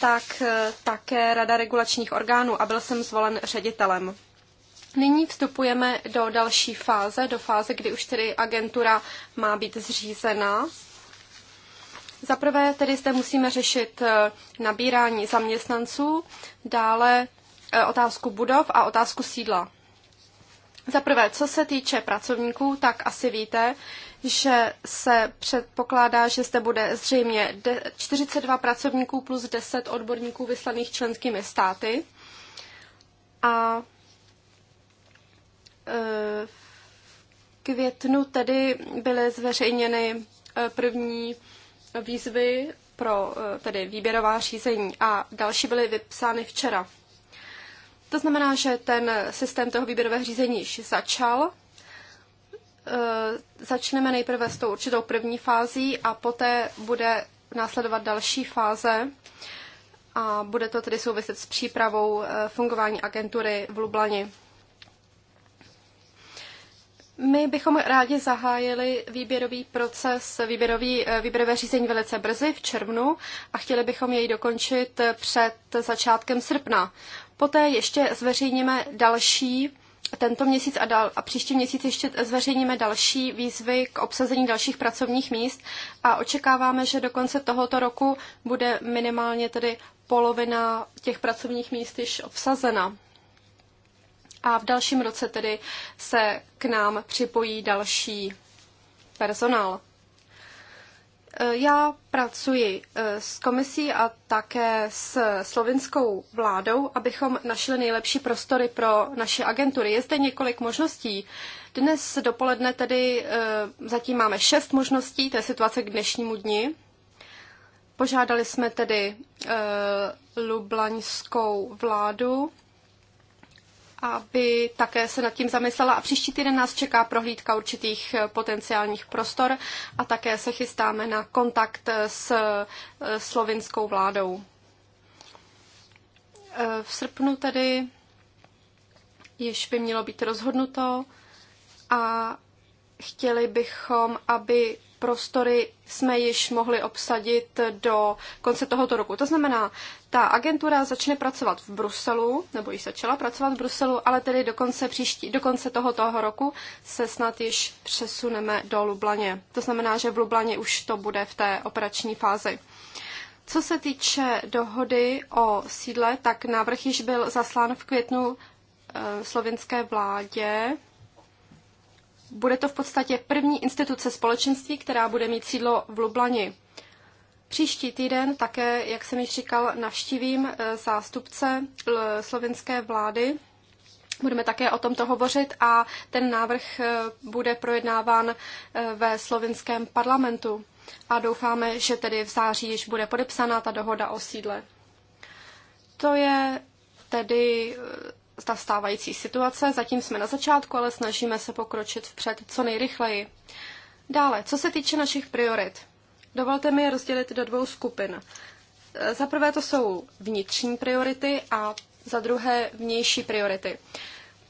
tak eh, také rada regulačních orgánů a byl jsem zvolen ředitelem. Nyní vstupujeme do další fáze, do fáze, kdy už tedy agentura má být zřízena. Za prvé tedy zde musíme řešit eh, nabírání zaměstnanců, dále otázku budov a otázku sídla. Za prvé, co se týče pracovníků, tak asi víte, že se předpokládá, že zde bude zřejmě 42 pracovníků plus 10 odborníků vyslaných členskými státy. A e, v květnu tedy byly zveřejněny e, první výzvy pro e, tedy výběrová řízení a další byly vypsány včera. To znamená, že ten systém toho výběrového řízení již začal. E, začneme nejprve s tou určitou první fází a poté bude následovat další fáze a bude to tedy souviset s přípravou e, fungování agentury v Lublani. My bychom rádi zahájili výběrový proces, výběrový, e, výběrové řízení velice brzy v červnu a chtěli bychom jej dokončit před začátkem srpna. Poté ještě zveřejníme další tento měsíc a, dal, a příští měsíc ještě zveřejníme další výzvy k obsazení dalších pracovních míst a očekáváme, že do konce tohoto roku bude minimálně tedy polovina těch pracovních míst již obsazena. A v dalším roce tedy se k nám připojí další personál. Eh, já pracuji eh, s komisí a také s slovinskou vládou, abychom našli nejlepší prostory pro naše agentury. Je zde několik možností. Dnes dopoledne tedy eh, zatím máme šest možností, to je situace k dnešnímu dni. Požádali jsme tedy lublaňskou vládu aby také se nad tím zamyslela. A příští týden nás čeká prohlídka určitých eh, potenciálních prostor a také se chystáme na kontakt eh, s eh, slovinskou vládou. V srpnu tedy již by mělo být rozhodnuto a chtěli bychom, aby prostory jsme již mohli obsadit do konce tohoto roku. To znamená, ta agentura začne pracovat v Bruselu, nebo již začala pracovat v Bruselu, ale tedy do konce, příští, do konce tohoto roku se snad již přesuneme do Lublaně. To znamená, že v Lublaně už to bude v té operační fázi. Co se týče dohody o sídle, tak návrh již byl zaslán v květnu eh, slovinské vládě bude to v podstatě první instituce společenství, která bude mít sídlo v Lublani. Příští týden také, jak jsem již říkal, navštívím eh, zástupce eh, slovenské vlády. Budeme také o tomto hovořit a ten návrh eh, bude projednáván ve slovenském parlamentu. A doufáme, že tedy v září již bude podepsaná ta dohoda o sídle. To je tedy ta stávající situace. Zatím jsme na začátku, ale snažíme se pokročit vpřed co nejrychleji. Dále, co se týče našich priorit, dovolte mi je rozdělit do dvou skupin. Za prvé to jsou vnitřní priority a za druhé vnější priority.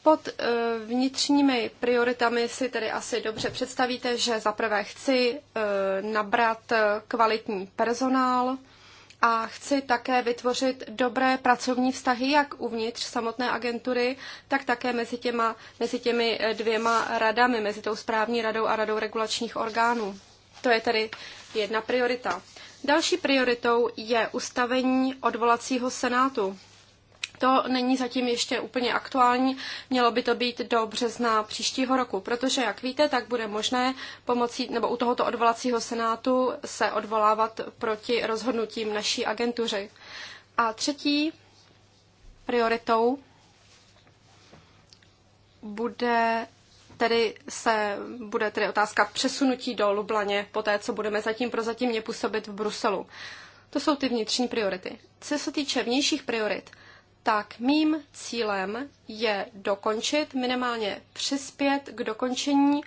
Pod eh, vnitřními prioritami si tedy asi dobře představíte, že za prvé chci eh, nabrat eh, kvalitní personál, a chci také vytvořit dobré pracovní vztahy jak uvnitř samotné agentury, tak také mezi, těma, mezi těmi eh, dvěma radami, mezi tou správní radou a radou regulačních orgánů. To je tedy jedna priorita. Další prioritou je ustavení odvolacího senátu. To není zatím ještě úplně aktuální, mělo by to být do března příštího roku, protože, jak víte, tak bude možné pomocí nebo u tohoto odvolacího senátu se odvolávat proti rozhodnutím naší agentuři. A třetí prioritou bude tedy se bude tedy otázka přesunutí do Lublaně, po té, co budeme zatím prozatímně působit v Bruselu. To jsou ty vnitřní priority. Co se týče vnějších priorit, tak mým cílem je dokončit, minimálně přispět k dokončení,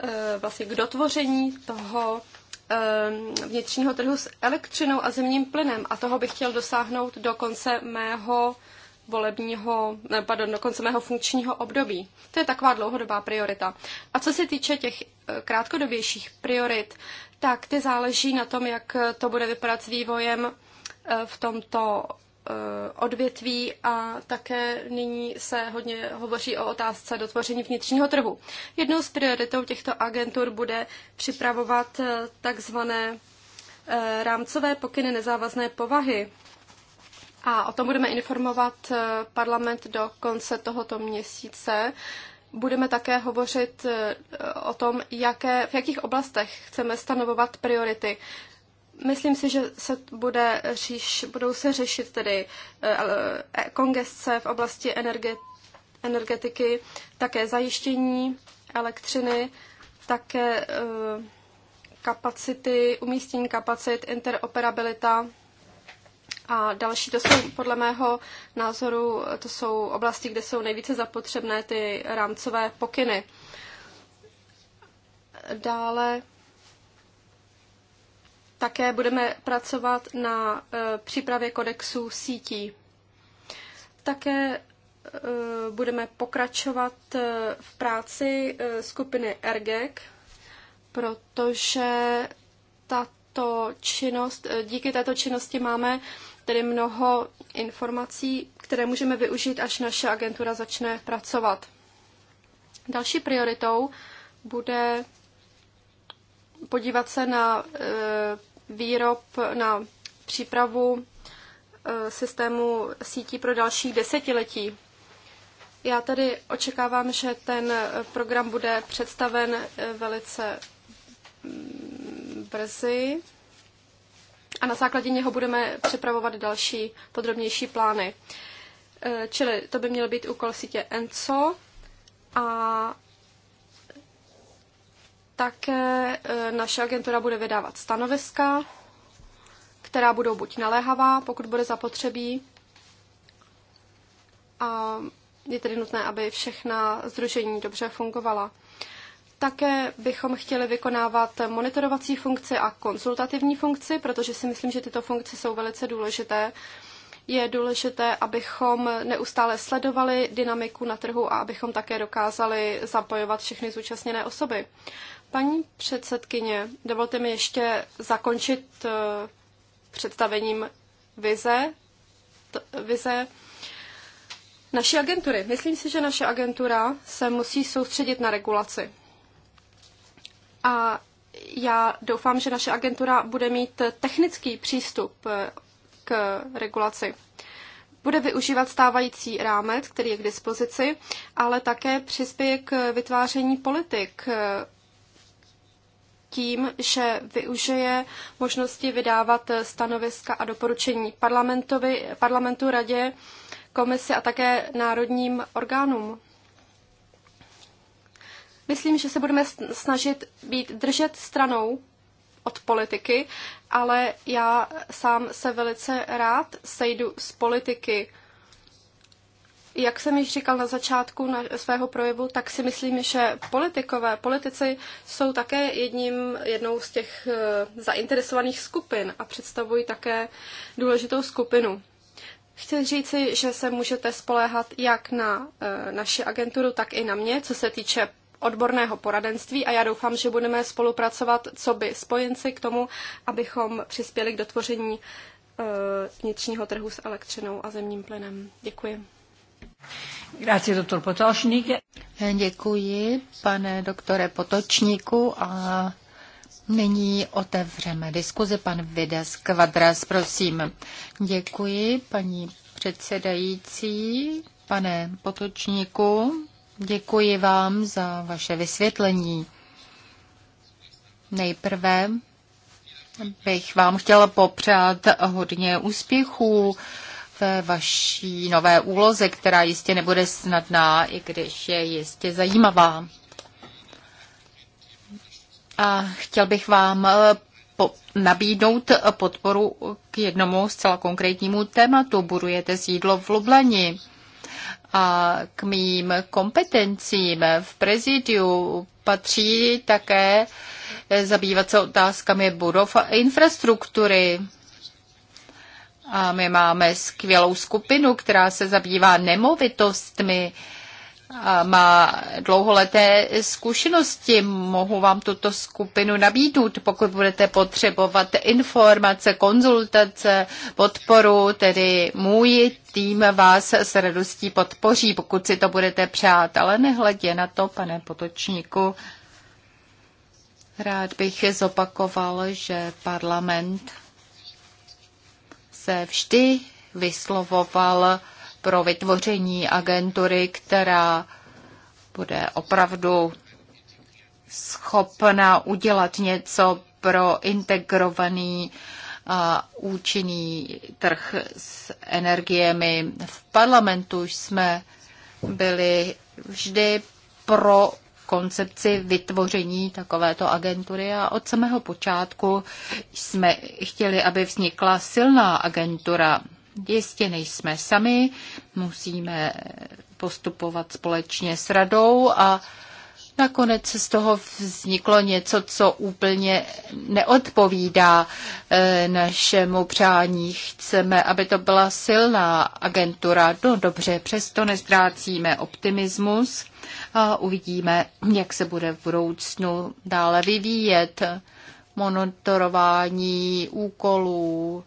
eh, vlastně k dotvoření toho eh, vnitřního trhu s elektřinou a zemním plynem. A toho bych chtěl dosáhnout do konce mého volebního, pardon, do konce mého funkčního období. To je taková dlouhodobá priorita. A co se týče těch eh, krátkodobějších priorit, tak ty záleží na tom, jak to bude vypadat s vývojem v tomto Eh, odvětví a také nyní se hodně hovoří o otázce dotvoření vnitřního trhu. Jednou z prioritou těchto agentur bude připravovat eh, takzvané eh, rámcové pokyny nezávazné povahy. A o tom budeme informovat parlament do konce tohoto měsíce. Budeme také hovořit o tom, jaké, v jakých oblastech chceme stanovovat priority. Myslím si, že se bude říš, budou se řešit tedy eh, eh, kongesce v oblasti energetiky, také zajištění elektřiny, také eh, kapacity, umístění kapacit, interoperabilita a další. To jsou podle mého názoru, to jsou oblasti, kde jsou nejvíce zapotřebné ty rámcové pokyny. Dále také budeme pracovat na e, přípravě kodexu sítí. Také e, budeme pokračovat e, v práci skupiny ERGEC, protože tato činnost, díky této činnosti máme tedy mnoho informací, které můžeme využít, až naše agentura začne pracovat. Další prioritou bude podívat se na výrob, na přípravu e, systému sítí pro další desetiletí. Já tedy očekávám, že ten program bude představen e, velice mm, brzy a na základě něho budeme připravovat další podrobnější plány. E, čili to by měl být úkol sítě ENCO a také e, naše agentura bude vydávat stanoviska, která budou buď naléhavá, pokud bude zapotřebí, a je tedy nutné, aby všechna združení dobře fungovala. Také bychom chtěli vykonávat monitorovací funkci a konzultativní funkci, protože si myslím, že tyto funkce jsou velice důležité. Je důležité, abychom neustále sledovali dynamiku na trhu a abychom také dokázali zapojovat všechny zúčastněné osoby. Paní předsedkyně, dovolte mi ještě zakončit eh, představením vize, vize naší agentury. Myslím si, že naše agentura se musí soustředit na regulaci. A já doufám, že naše agentura bude mít technický přístup eh, k regulaci. Bude využívat stávající rámec, který je k dispozici, ale také přispěje k vytváření politik eh, tím, že využije možnosti vydávat stanoviska a doporučení parlamentovi, parlamentu, radě, komisi a také národním orgánům. Myslím, že se budeme snažit být držet stranou od politiky, ale já sám se velice rád sejdu s politiky, jak jsem již říkal na začátku na svého projevu, tak si myslím, že politikové, politici jsou také jedním, jednou z těch eh, zainteresovaných skupin a představují také důležitou skupinu. Chci říci, že se můžete spoléhat jak na eh, naši agenturu, tak i na mě, co se týče odborného poradenství a já doufám, že budeme spolupracovat co by spojenci k tomu, abychom přispěli k dotvoření eh, vnitřního trhu s elektřinou a zemním plynem. Děkuji. Grazie, Potočník. Děkuji, pane doktore Potočníku a Nyní otevřeme diskuzi. Pan Vides Kvadras, prosím. Děkuji, paní předsedající, pane potočníku. Děkuji vám za vaše vysvětlení. Nejprve bych vám chtěla popřát hodně úspěchů ve vaší nové úloze, která jistě nebude snadná, i když je jistě zajímavá. A chtěl bych vám eh, po, nabídnout podporu k jednomu zcela konkrétnímu tématu. Budujete sídlo v Lublani a k mým kompetencím v prezidiu patří také eh, zabývat se otázkami budov a infrastruktury. A my máme skvělou skupinu, která se zabývá nemovitostmi a má dlouholeté zkušenosti. Mohu vám tuto skupinu nabídnout, pokud budete potřebovat informace, konzultace, podporu, tedy můj tým vás s radostí podpoří, pokud si to budete přát. Ale nehledě na to, pane Potočníku, rád bych zopakoval, že parlament se vždy vyslovoval pro vytvoření agentury, která bude opravdu schopna udělat něco pro integrovaný a účinný trh s energiemi. V parlamentu jsme byli vždy pro koncepci vytvoření takovéto agentury a od samého počátku jsme chtěli, aby vznikla silná agentura. Jistě nejsme sami, musíme postupovat společně s radou a Nakonec z toho vzniklo něco, co úplně neodpovídá eh, našemu přání. Chceme, aby to byla silná agentura. No dobře, přesto nestrácíme optimismus a uvidíme, jak se bude v budoucnu dále vyvíjet monitorování úkolů,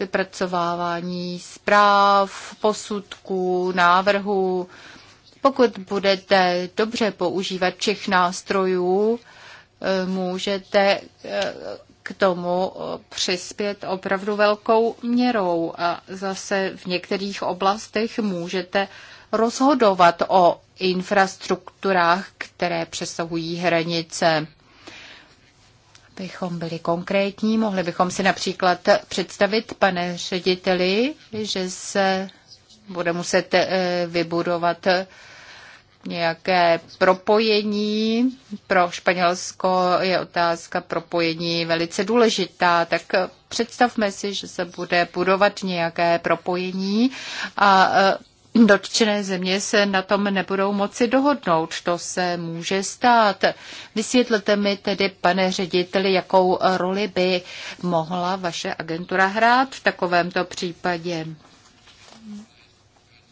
vypracovávání zpráv, posudků, návrhů, pokud budete dobře používat všech nástrojů, eh, můžete eh, k tomu eh, přispět opravdu velkou měrou a zase v některých oblastech můžete rozhodovat o infrastrukturách, které přesahují hranice. Bychom byli konkrétní, mohli bychom si například představit, pane řediteli, že se bude muset vybudovat nějaké propojení. Pro Španělsko je otázka propojení velice důležitá, tak představme si, že se bude budovat nějaké propojení a eh, dotčené země se na tom nebudou moci dohodnout. To se může stát. Vysvětlete mi tedy, pane řediteli, jakou roli by mohla vaše agentura hrát v takovémto případě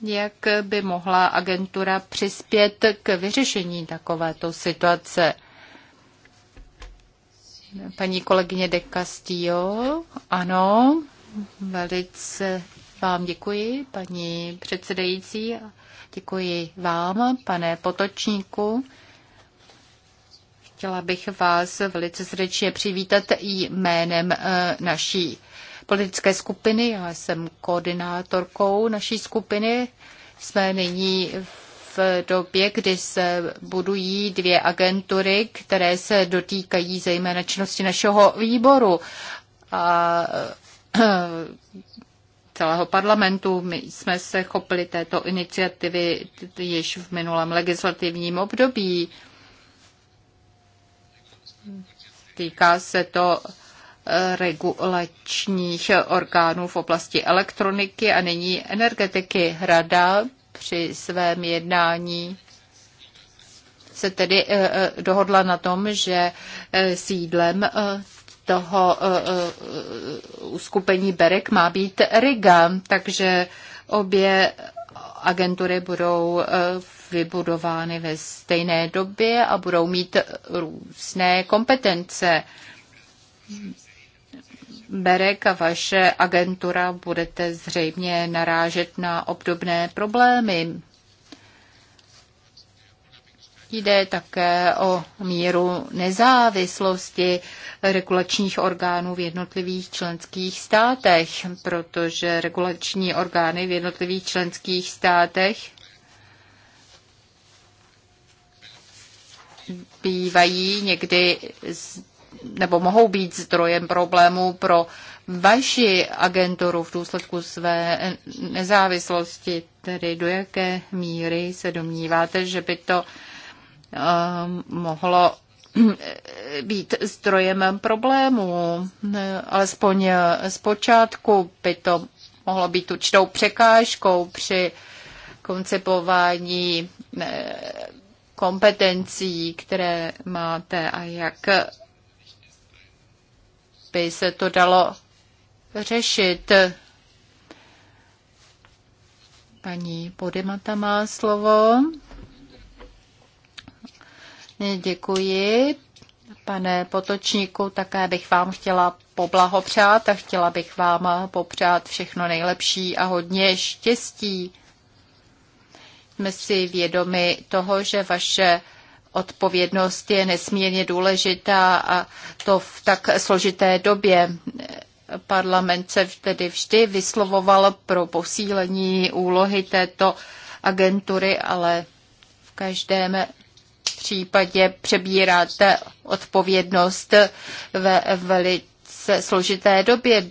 jak by mohla agentura přispět k vyřešení takovéto situace. Paní kolegyně de Castillo, ano, velice vám děkuji, paní předsedající, děkuji vám, pane Potočníku. Chtěla bych vás velice srdečně přivítat i jménem eh, naší politické skupiny. Já jsem koordinátorkou naší skupiny. Jsme nyní v době, kdy se budují dvě agentury, které se dotýkají zejména činnosti našeho výboru. A *clears throat* celého parlamentu. My jsme se chopili této iniciativy již v minulém legislativním období. Týká se to regulačních orgánů v oblasti elektroniky a nyní energetiky. Rada při svém jednání se tedy eh, eh, dohodla na tom, že eh, sídlem toho uskupení Berek má být Riga, takže obě agentury budou vybudovány ve stejné době a budou mít různé kompetence. Berek a vaše agentura budete zřejmě narážet na obdobné problémy. Jde také o míru nezávislosti regulačních orgánů v jednotlivých členských státech, protože regulační orgány v jednotlivých členských státech bývají někdy nebo mohou být zdrojem problémů pro vaši agenturu v důsledku své nezávislosti, tedy do jaké míry se domníváte, že by to eh, mohlo eh, být zdrojem problémů. Alespoň eh, zpočátku by to mohlo být určitou překážkou při koncipování kompetencí, které máte a jak by se to dalo řešit. Paní Podimata má slovo. Děkuji. Pane Potočníku, také bych vám chtěla poblahopřát a chtěla bych vám popřát všechno nejlepší a hodně štěstí. Jsme si vědomi toho, že vaše odpovědnost je nesmírně důležitá a to v tak složité době. Parlament se tedy vždy vyslovoval pro posílení úlohy této agentury, ale v každém případě přebíráte odpovědnost ve velice složité době,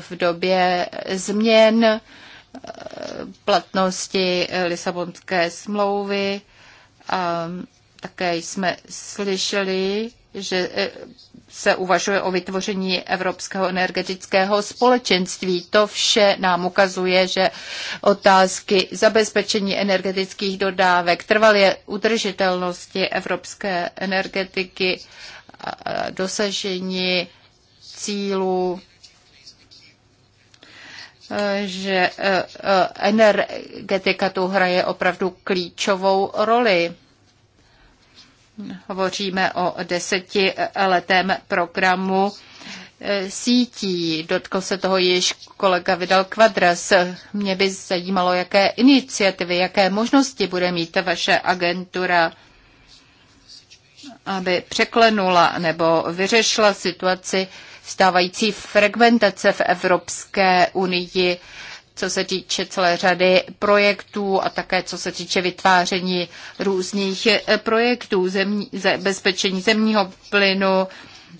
v době změn eh, platnosti Lisabonské smlouvy. A také jsme slyšeli, že e, se uvažuje o vytvoření Evropského energetického společenství. To vše nám ukazuje, že otázky zabezpečení energetických dodávek, trvalé udržitelnosti evropské energetiky, dosažení cílů, e, že e, energetika tu hraje opravdu klíčovou roli Hovoříme o desetiletém programu eh, sítí. Dotkl se toho již kolega Vidal Quadras. Mě by zajímalo, jaké iniciativy, jaké možnosti bude mít vaše agentura, aby překlenula nebo vyřešila situaci stávající fragmentace v Evropské unii co se týče celé řady projektů a také co se týče vytváření různých eh, projektů, zemní, zabezpečení zemního plynu,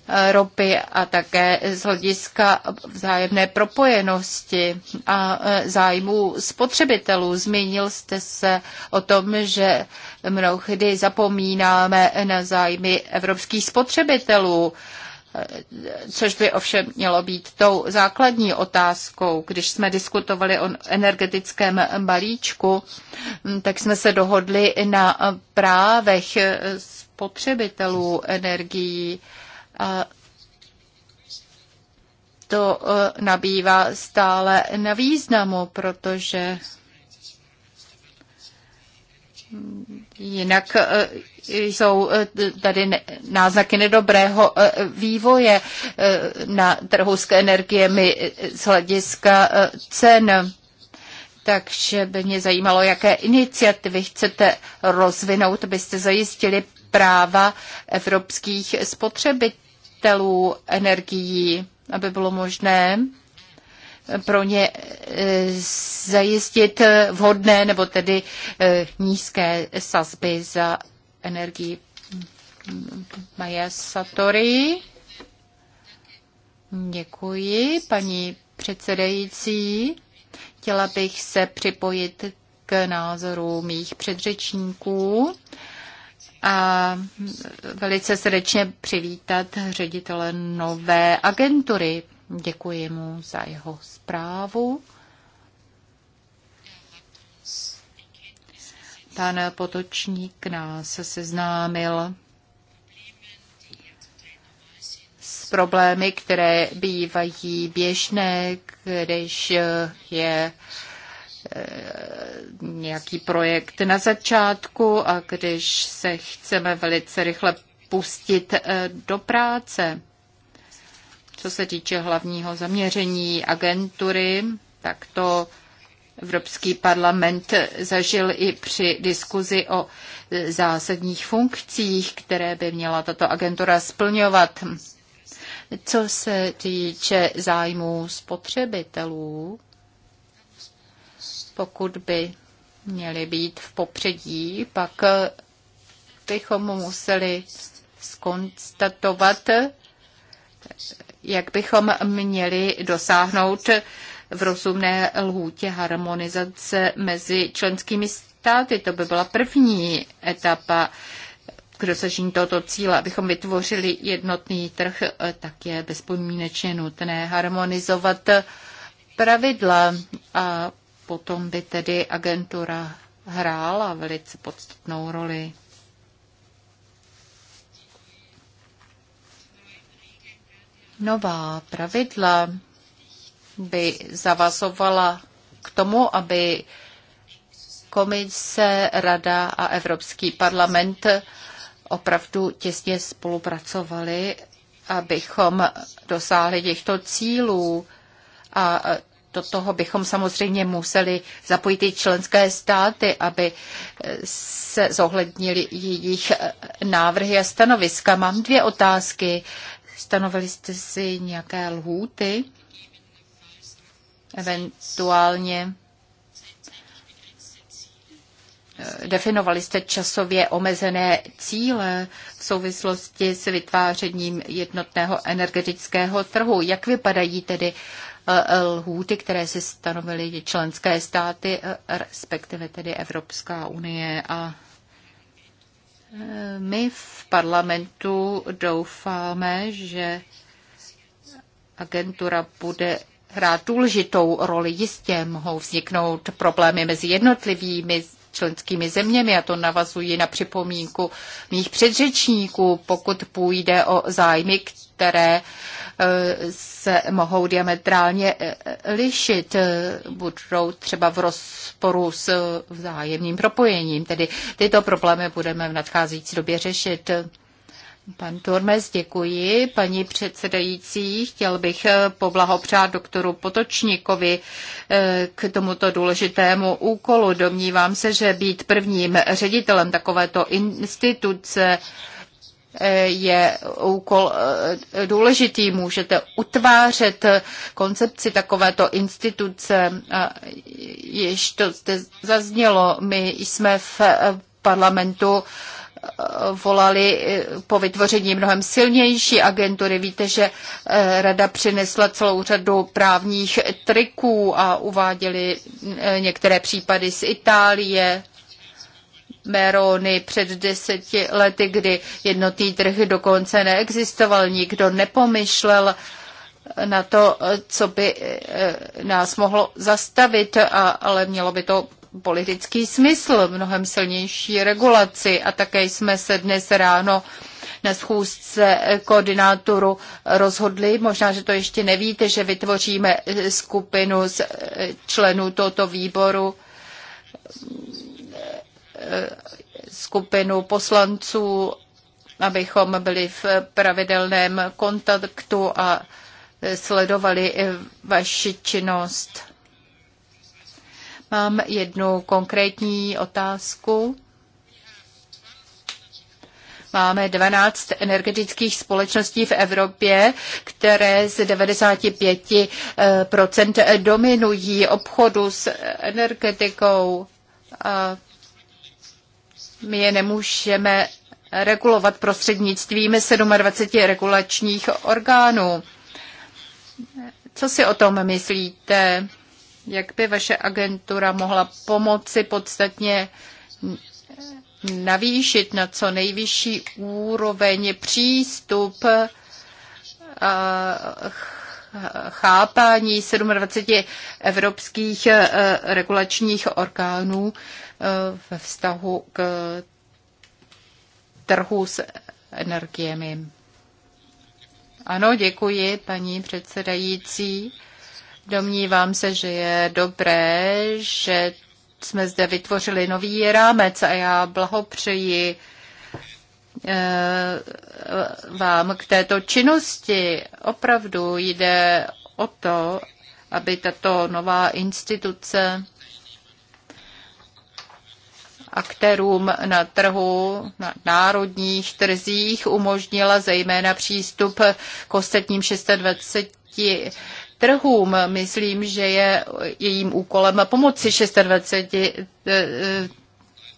eh, ropy a také z hlediska vzájemné propojenosti a eh, zájmu spotřebitelů. Zmínil jste se o tom, že mnohdy zapomínáme na zájmy evropských spotřebitelů což by ovšem mělo být tou základní otázkou. Když jsme diskutovali o energetickém balíčku, tak jsme se dohodli na právech spotřebitelů energií. to eh, nabývá stále na významu, protože Jinak eh, jsou eh, tady náznaky nedobrého eh, vývoje na trhu s energiemi z hlediska cen. Takže by mě zajímalo, jaké iniciativy chcete rozvinout, abyste zajistili práva evropských spotřebitelů energií, aby bylo možné pro ně e, zajistit vhodné nebo tedy e, nízké sazby za energii. Maja Satori. Děkuji, paní předsedající. Chtěla bych se připojit k názoru mých předřečníků a velice srdečně přivítat ředitele nové agentury Děkuji mu za jeho zprávu. Pan Potočník nás seznámil s problémy, které bývají běžné, když je eh, nějaký projekt na začátku a když se chceme velice rychle pustit eh, do práce. Co se týče hlavního zaměření agentury, tak to Evropský parlament zažil i při diskuzi o e, zásadních funkcích, které by měla tato agentura splňovat. Co se týče zájmů spotřebitelů, pokud by měly být v popředí, pak bychom museli skonstatovat, jak bychom měli dosáhnout v rozumné lhůtě harmonizace mezi členskými státy. To by byla první etapa k dosažení tohoto cíle, abychom vytvořili jednotný trh, tak je bezpodmínečně nutné harmonizovat pravidla a potom by tedy agentura hrála velice podstatnou roli. Nová pravidla by zavazovala k tomu, aby komise, rada a Evropský parlament opravdu těsně spolupracovali, abychom dosáhli těchto cílů. A do toho bychom samozřejmě museli zapojit i členské státy, aby se zohlednili jejich návrhy a stanoviska. Mám dvě otázky. Stanovili jste si nějaké lhůty? Eventuálně eh, definovali jste časově omezené cíle v souvislosti s vytvářením jednotného energetického trhu. Jak vypadají tedy eh, lhůty, které si stanovily členské státy, eh, respektive tedy Evropská unie a my v parlamentu doufáme, že agentura bude hrát důležitou roli. Jistě mohou vzniknout problémy mezi jednotlivými členskými zeměmi a to navazuji na připomínku mých předřečníků, pokud půjde o zájmy, které e, se mohou diametrálně e, e, lišit, budou třeba v rozporu s vzájemným propojením. Tedy tyto problémy budeme v nadcházející době řešit. Pan Turmes, děkuji. Paní předsedající, chtěl bych eh, poblahopřát doktoru Potočníkovi eh, k tomuto důležitému úkolu. Domnívám se, že být prvním ředitelem takovéto instituce eh, je úkol důležitý. Můžete utvářet koncepci takovéto instituce. Již to zde zaznělo, my jsme v parlamentu volali eh, po vytvoření mnohem silnější agentury. Víte, že eh, rada přinesla celou řadu právních triků a uváděli eh, některé případy z Itálie, Merony před deseti lety, kdy jednotný trh dokonce neexistoval, nikdo nepomyšlel na to, co by nás mohlo zastavit, ale mělo by to politický smysl, mnohem silnější regulaci a také jsme se dnes ráno na schůzce koordinátoru rozhodli, možná, že to ještě nevíte, že vytvoříme skupinu z členů tohoto výboru, skupinu poslanců, abychom byli v pravidelném kontaktu a sledovali vaši činnost Mám jednu konkrétní otázku. Máme 12 energetických společností v Evropě, které z 95% eh, dominují obchodu s energetikou. A my je nemůžeme regulovat prostřednictvím 27 regulačních orgánů. Co si o tom myslíte? Jak by vaše agentura mohla pomoci podstatně navýšit na co nejvyšší úroveň přístup chápání 27 evropských e, regulačních orgánů e, ve vztahu k trhu s energiemi. Ano, děkuji, paní předsedající. Domnívám se, že je dobré, že jsme zde vytvořili nový rámec a já blahopřeji eh, vám k této činnosti. Opravdu jde o to, aby tato nová instituce aktérům na trhu, na národních trzích umožnila zejména přístup k ostatním 620 trhům. Myslím, že je jejím úkolem pomoci 26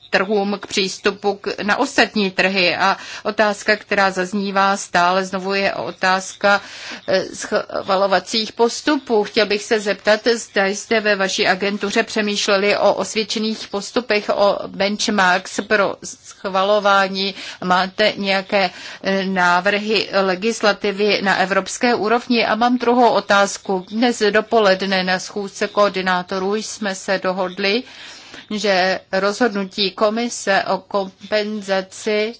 trhům k přístupu k, na ostatní trhy. A otázka, která zaznívá stále znovu, je otázka eh, schvalovacích postupů. Chtěl bych se zeptat, zda jste ve vaší agentuře přemýšleli o osvědčených postupech, o benchmarks pro schvalování. Máte nějaké eh, návrhy legislativy na evropské úrovni? A mám druhou otázku. Dnes dopoledne na schůzce koordinátorů jsme se dohodli, že rozhodnutí komise o kompenzaci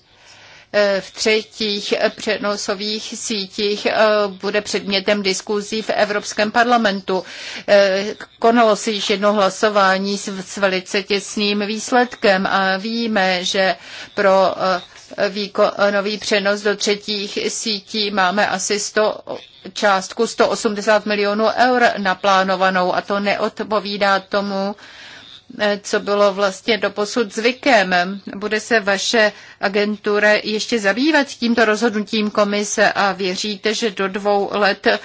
eh, v třetích přenosových sítích eh, bude předmětem diskuzí v Evropském parlamentu. Eh, konalo se již jedno hlasování s velice těsným výsledkem a víme, že pro výkonový přenos do třetích sítí máme asi 100 částku 180 milionů eur naplánovanou a to neodpovídá tomu, Eh, co bylo vlastně doposud zvykem. Bude se vaše agentura ještě zabývat tímto rozhodnutím komise a věříte, že do dvou let eh,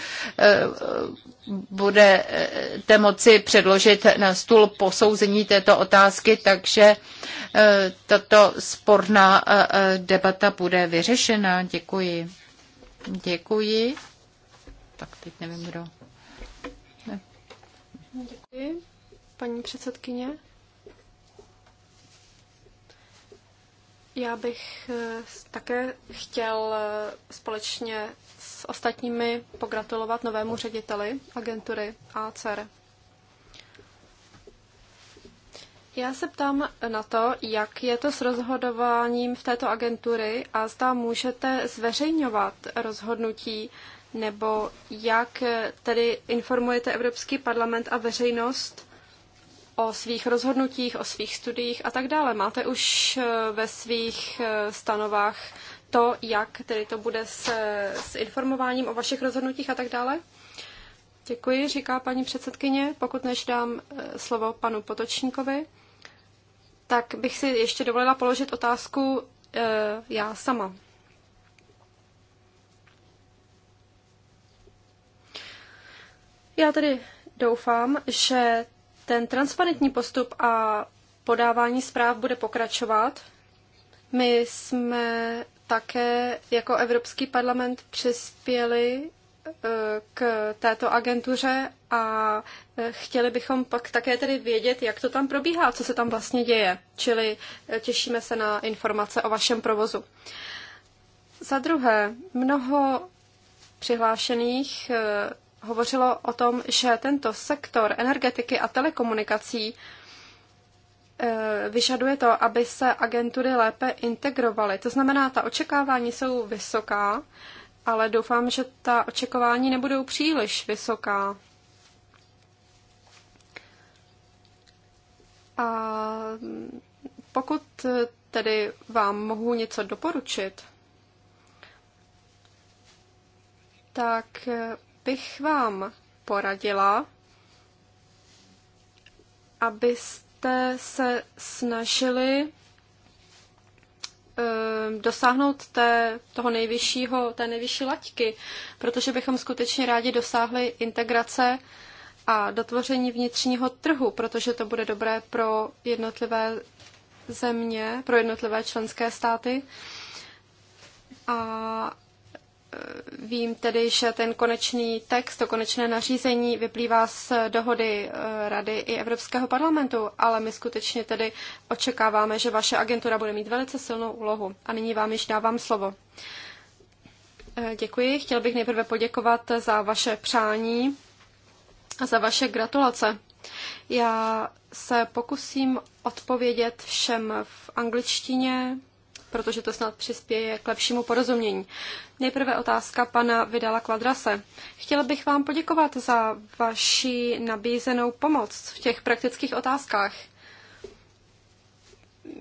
budete moci předložit na stůl posouzení této otázky, takže eh, tato sporná debata bude vyřešena. Děkuji. Děkuji. Tak teď nevím, kdo. Ne. Děkuji paní předsedkyně. Já bych eh, také chtěl eh, společně s ostatními pogratulovat novému řediteli agentury ACR. Já se ptám na to, jak je to s rozhodováním v této agentury a zda můžete zveřejňovat rozhodnutí nebo jak eh, tedy informujete Evropský parlament a veřejnost o svých rozhodnutích, o svých studiích a tak dále. Máte už eh, ve svých eh, stanovách to, jak tedy to bude s, s informováním o vašich rozhodnutích a tak dále? Děkuji, říká paní předsedkyně. Pokud než dám eh, slovo panu Potočníkovi, tak bych si ještě dovolila položit otázku e, já sama. Já tedy doufám, že ten transparentní postup a podávání zpráv bude pokračovat. My jsme také jako Evropský parlament přispěli eh, k této agentuře a eh, chtěli bychom pak také tedy vědět, jak to tam probíhá, co se tam vlastně děje. Čili eh, těšíme se na informace o vašem provozu. Za druhé, mnoho přihlášených hovořilo o tom, že tento sektor energetiky a telekomunikací e, vyžaduje to, aby se agentury lépe integrovaly. To znamená, ta očekávání jsou vysoká, ale doufám, že ta očekávání nebudou příliš vysoká. A pokud tedy vám mohu něco doporučit, tak bych vám poradila, abyste se snažili eh, dosáhnout té, toho nejvyššího, té nejvyšší laťky, protože bychom skutečně rádi dosáhli integrace a dotvoření vnitřního trhu, protože to bude dobré pro jednotlivé země, pro jednotlivé členské státy. A Eh, vím tedy, že ten konečný text, to konečné nařízení vyplývá z dohody eh, Rady i Evropského parlamentu, ale my skutečně tedy očekáváme, že vaše agentura bude mít velice silnou úlohu. A nyní vám již dávám slovo. Eh, děkuji. Chtěl bych nejprve poděkovat za vaše přání a za vaše gratulace. Já se pokusím odpovědět všem v angličtině, protože to snad přispěje k lepšímu porozumění. Nejprve otázka pana Vydala Kvadrase. Chtěla bych vám poděkovat za vaši nabízenou pomoc v těch praktických otázkách.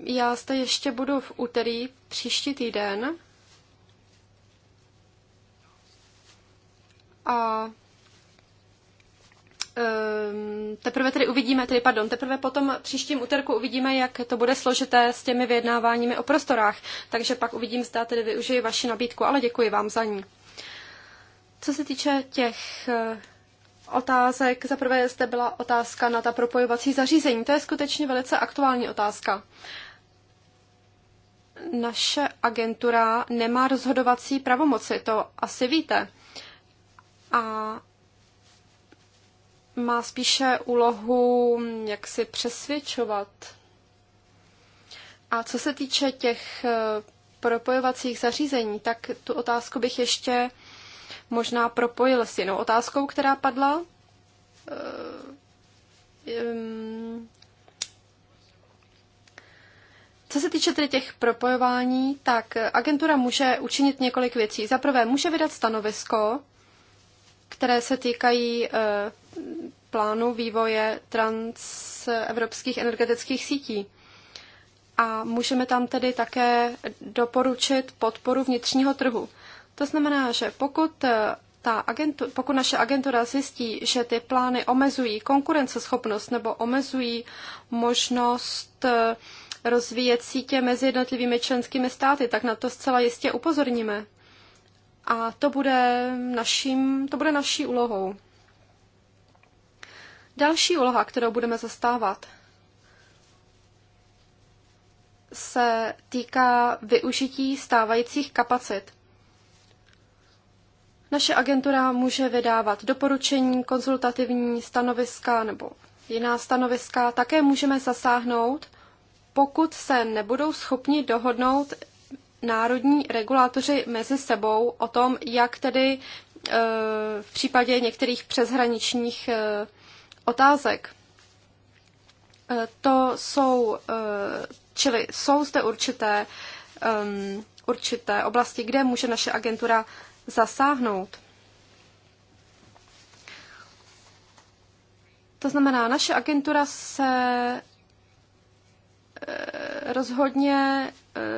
Já zde ještě budu v úterý příští týden a Ehm, teprve tedy uvidíme, tedy pardon, teprve potom příštím úterku uvidíme, jak to bude složité s těmi vyjednáváními o prostorách, takže pak uvidím, zda tedy využiji vaši nabídku, ale děkuji vám za ní. Co se týče těch eh, otázek, zaprvé zde byla otázka na ta propojovací zařízení. To je skutečně velice aktuální otázka. Naše agentura nemá rozhodovací pravomoci, to asi víte. A má spíše úlohu, mm, jak si přesvědčovat. A co se týče těch e, propojovacích zařízení, tak tu otázku bych ještě možná propojil s jinou otázkou, která padla. E, co se týče tedy těch propojování, tak agentura může učinit několik věcí. Za prvé, může vydat stanovisko, které se týkají e, plánu vývoje transevropských energetických sítí. A můžeme tam tedy také doporučit podporu vnitřního trhu. To znamená, že pokud, ta agentu, pokud naše agentura zjistí, že ty plány omezují konkurenceschopnost nebo omezují možnost eh, rozvíjet sítě mezi jednotlivými členskými státy, tak na to zcela jistě upozorníme. A to bude, naším, to bude naší úlohou. Další úloha, kterou budeme zastávat, se týká využití stávajících kapacit. Naše agentura může vydávat doporučení, konzultativní stanoviska nebo jiná stanoviska. Také můžeme zasáhnout, pokud se nebudou schopni dohodnout národní regulátoři mezi sebou o tom, jak tedy eh, v případě některých přeshraničních eh, otázek. Eh, to jsou, eh, čili jsou zde určité, určité oblasti, kde může naše agentura zasáhnout. To znamená, naše agentura se eh, rozhodně,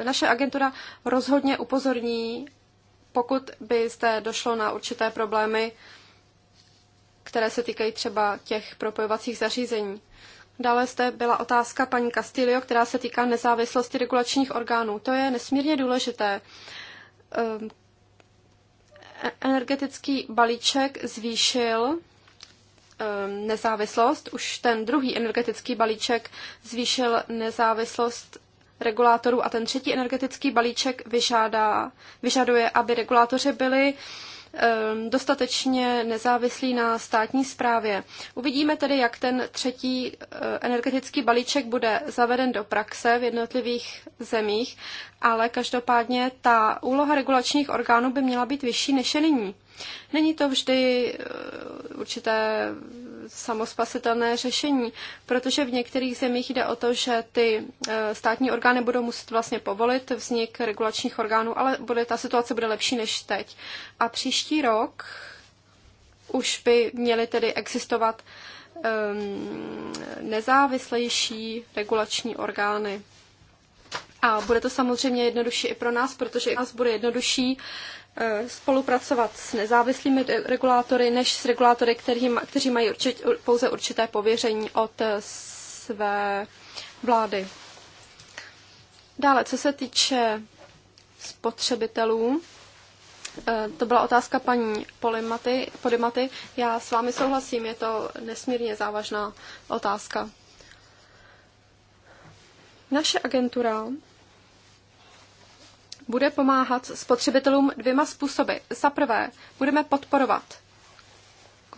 naše agentura rozhodně upozorní, pokud by zde došlo na určité problémy které se týkají třeba těch propojovacích zařízení. Dále zde byla otázka paní Castillo, která se týká nezávislosti regulačních orgánů. To je nesmírně důležité. Ehm, energetický balíček zvýšil ehm, nezávislost. Už ten druhý energetický balíček zvýšil nezávislost regulátorů a ten třetí energetický balíček vyžádá, vyžaduje, aby regulátoři byli Ehm, dostatečně nezávislí na státní správě. Uvidíme tedy, jak ten třetí eh, energetický balíček bude zaveden do praxe v jednotlivých zemích, ale každopádně ta úloha regulačních orgánů by měla být vyšší než je nyní. Není to vždy eh, určité samospasitelné řešení, protože v některých zemích jde o to, že ty eh, státní orgány budou muset vlastně povolit vznik regulačních orgánů, ale bude, ta situace bude lepší než teď. A příští rok už by měly tedy existovat um, nezávislejší regulační orgány. A bude to samozřejmě jednodušší i pro nás, protože i nás bude jednodušší Eh, spolupracovat s nezávislými regulátory, než s regulátory, kteří mají určit, pouze určité pověření od eh, své vlády. Dále, co se týče spotřebitelů, eh, to byla otázka paní Polimaty, Podimaty. Já s vámi souhlasím, je to nesmírně závažná otázka. Naše agentura bude pomáhat spotřebitelům dvěma způsoby. Za prvé, budeme podporovat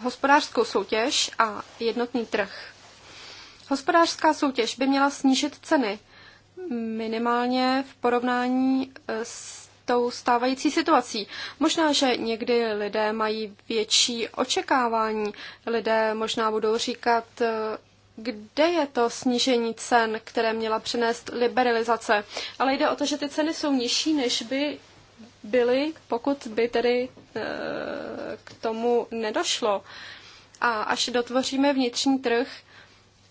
hospodářskou soutěž a jednotný trh. Hospodářská soutěž by měla snížit ceny minimálně v porovnání e, s tou stávající situací. Možná, že někdy lidé mají větší očekávání. Lidé možná budou říkat, e, kde je to snížení cen, které měla přinést liberalizace. Ale jde o to, že ty ceny jsou nižší, než by byly, pokud by tedy eh, k tomu nedošlo. A až dotvoříme vnitřní trh,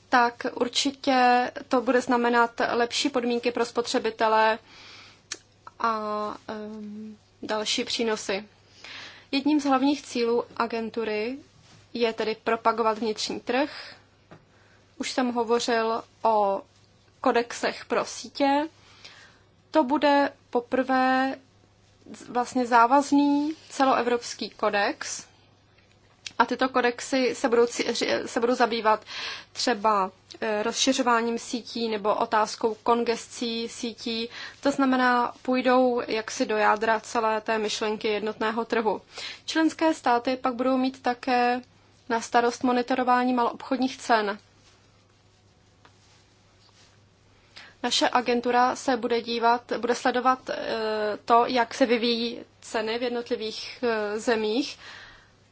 tak určitě to bude znamenat lepší podmínky pro spotřebitele a eh, další přínosy. Jedním z hlavních cílů agentury je tedy propagovat vnitřní trh, už jsem hovořil o kodexech pro sítě. To bude poprvé vlastně závazný celoevropský kodex. A tyto kodexy se budou, se budou zabývat třeba eh, rozšiřováním sítí nebo otázkou kongescí sítí. To znamená, půjdou jaksi do jádra celé té myšlenky jednotného trhu. Členské státy pak budou mít také na starost monitorování malobchodních cen. Naše agentura se bude dívat, bude sledovat eh, to, jak se vyvíjí ceny v jednotlivých eh, zemích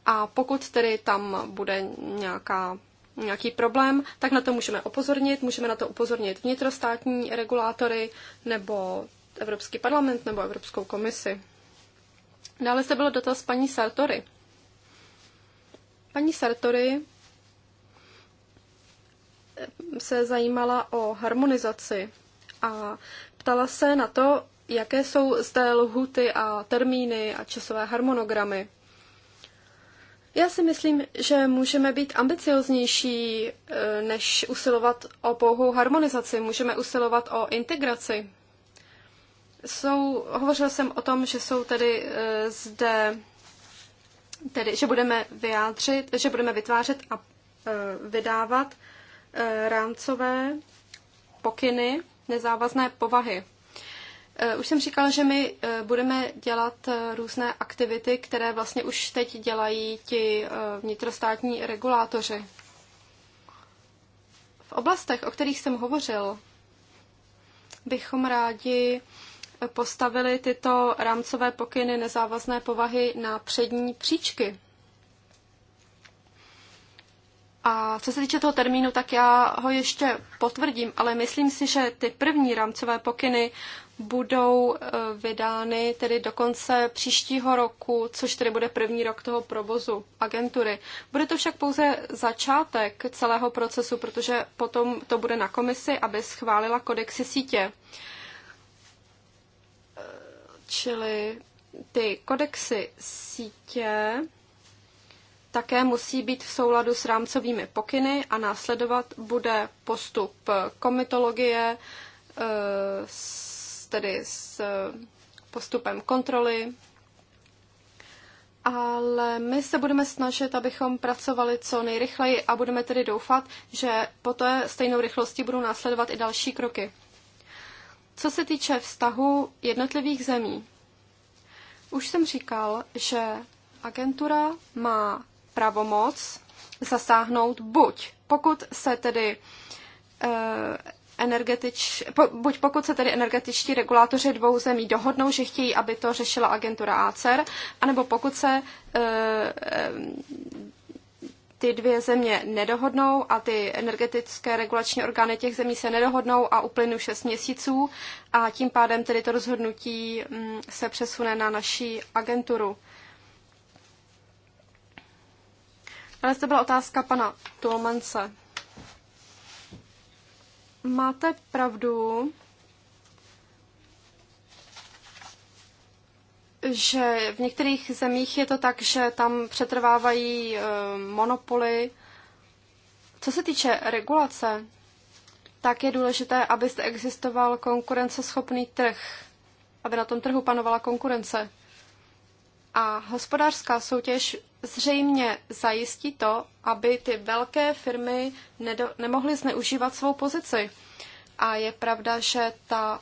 a pokud tedy tam bude nějaká nějaký problém, tak na to můžeme upozornit. Můžeme na to upozornit vnitrostátní regulátory nebo Evropský parlament nebo Evropskou komisi. Dále se bylo dotaz paní Sartory. Paní Sartory se zajímala o harmonizaci a ptala se na to, jaké jsou zde lhuty a termíny a časové harmonogramy. Já si myslím, že můžeme být ambicioznější, e, než usilovat o pouhou harmonizaci. Můžeme usilovat o integraci. Jsou, hovořil jsem o tom, že jsou tedy e, zde, tedy, že budeme vyjádřit, že budeme vytvářet a e, vydávat Eh, rámcové pokyny nezávazné povahy. Eh, už jsem říkala, že my eh, budeme dělat různé aktivity, které vlastně už teď dělají ti vnitrostátní regulátoři. V oblastech, o kterých jsem hovořil, bychom rádi postavili tyto rámcové pokyny nezávazné povahy na přední příčky a co se týče toho termínu, tak já ho ještě potvrdím, ale myslím si, že ty první rámcové pokyny budou eh, vydány tedy do konce příštího roku, což tedy bude první rok toho provozu agentury. Bude to však pouze začátek celého procesu, protože potom to bude na komisi, aby schválila kodexy sítě. Eh, čili ty kodexy sítě také musí být v souladu s rámcovými pokyny a následovat bude postup komitologie, e, tedy s e, postupem kontroly. Ale my se budeme snažit, abychom pracovali co nejrychleji a budeme tedy doufat, že po té stejnou rychlosti budou následovat i další kroky. Co se týče vztahu jednotlivých zemí, už jsem říkal, že agentura má pravomoc zasáhnout buď, pokud se tedy eh, energetič, po, buď pokud se tedy energetičtí regulátoři dvou zemí dohodnou, že chtějí, aby to řešila agentura ACER, anebo pokud se e, e, ty dvě země nedohodnou a ty energetické regulační orgány těch zemí se nedohodnou a uplynu 6 měsíců a tím pádem tedy to rozhodnutí mm, se přesune na naší agenturu. Ale to byla otázka pana Tuomance. Máte pravdu, že v některých zemích je to tak, že tam přetrvávají eh, monopoly. Co se týče regulace, tak je důležité, aby zde existoval konkurenceschopný trh, aby na tom trhu panovala konkurence a hospodářská soutěž zřejmě zajistí to, aby ty velké firmy nedo, nemohly zneužívat svou pozici. A je pravda, že ta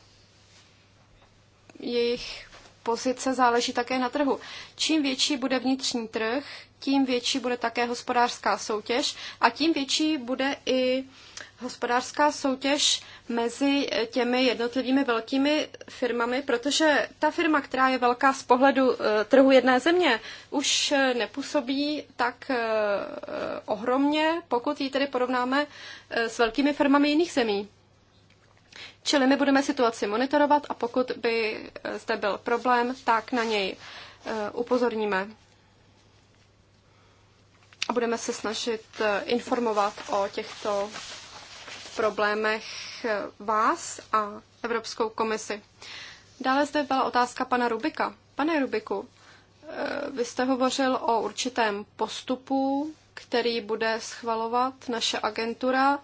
jejich pozice záleží také na trhu. Čím větší bude vnitřní trh, tím větší bude také hospodářská soutěž a tím větší bude i hospodářská soutěž mezi těmi jednotlivými velkými firmami, protože ta firma, která je velká z pohledu eh, trhu jedné země, už eh, nepůsobí tak eh, ohromně, pokud ji tedy porovnáme s velkými firmami jiných zemí. Čili my budeme situaci monitorovat a pokud by zde byl problém, tak na něj upozorníme. A budeme se snažit informovat o těchto problémech eh, vás a Evropskou komisi. Dále zde byla otázka pana Rubika. Pane Rubiku, eh, vy jste hovořil o určitém postupu, který bude schvalovat naše agentura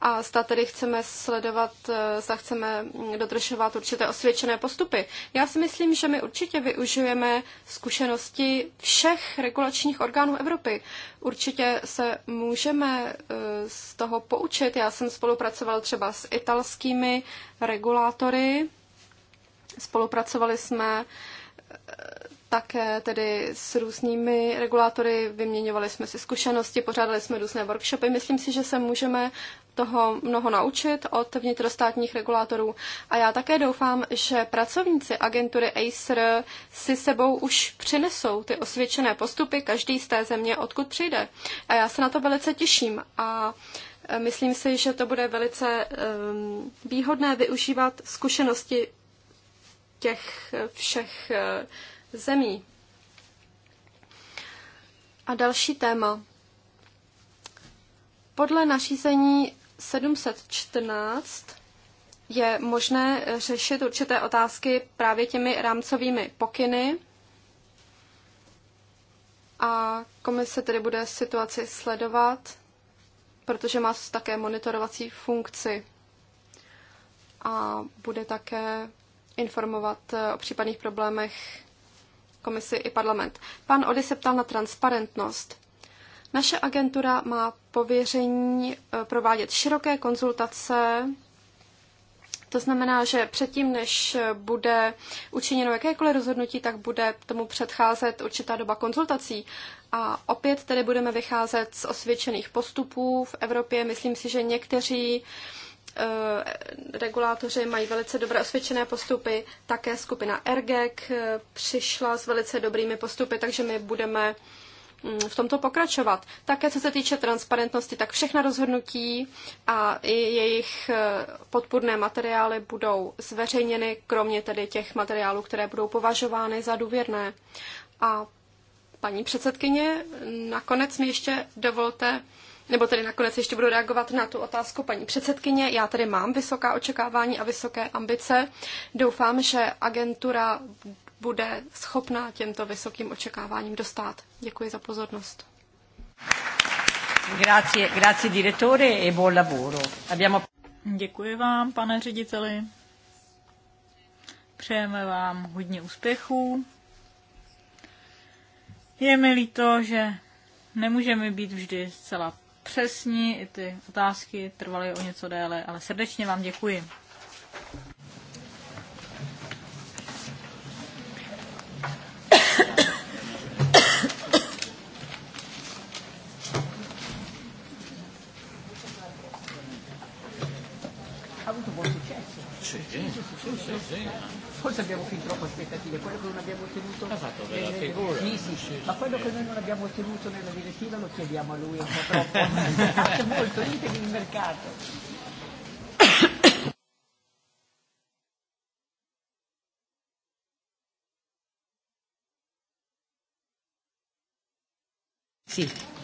a zda tedy chceme sledovat, eh, zda chceme mm, dodržovat určité osvědčené postupy. Já si myslím, že my určitě využijeme zkušenosti všech regulačních orgánů Evropy. Určitě se můžeme eh, z toho poučit. Já jsem spolupracoval třeba s italskými regulátory, spolupracovali jsme eh, také tedy s různými regulátory, vyměňovali jsme si zkušenosti, pořádali jsme různé workshopy. Myslím si, že se můžeme toho mnoho naučit od vnitrostátních regulátorů. A já také doufám, že pracovníci agentury Acer si sebou už přinesou ty osvědčené postupy každý z té země, odkud přijde. A já se na to velice těším. A e, myslím si, že to bude velice um, výhodné využívat zkušenosti těch e, všech uh, zemí. A další téma. Podle nařízení 714 je možné řešit určité otázky právě těmi rámcovými pokyny a komise tedy bude situaci sledovat, protože má také monitorovací funkci a bude také informovat o případných problémech komisi i parlament. Pan Ody se ptal na transparentnost. Naše agentura má pověření e, provádět široké konzultace to znamená, že předtím, než bude učiněno jakékoliv rozhodnutí, tak bude tomu předcházet určitá doba konzultací. A opět tedy budeme vycházet z osvědčených postupů v Evropě. Myslím si, že někteří Eh, regulátoři mají velice dobré osvědčené postupy, také skupina Ergek eh, přišla s velice dobrými postupy, takže my budeme mm, v tomto pokračovat. Také co se týče transparentnosti, tak všechna rozhodnutí a i jejich eh, podpůrné materiály budou zveřejněny, kromě tedy těch materiálů, které budou považovány za důvěrné. A paní předsedkyně, nakonec mi ještě dovolte nebo tedy nakonec ještě budu reagovat na tu otázku paní předsedkyně. Já tady mám vysoká očekávání a vysoké ambice. Doufám, že agentura bude schopná těmto vysokým očekáváním dostat. Děkuji za pozornost. Grazie, grazie direttore e buon lavoro. Abbiamo... Děkuji vám, pane řediteli. Přejeme vám hodně úspěchů. Je mi líto, že nemůžeme být vždy zcela přesní, i ty otázky trvaly o něco déle, ale srdečně vám děkuji. sì, sì. forse abbiamo fin troppo aspettative, quello che non abbiamo ottenuto ah, esatto, nelle, figura, sì, sì, sì, ma quello sì. che noi non abbiamo ottenuto nella direttiva lo chiediamo a lui un po' troppo, *laughs* c'è molto integri il mercato. Sì.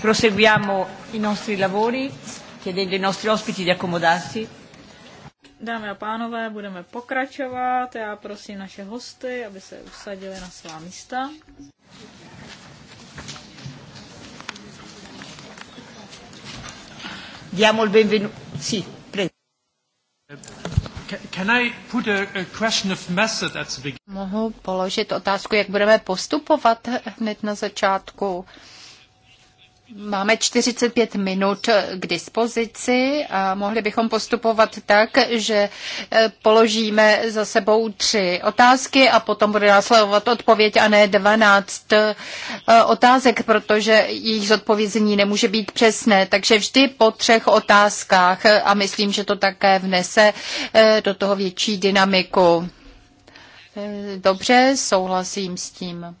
Proseguiamo i nostri lavori chiedendo ai nostri ospiti di accomodarsi. Dámy a pánové, budeme pokračovat. Já prosím naše hosty, aby se usadili na svá místa. Diamo il benvenuto. Sì, prego. Can I put a, question of method at the beginning? Mohu položit otázku, jak budeme postupovat hned na začátku. Máme 45 minut k dispozici a mohli bychom postupovat tak, že e, položíme za sebou tři otázky a potom bude následovat odpověď a ne 12 e, otázek, protože jejich zodpovězení nemůže být přesné. Takže vždy po třech otázkách a myslím, že to také vnese e, do toho větší dynamiku. Dobře, souhlasím s tím.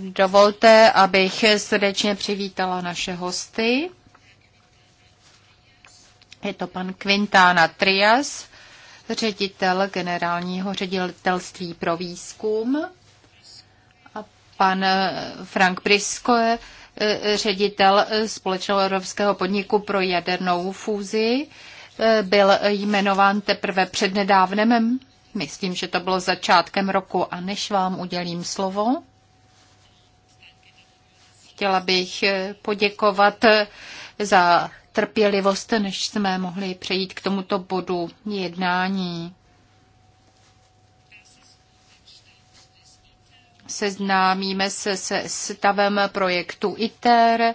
Dovolte, abych srdečně přivítala naše hosty. Je to pan Quintana Trias, ředitel generálního ředitelství pro výzkum a pan Frank Brisko, eh, ředitel společného evropského podniku pro jadernou fúzi, eh, byl jmenován teprve přednedávnem. Myslím, že to bylo začátkem roku a než vám udělím slovo, Chtěla bych eh, poděkovat eh, za trpělivost, než jsme mohli přejít k tomuto bodu jednání. Seznámíme se se stavem projektu ITER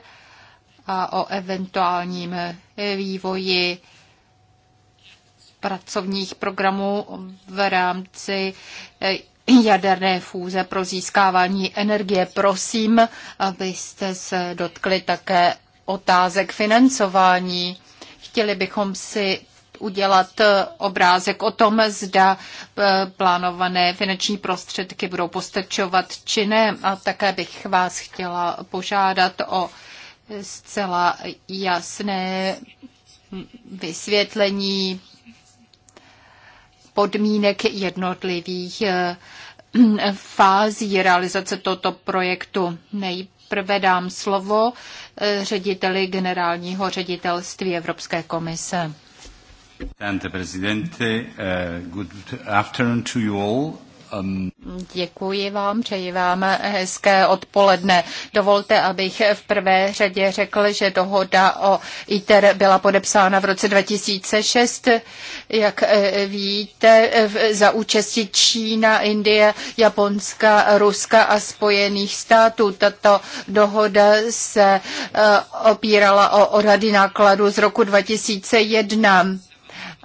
a o eventuálním eh, vývoji pracovních programů v rámci jaderné fúze pro získávání energie. Prosím, abyste se dotkli také otázek financování. Chtěli bychom si udělat obrázek o tom, zda eh, plánované finanční prostředky budou postačovat či ne. A také bych vás chtěla požádat o zcela jasné vysvětlení podmínek jednotlivých eh, *clears throat* fází realizace tohoto projektu. Nejprve dám slovo eh, řediteli generálního ředitelství Evropské komise. Tante prezidente, eh, good afternoon to you all. Um... Děkuji vám, přeji vám hezké odpoledne. Dovolte, abych v prvé řadě řekl, že dohoda o ITER byla podepsána v roce 2006. Jak eh, víte, za účasti Čína, Indie, Japonska, Ruska a Spojených států. Tato dohoda se eh, opírala o odhady nákladu z roku 2001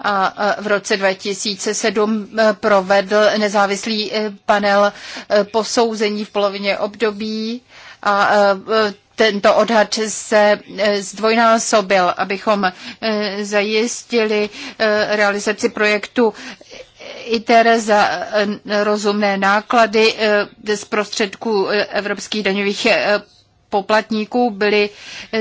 a v roce 2007 e, provedl nezávislý e, panel e, posouzení v polovině období a tento odhad se zdvojnásobil, abychom zajistili realizaci projektu ITER za rozumné náklady z prostředků evropských daňových poplatníků byly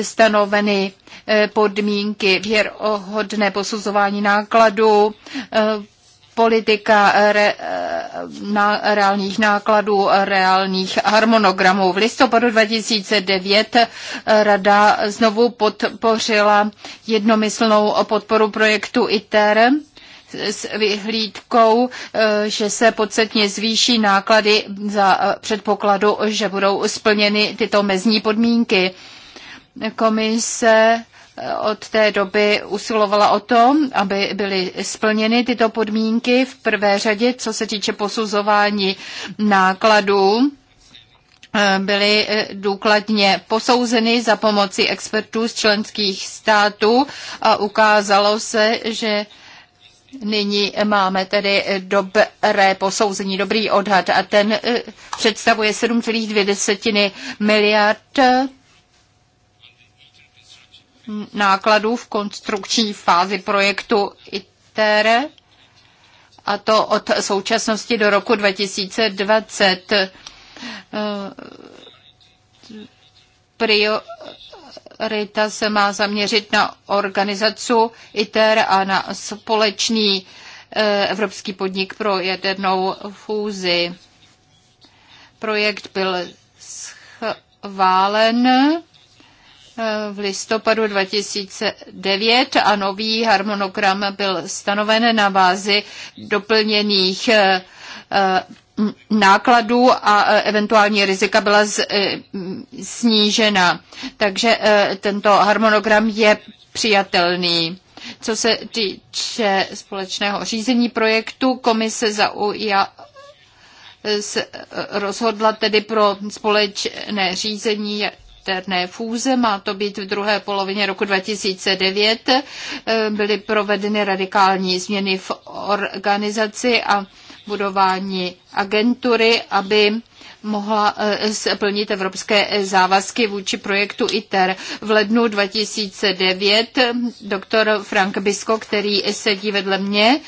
stanoveny eh, podmínky věrohodné posuzování nákladů, eh, politika re, eh, na, reálných nákladů, reálných harmonogramů. V listopadu 2009 rada znovu podpořila jednomyslnou podporu projektu ITER s vyhlídkou, eh, že se podstatně zvýší náklady za eh, předpokladu, že budou splněny tyto mezní podmínky. Komise eh, od té doby usilovala o to, aby byly splněny tyto podmínky v prvé řadě, co se týče posuzování nákladů byly důkladně posouzeny za pomoci expertů z členských států a ukázalo se, že Nyní máme tedy dobré posouzení, dobrý odhad a ten eh, představuje 7,2 miliard mm, nákladů v konstrukční fázi projektu ITER a to od současnosti do roku 2020. Eh, Prio, Rita se má zaměřit na organizaci ITER a na společný eh, Evropský podnik pro jadernou fúzi. Projekt byl schválen eh, v listopadu 2009 a nový harmonogram byl stanoven na bázi doplněných eh, nákladů a e, eventuální rizika byla e, snížena. Takže e, tento harmonogram je přijatelný. Co se týče společného řízení projektu, komise zaujala se rozhodla tedy pro společné řízení jaderné fůze. Má to být v druhé polovině roku 2009. Byly provedeny radikální změny v organizaci a budování agentury, aby mohla eh, splnit evropské eh, závazky vůči projektu ITER. V lednu 2009 eh, doktor Frank Bisko, který sedí vedle mě,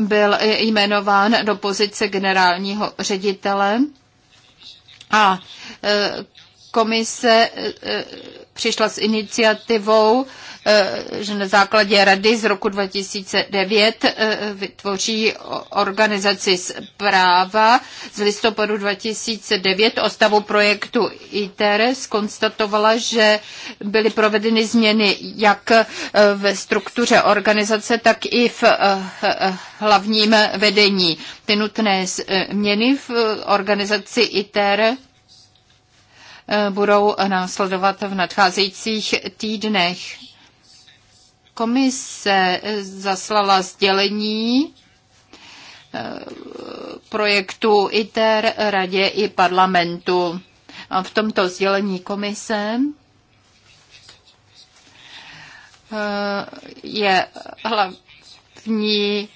byl jmenován do pozice generálního ředitele a komise e, e, přišla s iniciativou, e, že na základě rady z roku 2009 vytvoří organizaci práva z listopadu 2009 o stavu projektu ITER Konstatovala, že byly provedeny změny jak ve struktuře organizace, tak i v hlavním vedení. Ty nutné změny v organizaci ITER. Eh, budou následovat v nadcházejících týdnech. Komise eh, zaslala sdělení eh, projektu ITER, radě i parlamentu. A v tomto sdělení komise je hlavní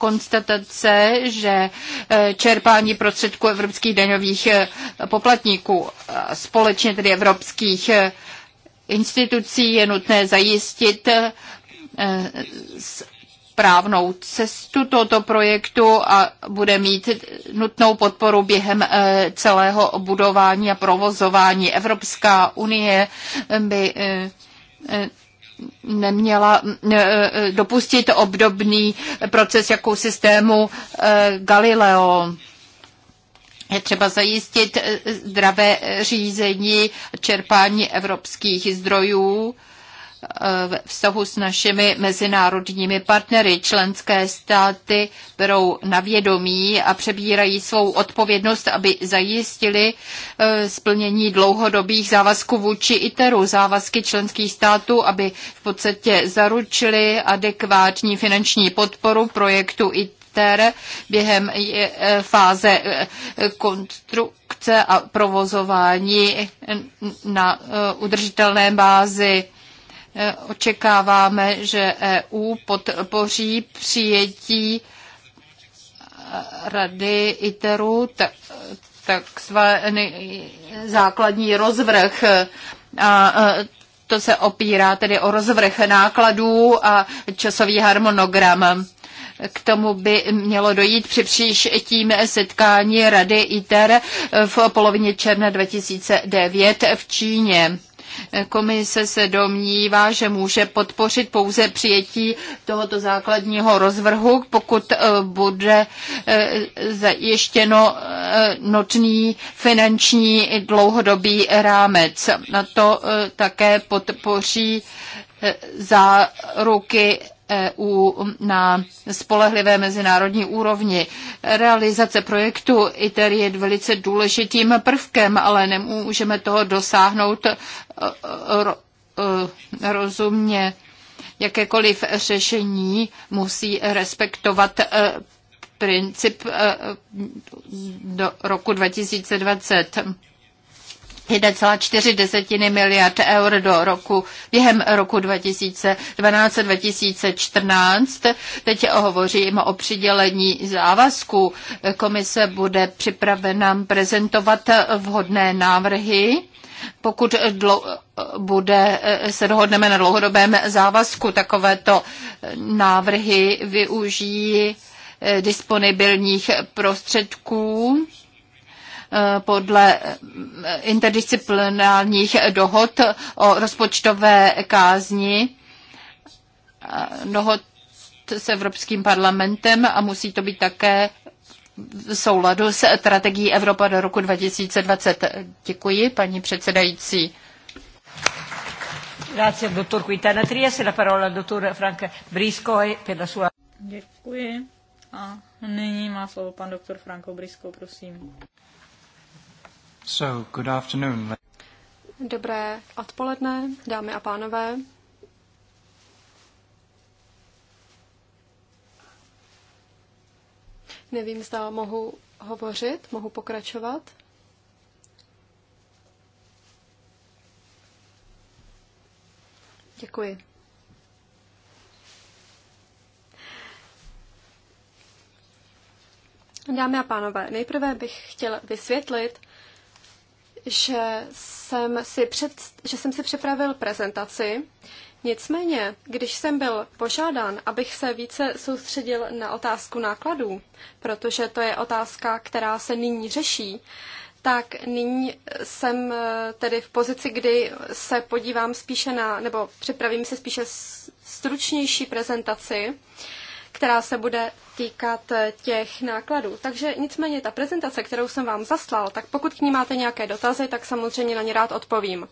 konstatace, že eh, čerpání prostředků evropských daňových eh, poplatníků, eh, společně tedy evropských institucí, je nutné zajistit správnou cestu tohoto projektu a bude mít nutnou podporu během celého budování a provozování. Evropská unie by neměla e, dopustit obdobný proces jako systému e, Galileo. Je třeba zajistit e, zdravé řízení, čerpání evropských zdrojů v vztahu s našimi mezinárodními partnery. Členské státy berou na vědomí a přebírají svou odpovědnost, aby zajistili e, splnění dlouhodobých závazků vůči ITERu, závazky členských států, aby v podstatě zaručili adekvátní finanční podporu projektu ITER během e, e, fáze konstrukce a provozování na udržitelné bázi Očekáváme, že EU podpoří přijetí Rady ITERu takzvaný základní rozvrh. A e, to se opírá tedy o rozvrh nákladů a časový harmonogram. K tomu by mělo dojít při příštím setkání Rady ITER v polovině června 2009 v Číně. Komise se domnívá, že může podpořit pouze přijetí tohoto základního rozvrhu, pokud eh, bude eh, zajištěno eh, notný finanční dlouhodobý rámec. Na to také podpoří záruky EU na spolehlivé mezinárodní úrovni. Realizace projektu ITER je velice důležitým prvkem, ale nemůžeme toho dosáhnout eh, eh, eh, rozumně. Jakékoliv řešení musí respektovat princip do roku 2020. 1,4 desetiny miliard eur do roku, během roku 2012-2014. Teď hovořím o přidělení závazků. Komise bude připravena prezentovat vhodné návrhy. Pokud dlo, bude, se dohodneme na dlouhodobém závazku, takovéto návrhy využijí disponibilních prostředků Eh, podle eh, interdisciplinárních dohod o rozpočtové kázni, eh, dohod s Evropským parlamentem a musí to být také v souladu s strategií Evropa do roku 2020. Děkuji, paní předsedající. Grazie dottor Quintana Trias la parola al dottor Frank Brisco per la sua... Děkuji. A nyní má slovo pan doktor Franco Brisco, prosím. So, good afternoon. Dobré odpoledne, dámy a pánové. Nevím, zda mohu hovořit, mohu pokračovat. Děkuji. Dámy a pánové, nejprve bych chtěl vysvětlit, že jsem si, před, že jsem si připravil prezentaci, Nicméně, když jsem byl požádán, abych se více soustředil na otázku nákladů, protože to je otázka, která se nyní řeší, tak nyní jsem eh, tedy v pozici, kdy se podívám spíše na, nebo připravím se spíše stručnější prezentaci, která se bude týkat eh, těch nákladů. Takže nicméně ta prezentace, kterou jsem vám zaslal, tak pokud k ní máte nějaké dotazy, tak samozřejmě na ně rád odpovím.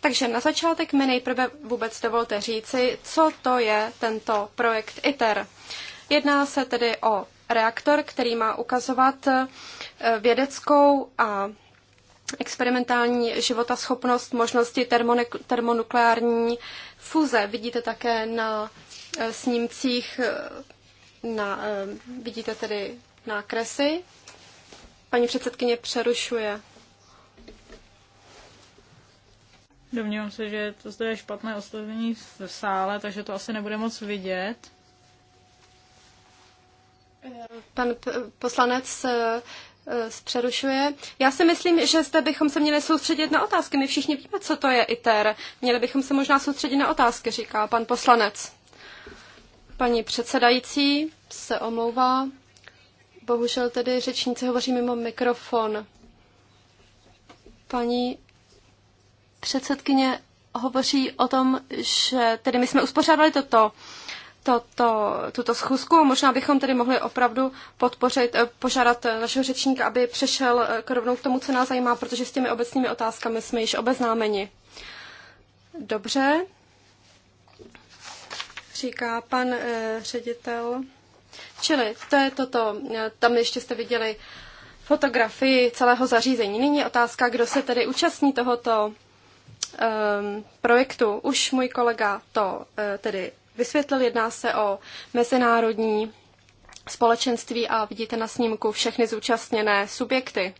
Takže na začátek mi nejprve vůbec dovolte říci, co to je tento projekt ITER. Jedná se tedy o reaktor, který má ukazovat eh, vědeckou a experimentální životaschopnost možnosti termonukleární fuze. Vidíte také na Eh, snímcích eh, na, eh, vidíte tedy nákresy. Paní předsedkyně přerušuje. Domnívám se, že to zde je špatné oslovení v sále, takže to asi nebude moc vidět. Pan poslanec přerušuje. Já si myslím, že zde bychom se měli soustředit na otázky. My všichni víme, co to je ITER. Měli bychom se možná soustředit na otázky, říká pan poslanec. Paní předsedající se omlouvá. Bohužel tedy řečníci hovoří mimo mikrofon. Paní předsedkyně hovoří o tom, že tedy my jsme uspořádali toto, toto, tuto schůzku. Možná bychom tedy mohli opravdu podpořit, eh, požádat našeho řečníka, aby přešel eh, k rovnou k tomu, co nás zajímá, protože s těmi obecnými otázkami jsme již obeznámeni. Dobře, říká pan eh, ředitel. Čili to je toto. Eh, tam ještě jste viděli fotografii celého zařízení. Nyní je otázka, kdo se tedy účastní tohoto um, projektu. Už můj kolega to uh, tedy vysvětlil. Jedná se o mezinárodní společenství a vidíte na snímku všechny zúčastněné subjekty.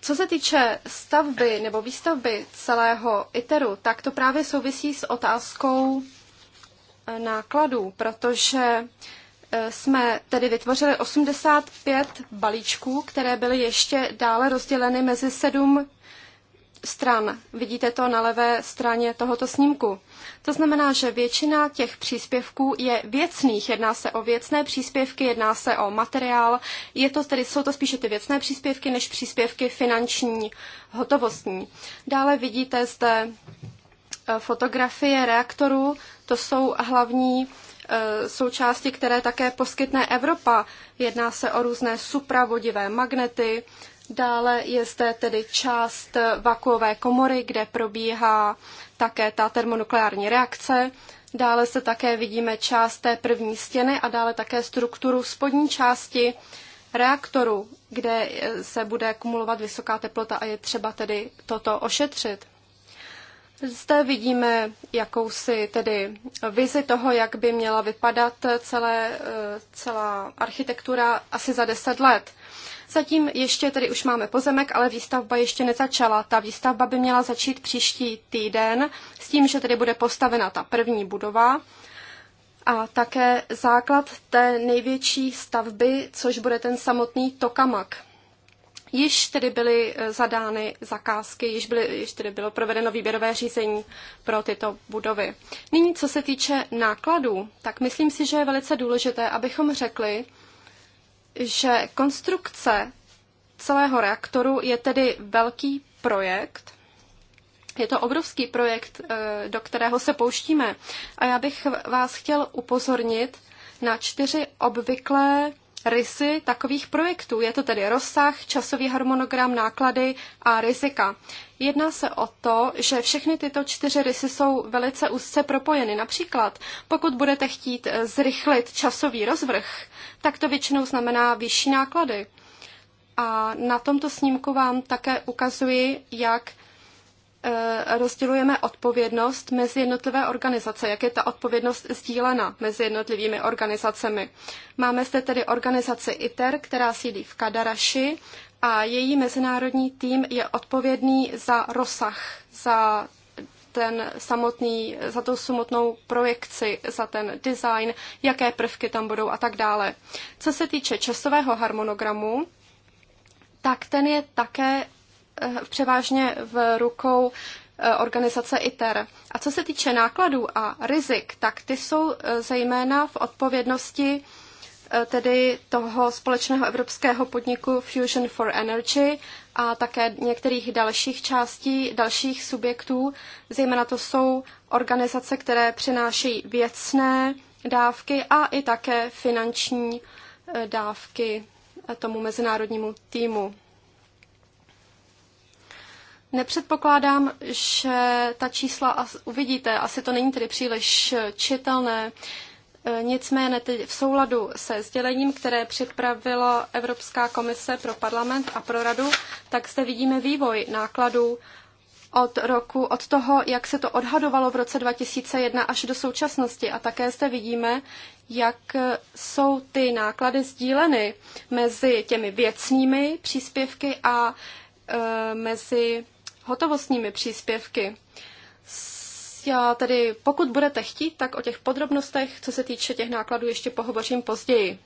Co se týče stavby nebo výstavby celého ITERu, tak to právě souvisí s otázkou eh, nákladů, protože eh, jsme tedy vytvořili 85 balíčků, které byly ještě dále rozděleny mezi sedm stran. Vidíte to na levé straně tohoto snímku. To znamená, že většina těch příspěvků je věcných. Jedná se o věcné příspěvky, jedná se o materiál. Je to tedy, jsou to spíše ty věcné příspěvky než příspěvky finanční, hotovostní. Dále vidíte zde eh, fotografie reaktoru. To jsou hlavní eh, součásti, které také poskytne Evropa. Jedná se o různé supravodivé magnety, Dále je zde tedy část vakuové komory, kde probíhá také ta termonukleární reakce. Dále se také vidíme část té první stěny a dále také strukturu spodní části reaktoru, kde eh, se bude kumulovat vysoká teplota a je třeba tedy toto ošetřit. Zde vidíme jakousi tedy vizi toho, jak by měla vypadat celé, eh, celá architektura asi za 10 let. Zatím ještě tedy už máme pozemek, ale výstavba ještě nezačala. Ta výstavba by měla začít příští týden s tím, že tedy bude postavena ta první budova a také základ té největší stavby, což bude ten samotný tokamak. Již tedy byly eh, zadány zakázky, již, byly, již tedy bylo provedeno výběrové řízení pro tyto budovy. Nyní, co se týče nákladů, tak myslím si, že je velice důležité, abychom řekli, že konstrukce celého reaktoru je tedy velký projekt. Je to obrovský projekt, eh, do kterého se pouštíme. A já bych vás chtěl upozornit na čtyři obvyklé rysy takových projektů. Je to tedy rozsah, časový harmonogram, náklady a rizika. Jedná se o to, že všechny tyto čtyři rysy jsou velice úzce propojeny. Například, pokud budete chtít zrychlit časový rozvrh, tak to většinou znamená vyšší náklady. A na tomto snímku vám také ukazuji, jak Eh, rozdělujeme odpovědnost mezi jednotlivé organizace, jak je ta odpovědnost sdílena mezi jednotlivými organizacemi. Máme zde tedy organizaci ITER, která sídlí v Kadaraši a její mezinárodní tým je odpovědný za rozsah, za ten samotný, za tu samotnou projekci, za ten design, jaké prvky tam budou a tak dále. Co se týče časového harmonogramu, tak ten je také Eh, převážně v rukou eh, organizace ITER. A co se týče nákladů a rizik, tak ty jsou eh, zejména v odpovědnosti tedy toho společného evropského podniku Fusion for Energy a také některých dalších částí, dalších subjektů. Zejména to jsou organizace, které přinášejí věcné dávky a i také finanční dávky tomu mezinárodnímu týmu. Nepředpokládám, že ta čísla uvidíte, asi to není tedy příliš čitelné. E, nicméně teď v souladu se sdělením, které připravila Evropská komise pro parlament a pro radu, tak zde vidíme vývoj nákladů od roku, od toho, jak se to odhadovalo v roce 2001 až do současnosti. A také zde vidíme, jak jsou ty náklady sdíleny mezi těmi věcnými příspěvky a e, mezi hotovostními příspěvky. Já tedy, pokud budete chtít, tak o těch podrobnostech, co se týče těch nákladů, ještě pohovořím později.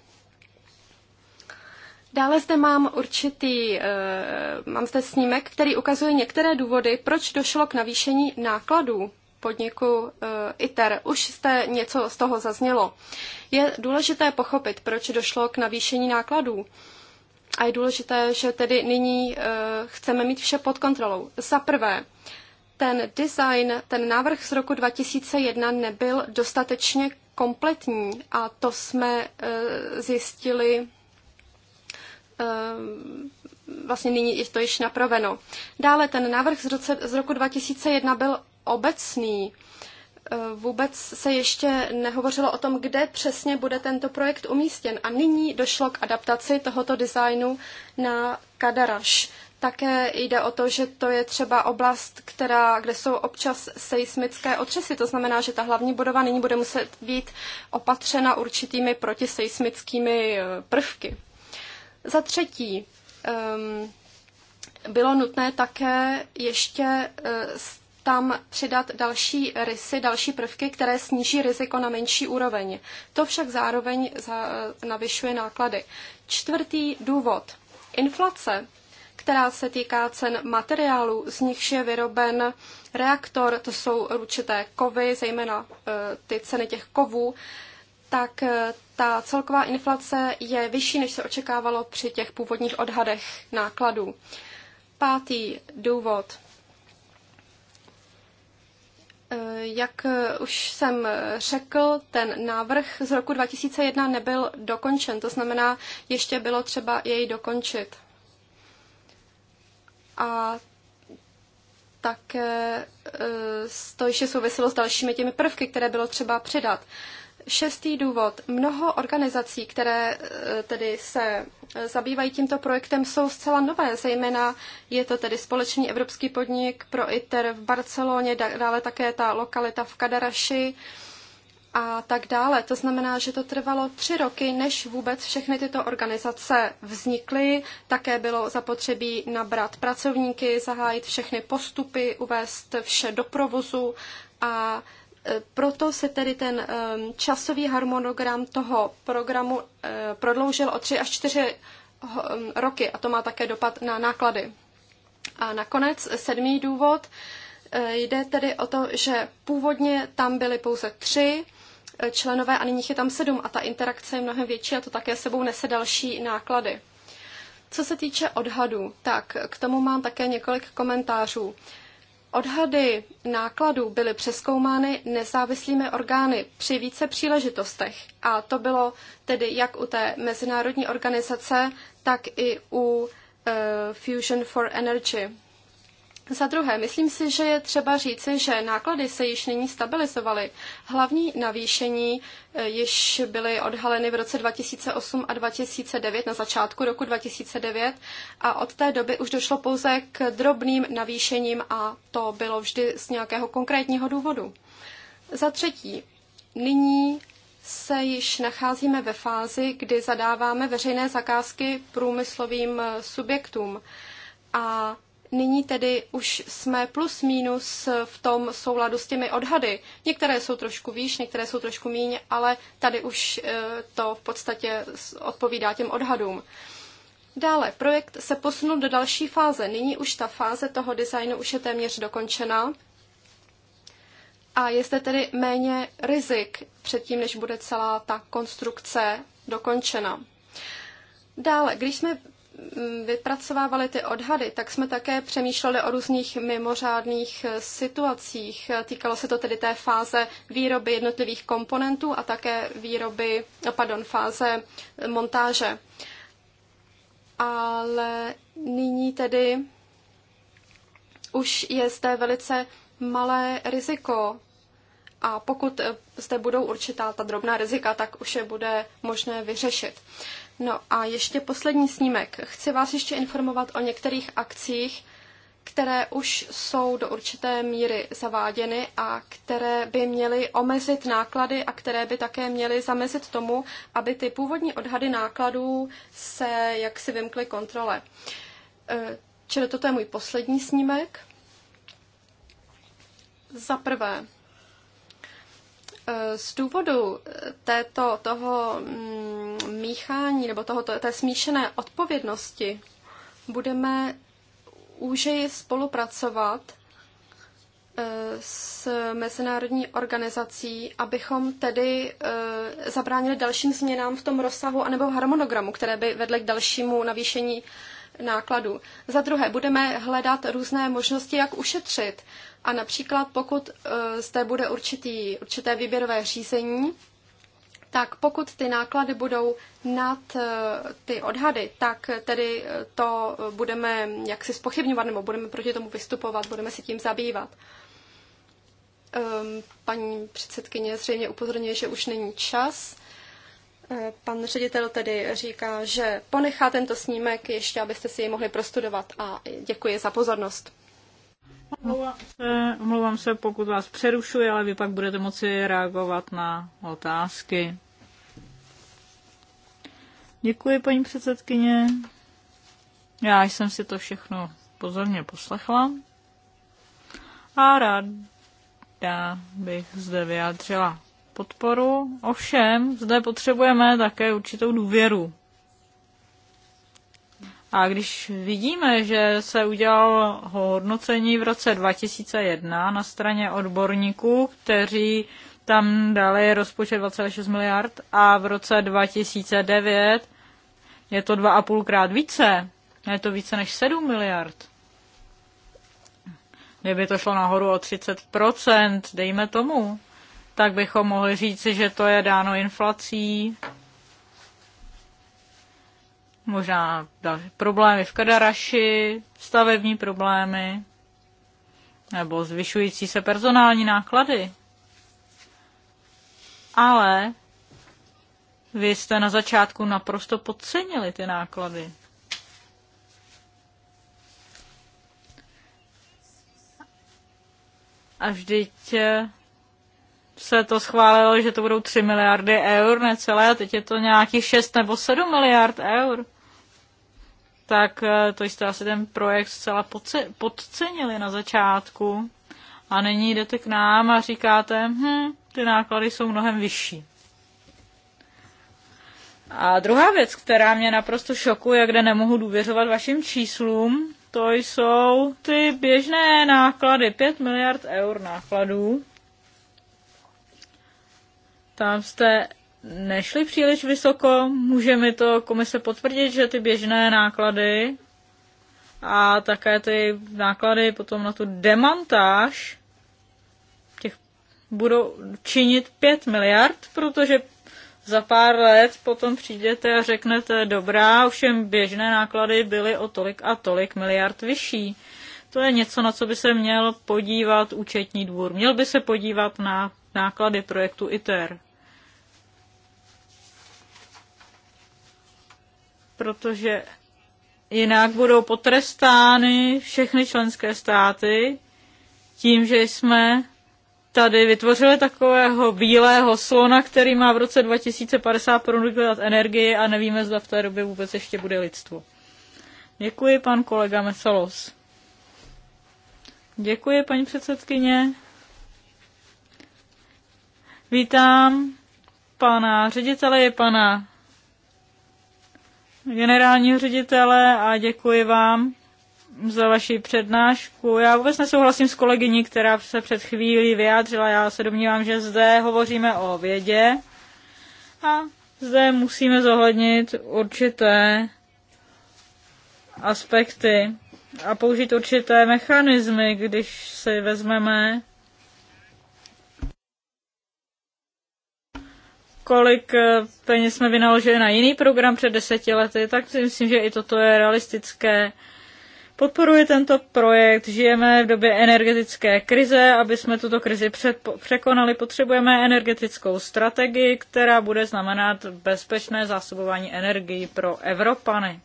Dále zde mám určitý, eh, mám zde snímek, který ukazuje některé důvody, proč došlo k navýšení nákladů podniku eh, ITER. Už jste něco z toho zaznělo. Je důležité pochopit, proč došlo k navýšení nákladů. A je důležité, že tedy nyní eh, chceme mít vše pod kontrolou. Za prvé, ten design, ten návrh z roku 2001 nebyl dostatečně kompletní a to jsme eh, zjistili eh, vlastně nyní je to již napraveno. Dále ten návrh z, roce, z roku 2001 byl obecný. Eh, vůbec se ještě nehovořilo o tom, kde přesně bude tento projekt umístěn. A nyní došlo k adaptaci tohoto designu na Kadaraš. Také jde o to, že to je třeba oblast, která, kde jsou občas seismické otřesy. To znamená, že ta hlavní budova nyní bude muset být opatřena určitými protiseismickými eh, prvky. Za třetí, um, bylo nutné také ještě uh, tam přidat další rysy, další prvky, které sníží riziko na menší úroveň. To však zároveň za, e, navyšuje náklady. Čtvrtý důvod. Inflace, která se týká cen materiálů, z nichž je vyroben reaktor, to jsou určité kovy, zejména e, ty ceny těch kovů, tak e, ta celková inflace je vyšší, než se očekávalo při těch původních odhadech nákladů. Pátý důvod Eh, jak eh, už jsem řekl, ten návrh z roku 2001 nebyl dokončen, to znamená, ještě bylo třeba jej dokončit. A také eh, to ještě souviselo s dalšími těmi prvky, které bylo třeba přidat. Šestý důvod. Mnoho organizací, které eh, tedy se eh, zabývají tímto projektem, jsou zcela nové, zejména je to tedy společný evropský podnik pro ITER v Barceloně, dále také ta lokalita v Kadaraši a tak dále. To znamená, že to trvalo tři roky, než vůbec všechny tyto organizace vznikly. Také bylo zapotřebí nabrat pracovníky, zahájit všechny postupy, uvést vše do provozu a Eh, proto se tedy ten ehm, časový harmonogram toho programu eh, prodloužil o tři až čtyři ehm, roky a to má také dopad na náklady. A nakonec sedmý důvod. Eh, jde tedy o to, že původně tam byly pouze tři členové a nyní je tam sedm a ta interakce je mnohem větší a to také sebou nese další náklady. Co se týče odhadů, tak k tomu mám také několik komentářů. Odhady nákladů byly přeskoumány nezávislými orgány při více příležitostech a to bylo tedy jak u té mezinárodní organizace, tak i u uh, Fusion for Energy. Za druhé, myslím si, že je třeba říci, že náklady se již nyní stabilizovaly. Hlavní navýšení eh, již byly odhaleny v roce 2008 a 2009, na začátku roku 2009, a od té doby už došlo pouze k drobným navýšením a to bylo vždy z nějakého konkrétního důvodu. Za třetí, nyní se již nacházíme ve fázi, kdy zadáváme veřejné zakázky průmyslovým eh, subjektům. A Nyní tedy už jsme plus minus v tom souladu s těmi odhady. Některé jsou trošku výš, některé jsou trošku míň, ale tady už eh, to v podstatě odpovídá těm odhadům. Dále projekt se posunul do další fáze. Nyní už ta fáze toho designu už je téměř dokončená. A je zde tedy méně rizik předtím, než bude celá ta konstrukce dokončena. Dále, když jsme Mm, vypracovávali ty odhady, tak jsme také přemýšleli o různých mimořádných eh, situacích. Týkalo se to tedy té fáze výroby jednotlivých komponentů a také výroby, eh, pardon, fáze eh, montáže. Ale nyní tedy už je zde velice malé riziko. A pokud zde budou určitá ta drobná rizika, tak už je bude možné vyřešit. Uh, No a ještě poslední snímek. Chci vás ještě informovat o některých akcích, které už jsou do určité míry zaváděny a které by měly omezit náklady a které by také měly zamezit tomu, aby ty původní odhady nákladů se jaksi vymkly kontrole. Eh, čili toto je můj poslední snímek. Za prvé, Eh, z důvodu eh, této, toho mm, míchání nebo toho, té smíšené odpovědnosti budeme úžeji spolupracovat eh, s mezinárodní organizací, abychom tedy zabránili dalším změnám v tom rozsahu anebo harmonogramu, které by vedly k dalšímu navýšení nákladů. Za druhé, budeme hledat různé možnosti, jak ušetřit. A například pokud e, zde bude určitý, určité výběrové řízení, tak pokud ty náklady budou nad e, ty odhady, tak tedy e, to budeme jaksi spochybňovat nebo budeme proti tomu vystupovat, budeme si tím zabývat. Ehm, paní předsedkyně zřejmě upozorňuje, že už není čas. Pan ředitel tedy říká, že ponechá tento snímek ještě, abyste si ji mohli prostudovat a děkuji za pozornost. Omlouvám se, se, pokud vás přerušuji, ale vy pak budete moci reagovat na otázky. Děkuji, paní předsedkyně. Já jsem si to všechno pozorně poslechla a ráda bych zde vyjádřila podporu. Ovšem, zde potřebujeme také určitou důvěru. A když vidíme, že se udělal hodnocení v roce 2001 na straně odborníků, kteří tam dali rozpočet 2,6 miliard a v roce 2009 je to 2,5 krát více, je to více než 7 miliard. Kdyby to šlo nahoru o 30%, dejme tomu, tak bychom mohli říci, že to je dáno inflací, možná problémy v Kadaraši, stavební problémy nebo zvyšující se personální náklady. Ale vy jste na začátku naprosto podcenili ty náklady. A vždyť eh, se to schválilo, že to budou 3 miliardy eur, ne celé, a teď je to nějakých 6 nebo 7 miliard eur. Tak eh, to jste asi ten projekt zcela podcenili na začátku. A nyní jdete k nám a říkáte, hm, ty náklady jsou mnohem vyšší. A druhá věc, která mě naprosto šokuje, kde nemohu důvěřovat vašim číslům, to jsou ty běžné náklady, 5 miliard eur nákladů tam jste nešli příliš vysoko, může mi to komise potvrdit, že ty běžné náklady a také ty náklady potom na tu demontáž těch budou činit 5 miliard, protože za pár let potom přijdete a řeknete, dobrá, ovšem běžné náklady byly o tolik a tolik miliard vyšší. To je něco, na co by se měl podívat účetní dvůr. Měl by se podívat na náklady projektu ITER. Protože jinak budou potrestány všechny členské státy tím, že jsme tady vytvořili takového bílého slona, který má v roce 2050 produkovat energii a nevíme, zda v té době vůbec ještě bude lidstvo. Děkuji, pan kolega Mesalos. Děkuji, paní předsedkyně. Vítám pana ředitele i pana generálního ředitele a děkuji vám za vaši přednášku. Já vůbec nesouhlasím s kolegyní, která se před chvílí vyjádřila. Já se domnívám, že zde hovoříme o vědě a zde musíme zohlednit určité aspekty a použít určité mechanismy, když si vezmeme kolik eh, peněz jsme vynaložili na jiný program před deseti lety, tak si myslím, že i toto je realistické. Podporuji tento projekt, žijeme v době energetické krize, aby jsme tuto krizi před, překonali, potřebujeme energetickou strategii, která bude znamenat bezpečné zásobování energií pro Evropany.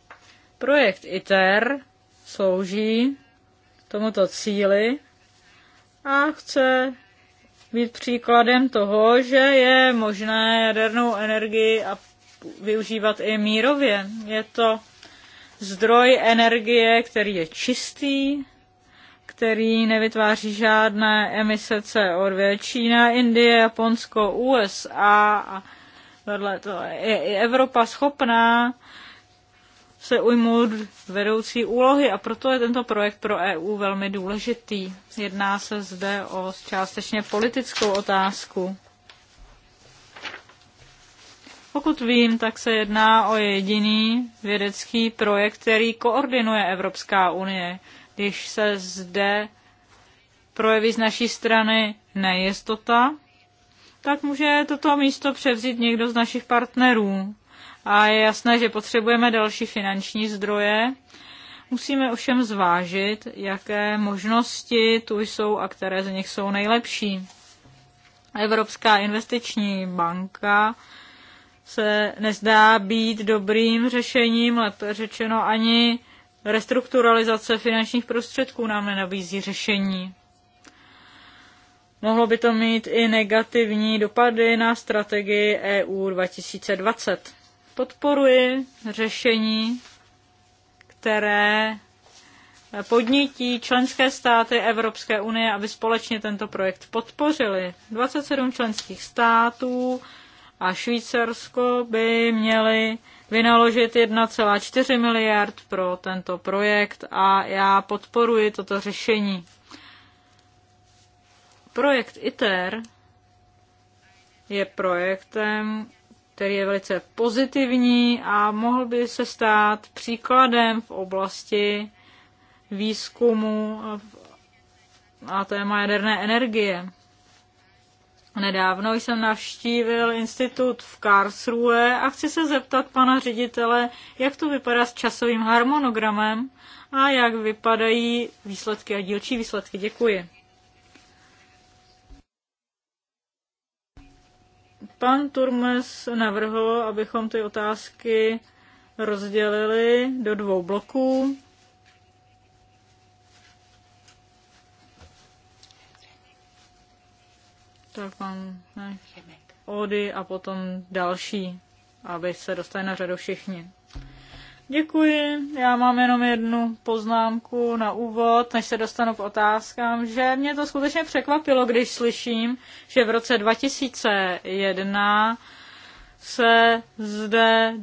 Projekt ITER slouží tomuto cíli a chce být příkladem toho, že je možné jadernou energii a využívat i mírově. Je to zdroj energie, který je čistý, který nevytváří žádné emise CO2. Čína, Indie, Japonsko, USA a vedle toho je i Evropa schopná se ujmou vedoucí úlohy a proto je tento projekt pro EU velmi důležitý. Jedná se zde o částečně politickou otázku. Pokud vím, tak se jedná o jediný vědecký projekt, který koordinuje Evropská unie. Když se zde projeví z naší strany nejistota, tak může toto místo převzít někdo z našich partnerů a je jasné, že potřebujeme další finanční zdroje. Musíme ovšem zvážit, jaké možnosti tu jsou a které z nich jsou nejlepší. Evropská investiční banka se nezdá být dobrým řešením, lépe řečeno ani restrukturalizace finančních prostředků nám nenabízí řešení. Mohlo by to mít i negativní dopady na strategii EU 2020. Podporuji řešení, které podnítí členské státy Evropské unie, aby společně tento projekt podpořili. 27 členských států a Švýcarsko by měli vynaložit 1,4 miliard pro tento projekt a já podporuji toto řešení. Projekt ITER je projektem, který je velice pozitivní a mohl by se stát příkladem v oblasti výzkumu a téma jaderné energie. Nedávno jsem navštívil institut v Karlsruhe a chci se zeptat pana ředitele, jak to vypadá s časovým harmonogramem a jak vypadají výsledky a dílčí výsledky. Děkuji. Pan Turmes navrhl, abychom ty otázky rozdělili do dvou bloků. Tak pan Ody a potom další, aby se dostali na řadu všichni. Děkuji. Já mám jenom jednu poznámku na úvod, než se dostanu k otázkám, že mě to skutečně překvapilo, když slyším, že v roce 2001 se zde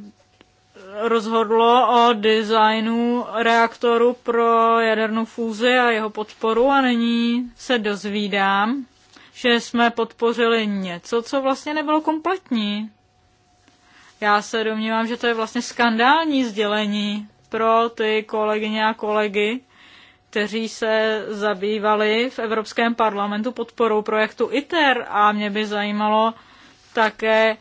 rozhodlo o designu reaktoru pro jadernou fúzi a jeho podporu a nyní se dozvídám, že jsme podpořili něco, co vlastně nebylo kompletní. Já se domnívám, že to je vlastně skandální sdělení pro ty kolegyně a kolegy, kteří se zabývali v Evropském parlamentu podporou projektu ITER a mě by zajímalo také,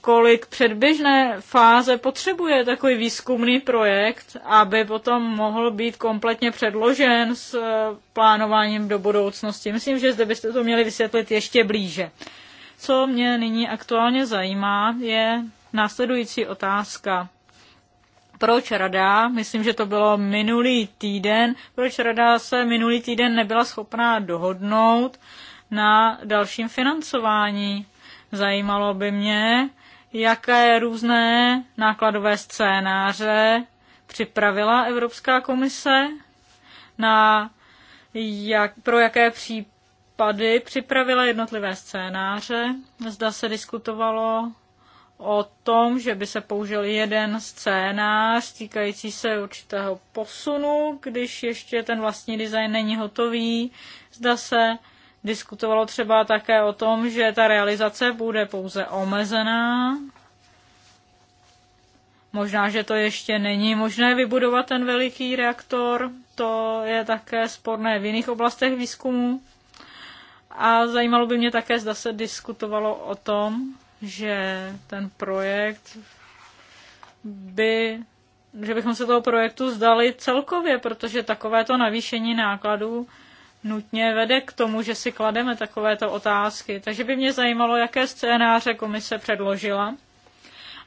kolik předběžné fáze potřebuje takový výzkumný projekt, aby potom mohl být kompletně předložen s eh, plánováním do budoucnosti. Myslím, že zde byste to měli vysvětlit ještě blíže. Co mě nyní aktuálně zajímá, je následující otázka. Proč rada, myslím, že to bylo minulý týden, proč rada se minulý týden nebyla schopná dohodnout na dalším financování? Zajímalo by mě, jaké různé nákladové scénáře připravila Evropská komise, na jak, pro jaké případy připravila jednotlivé scénáře, zda se diskutovalo o tom, že by se použil jeden scénář týkající se určitého posunu, když ještě ten vlastní design není hotový. Zda se diskutovalo třeba také o tom, že ta realizace bude pouze omezená. Možná, že to ještě není možné vybudovat ten veliký reaktor, to je také sporné v jiných oblastech výzkumu. A zajímalo by mě také, zda se diskutovalo o tom, že ten projekt by, že bychom se toho projektu zdali celkově, protože takovéto navýšení nákladů nutně vede k tomu, že si klademe takovéto otázky. Takže by mě zajímalo, jaké scénáře komise předložila.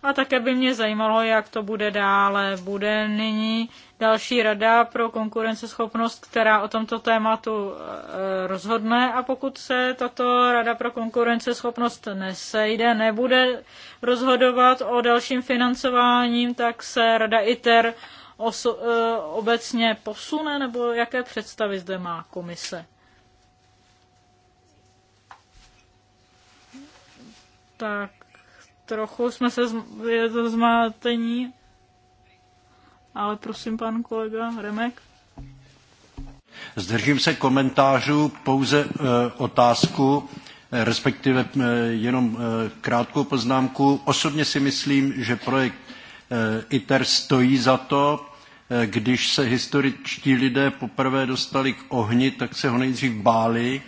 A také by mě zajímalo, jak to bude dále. Bude nyní další rada pro konkurenceschopnost, která o tomto tématu e, rozhodne a pokud se tato rada pro konkurenceschopnost nesejde, nebude rozhodovat o dalším financováním, tak se rada ITER oso- e, obecně posune, nebo jaké představy zde má komise? Tak trochu jsme se zm- je to zmátení ale prosím, pan kolega Remek. Zdržím se komentářů, pouze e, otázku, eh, respektive e, jenom e, krátkou poznámku. Osobně si myslím, že projekt ITER stojí za to. Když se historičtí lidé poprvé dostali k ohni, tak se ho nejdřív báli,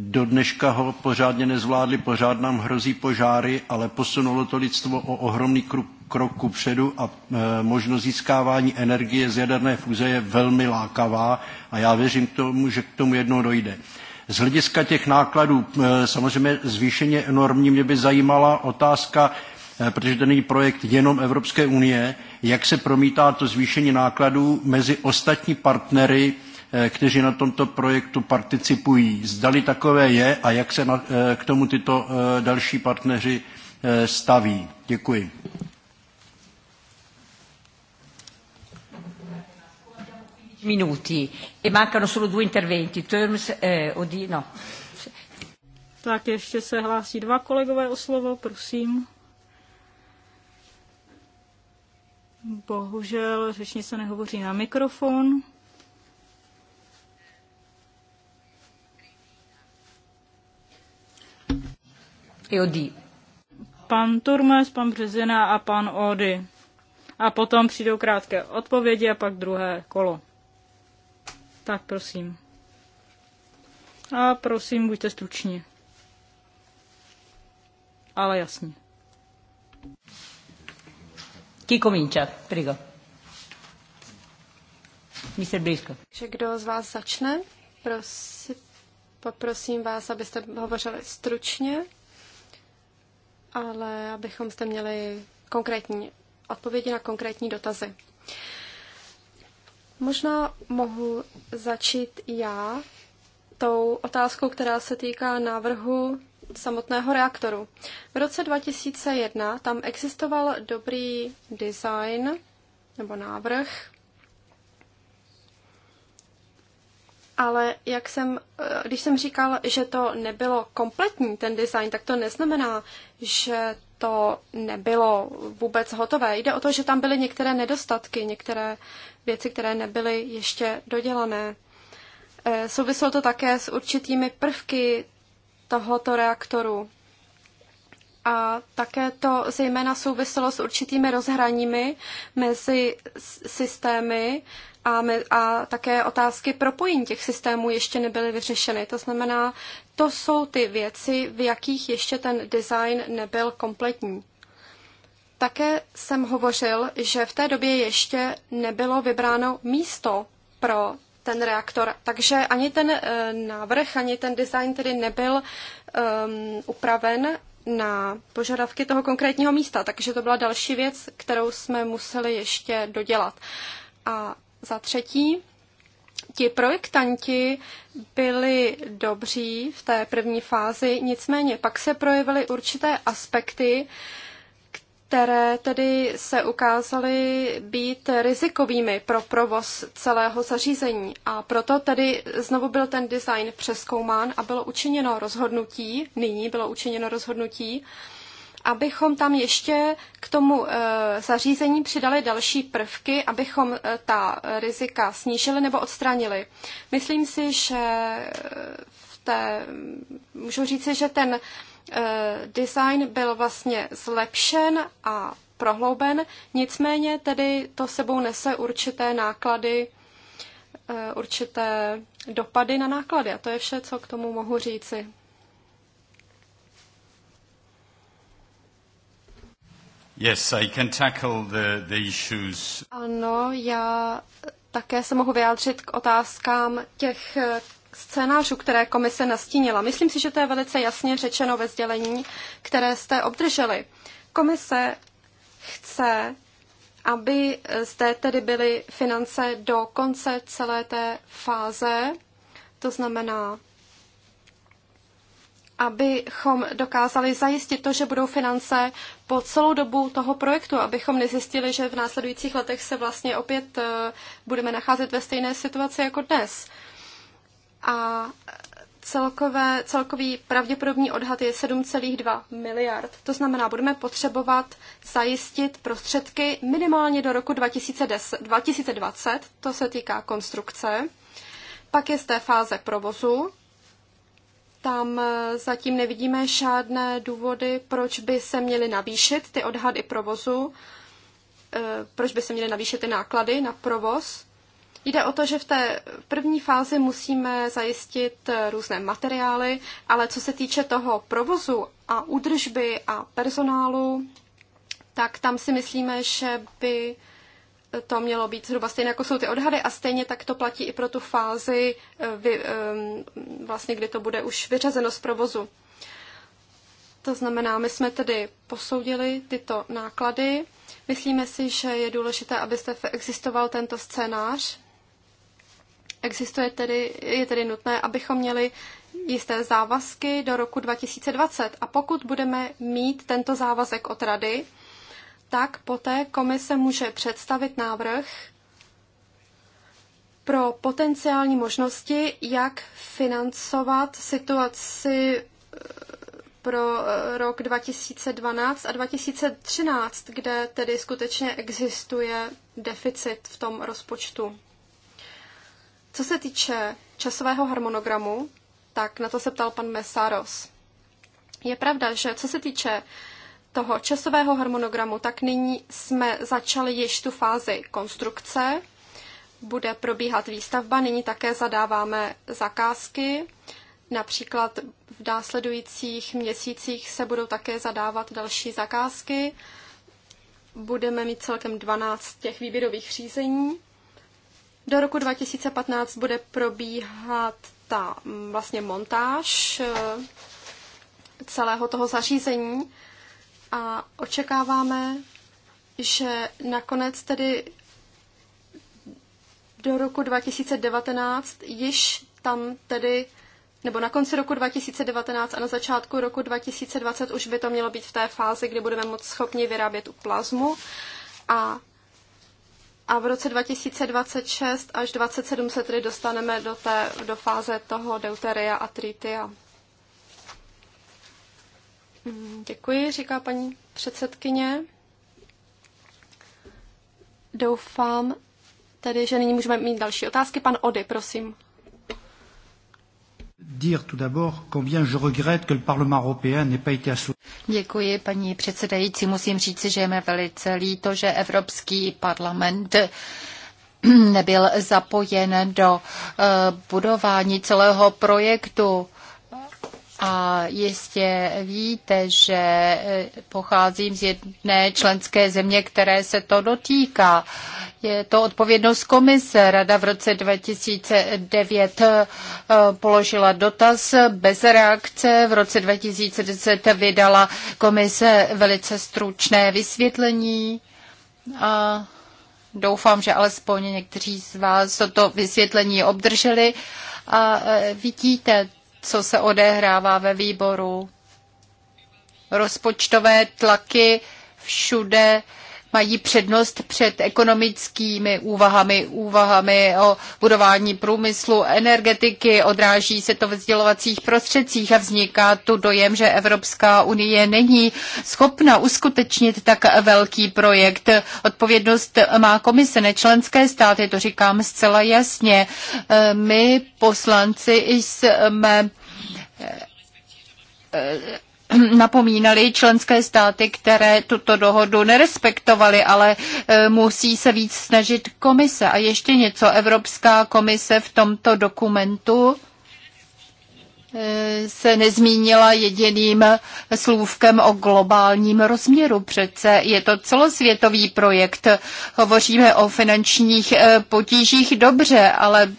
do dneška ho pořádně nezvládli, pořád nám hrozí požáry, ale posunulo to lidstvo o ohromný krok ku předu a e, možnost získávání energie z jaderné fúze je velmi lákavá a já věřím k tomu, že k tomu jednou dojde. Z hlediska těch nákladů, e, samozřejmě zvýšeně enormní, mě by zajímala otázka, e, protože ten není projekt jenom Evropské unie, jak se promítá to zvýšení nákladů mezi ostatní partnery Eh, kteří na tomto projektu participují. Zdali takové je a jak se na, eh, k tomu tyto eh, další partneři staví. Děkuji. minuti e mancano solo due interventi, Terms eh, no. Tak ještě se hlásí dva kolegové o slovo, prosím. Bohužel řečnice nehovoří na mikrofon. i Odí. Pan Turmes, pan Březina a pan Ody. A potom přijdou krátké odpovědi a pak druhé kolo. Tak prosím. A prosím, buďte struční. Ale jasně. Chi comincia? Prego. Mr. Blízko. Že kdo z vás začne, prosím, poprosím vás, abyste hovořili stručně ale abychom zde měli konkrétní odpovědi na konkrétní dotazy. Možná mohu začít já tou otázkou, která se týká návrhu samotného reaktoru. V roce 2001 tam existoval dobrý design nebo návrh, ale jak jsem, eh, když jsem říkal, že to nebylo kompletní, ten design, tak to neznamená, že to nebylo vůbec hotové. Jde o to, že tam byly některé nedostatky, některé věci, které nebyly ještě dodělané. Eh, souviselo to také s určitými prvky tohoto reaktoru a také to zejména souviselo s určitými rozhraními mezi systémy a, me, a také otázky propojení těch systémů ještě nebyly vyřešeny. To znamená, to jsou ty věci, v jakých ještě ten design nebyl kompletní. Také jsem hovořil, že v té době ještě nebylo vybráno místo pro ten reaktor, takže ani ten eh, návrh, ani ten design tedy nebyl um, upraven na požadavky toho konkrétního místa, takže to byla další věc, kterou jsme museli ještě dodělat. A za třetí, ti projektanti byli dobří v té první fázi, nicméně pak se projevily určité aspekty, uh, které tedy se ukázaly být rizikovými pro provoz celého zařízení. A proto tedy znovu byl ten design přeskoumán a bylo učiněno rozhodnutí, nyní bylo učiněno rozhodnutí, abychom tam ještě k tomu eh, zařízení přidali další prvky, abychom eh, ta rizika snížili nebo odstranili. Myslím si, že eh, v té, můžu říci, že ten Eh, design byl vlastně zlepšen a prohlouben, nicméně tedy to sebou nese určité náklady, eh, určité dopady na náklady. A to je vše, co k tomu mohu říci. Yes, I can tackle the, the issues. Ano, já také se mohu vyjádřit k otázkám těch scénářů, které komise nastínila. Myslím si, že to je velice jasně řečeno ve sdělení, které jste obdrželi. Komise chce, aby zde tedy byly finance do konce celé té fáze, to znamená, abychom dokázali zajistit to, že budou finance po celou dobu toho projektu, abychom nezjistili, že v následujících letech se vlastně opět eh, budeme nacházet ve stejné situaci jako dnes a celkové, celkový pravděpodobný odhad je 7,2 miliard. To znamená, budeme potřebovat zajistit prostředky minimálně do roku 2010, 2020, to se týká konstrukce. Pak je z té fáze provozu. Tam eh, zatím nevidíme žádné důvody, proč by se měly navýšit ty odhady provozu, eh, proč by se měly navýšit ty náklady na provoz. Jde o to, že v té první fázi musíme zajistit eh, různé materiály, ale co se týče toho provozu a údržby a personálu, tak tam si myslíme, že by to mělo být zhruba stejné, jako jsou ty odhady a stejně tak to platí i pro tu fázi, eh, ehm, vlastně, kdy to bude už vyřazeno z provozu. To znamená, my jsme tedy posoudili tyto náklady. Myslíme si, že je důležité, abyste existoval tento scénář Existuje tedy, je tedy nutné, abychom měli jisté závazky do roku 2020 a pokud budeme mít tento závazek od rady, tak poté komise může představit návrh pro potenciální možnosti, jak financovat situaci eh, pro eh, rok 2012 a 2013, kde tedy skutečně existuje deficit v tom rozpočtu. Co se týče časového harmonogramu, tak na to se ptal pan Mesaros. Je pravda, že co se týče toho časového harmonogramu, tak nyní jsme začali již tu fázi konstrukce, bude probíhat výstavba, nyní také zadáváme zakázky. Například v následujících měsících se budou také zadávat další zakázky. Budeme mít celkem 12 těch výběrových řízení. Do roku 2015 bude probíhat ta mm, vlastně montáž eh, celého toho zařízení a očekáváme, že nakonec tedy do roku 2019 již tam tedy, nebo na konci roku 2019 a na začátku roku 2020 už by to mělo být v té fázi, kdy budeme moc schopni vyrábět tu plazmu a a v roce 2026 až 2027 se tedy dostaneme do, té, do fáze toho deuteria a tritia. Mm, děkuji, říká paní předsedkyně. Doufám tedy, že nyní můžeme mít další otázky. Pan Ody, prosím dire tout d'abord combien je regrette que le Parlement européen n'ait pas été associé. Děkuji, paní předsedající. Musím říci, že je mi velice líto, že Evropský parlament *clears throat* nebyl zapojen do eh, budování celého projektu a jistě víte, že eh, pocházím z jedné členské země, které se to dotýká. Je to odpovědnost komise. Rada v roce 2009 eh, položila dotaz bez reakce. V roce 2010 vydala komise velice stručné vysvětlení. A doufám, že alespoň někteří z vás toto vysvětlení obdrželi. A eh, vidíte, co se odehrává ve výboru. Rozpočtové tlaky všude mají přednost před ekonomickými úvahami, úvahami o budování průmyslu, energetiky, odráží se to ve sdělovacích prostředcích a vzniká tu dojem, že Evropská unie není schopna uskutečnit tak velký projekt. Odpovědnost má komise, členské státy, to říkám zcela jasně. My poslanci jsme *clears throat* napomínali členské státy, které tuto dohodu nerespektovaly, ale e, musí se víc snažit komise. A ještě něco, Evropská komise v tomto dokumentu e, se nezmínila jediným slůvkem o globálním rozměru. Přece je to celosvětový projekt. Hovoříme o finančních e, potížích dobře, ale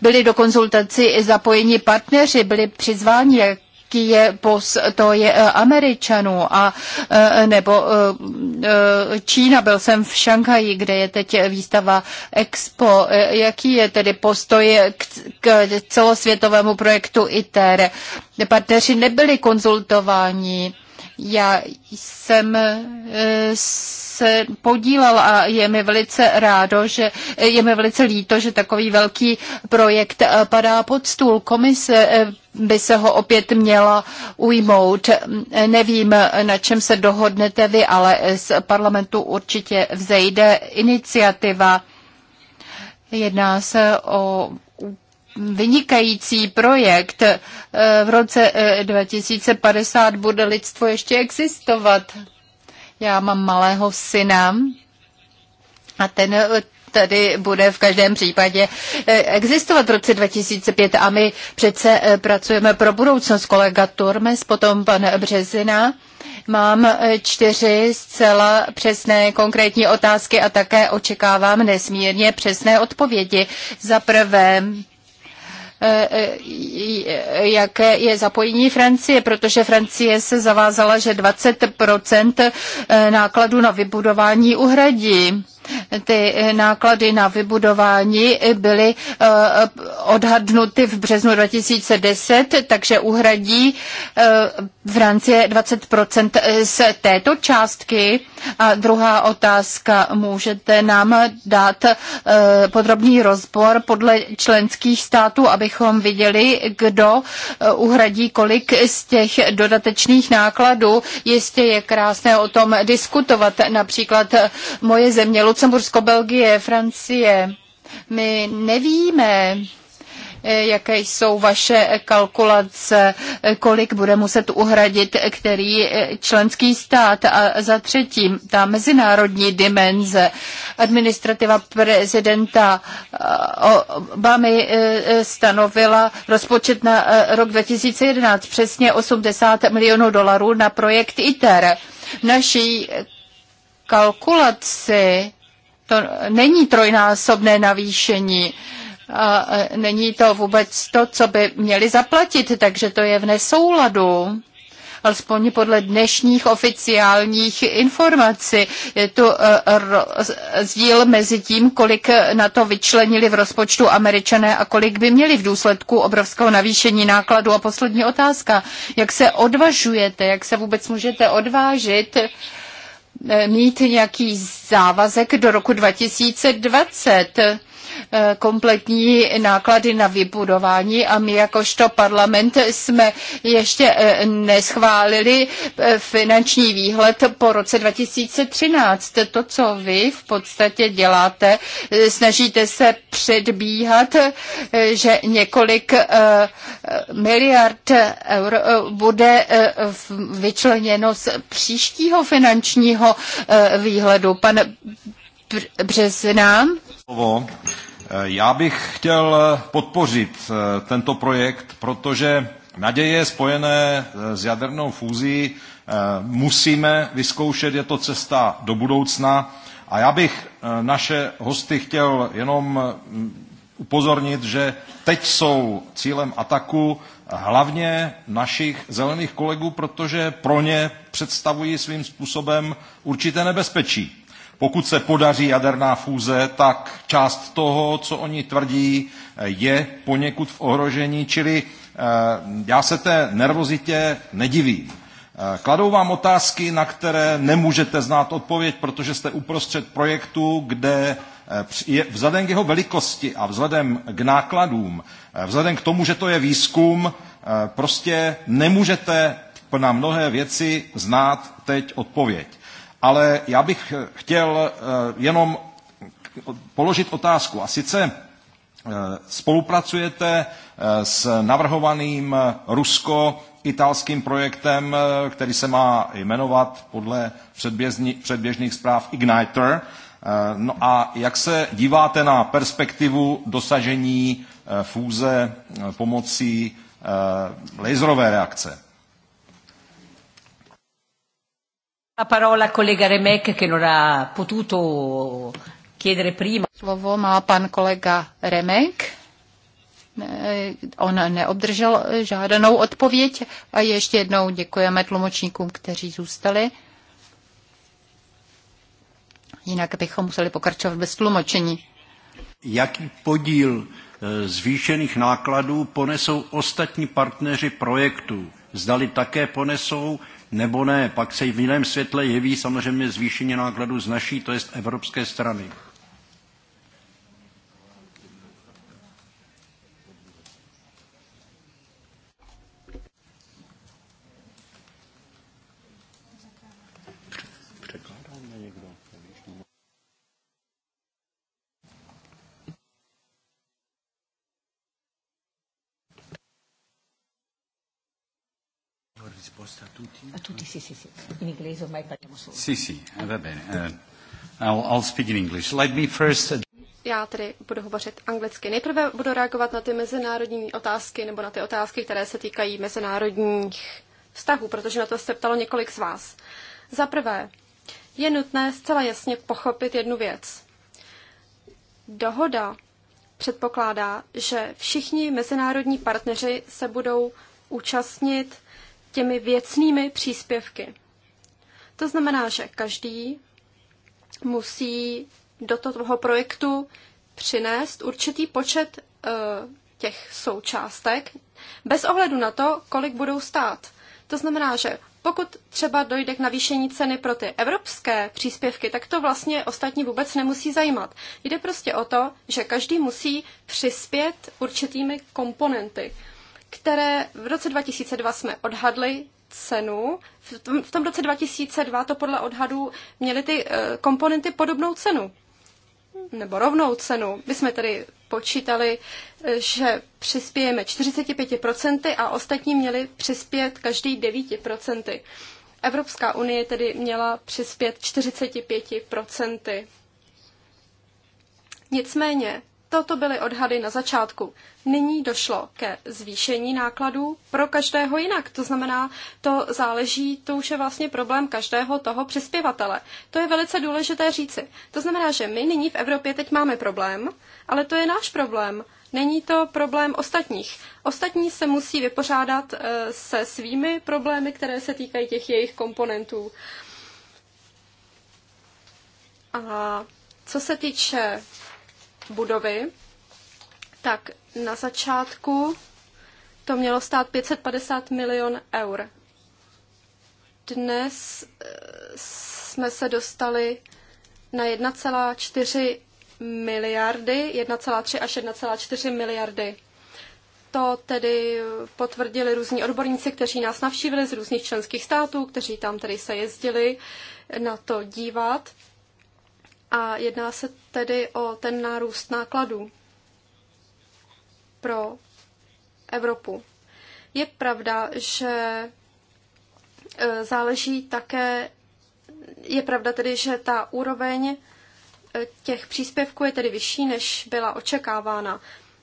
byli do konzultaci zapojeni partneři, byli přizváni jaký je postoj e, Američanů a e, nebo e, Čína. Byl jsem v Šanghaji, kde je teď výstava Expo. Jaký je tedy postoj k, k celosvětovému projektu ITER? Partneři nebyli konzultováni. Já jsem eh, se podílel a je mi velice rádo, že eh, je mi velice líto, že takový velký projekt eh, padá pod stůl. Komise by se ho opět měla ujmout. Nevím, na čem se dohodnete vy, ale z parlamentu určitě vzejde iniciativa. Jedná se o vynikající projekt. Eh, v roce 2050 eh, bude lidstvo ještě existovat. Já mám malého syna a ten tady bude v každém případě eh, existovat v roce 2005 a my přece pracujeme pro budoucnost kolega Turmes, potom pan Březina. Mám čtyři zcela přesné konkrétní otázky a také očekávám nesmírně přesné odpovědi. Za prvé, Eh, eh, jaké je zapojení Francie, protože Francie se zavázala, že 20 eh, nákladů na vybudování uhradí. Ty eh, náklady na vybudování byly eh, odhadnuty v březnu 2010, takže uhradí v rámci 20 z této částky. A druhá otázka, můžete nám dát eh, podrobný rozbor podle členských států, abychom viděli, kdo uhradí kolik z těch dodatečných nákladů. Jistě je krásné o tom diskutovat. Například moje země Lucembursko, Belgie, Francie. My nevíme, eh, jaké jsou vaše kalkulace, eh, kolik bude muset uhradit který eh, členský stát. A za třetí, ta mezinárodní dimenze. Administrativa prezidenta Obamy stanovila rozpočet na rok 2011 přesně 80 milionů dolarů na projekt ITER. V naší kalkulaci to není trojnásobné navýšení. A není to vůbec to, co by měli zaplatit, takže to je v nesouladu alespoň podle dnešních oficiálních informací. Je tu e, rozdíl mezi tím, kolik na to vyčlenili v rozpočtu američané a kolik by měli v důsledku obrovského navýšení nákladu. A poslední otázka, jak se odvažujete, jak se vůbec můžete odvážit mít nějaký závazek do roku 2020. Eh, kompletní náklady na vybudování a my jakožto parlament jsme ještě eh, neschválili eh, finanční výhled po roce 2013. To, co vy v podstatě děláte, snažíte se předbíhat, že několik miliard eur bude vyčleněno z příštího finančního výhledu. pane března. Eh, já bych chtěl eh, podpořit eh, tento projekt, protože naděje spojené s jadernou fúzí musíme vyzkoušet, je to cesta do budoucna. A já bych naše hosty chtěl jenom upozornit, že teď jsou cílem ataku hlavně našich zelených kolegů, protože pro ně představují svým způsobem určité nebezpečí. Pokud se podaří jaderná fúze, tak část toho, co oni tvrdí, je poněkud v ohrožení, čili eh, já se té nervozitě nedivím. Eh, kladou vám otázky, na které nemůžete znát odpověď, protože jste uprostřed projektu, kde eh, je, vzhledem k jeho velikosti a vzhledem k nákladům, vzhledem k tomu, že to je výzkum, prostě nemůžete na mnohé věci znát teď odpověď ale já bych eh, chtěl eh, jenom položit otázku. A sice eh, spolupracujete s navrhovaným rusko-italským projektem, který se má jmenovat podle předběžných zpráv Igniter. No a jak se díváte na perspektivu dosažení fúze pomocí laserové reakce? La parola collega Remek che non ha potuto chiedere prima. Slovo má pan kolega Remek. Eh, on neobdržel žádanou odpověď a ještě jednou děkujeme tlumočníkům, kteří zůstali. Jinak bychom museli pokračovat bez tlumočení. Jaký podíl eh, zvýšených nákladů ponesou ostatní partneři projektu? Zdali také ponesou nebo ne. Pak se v jiném světle jeví samozřejmě zvýšení nákladů z naší, to jest evropské strany. tutti? A tutti, sì, sì, sì. In inglese ormai parliamo solo. Sì, sì, eh, va bene. Uh, I'll, I'll speak in English. Let me first... Já tedy budu hovořit anglicky. Nejprve budu reagovat na ty mezinárodní otázky nebo na ty otázky, které se týkají mezinárodních vztahů, protože na to se ptalo několik z vás. Za prvé, je nutné zcela jasně pochopit jednu věc. Dohoda předpokládá, že všichni mezinárodní partneři se budou účastnit těmi věcnými příspěvky. To znamená, že každý musí do toho projektu přinést určitý počet eh, těch součástek, bez ohledu na to, kolik budou stát. To znamená, že pokud třeba dojde k navýšení ceny pro ty evropské příspěvky, tak to vlastně ostatní vůbec nemusí zajímat. Jde prostě o to, že každý musí přispět určitými komponenty které v roce 2002 jsme odhadli cenu. V tom, v tom roce 2002 to podle odhadů měly ty eh, komponenty podobnou cenu, nebo rovnou cenu. My jsme tedy počítali, eh, že přispějeme 45% a ostatní měli přispět každý 9%. Evropská unie tedy měla přispět 45%. Nicméně Toto byly odhady na začátku. Nyní došlo ke zvýšení nákladů pro každého jinak. To znamená, to záleží, to už je vlastně problém každého toho přispěvatele. To je velice důležité říci. To znamená, že my nyní v Evropě teď máme problém, ale to je náš problém. Není to problém ostatních. Ostatní se musí vypořádat eh, se svými problémy, které se týkají těch jejich komponentů. A co se týče budovy, tak na začátku to mělo stát 550 milion eur. Dnes eh, jsme se dostali na 1,4 miliardy, 1,3 až 1,4 miliardy. To tedy potvrdili různí odborníci, kteří nás navštívili z různých členských států, kteří tam tedy se jezdili na to dívat a jedná se tedy o ten nárůst nákladů pro Evropu. Je pravda, že e, záleží také, je pravda tedy, že ta úroveň e, těch příspěvků je tedy vyšší, než byla očekávána.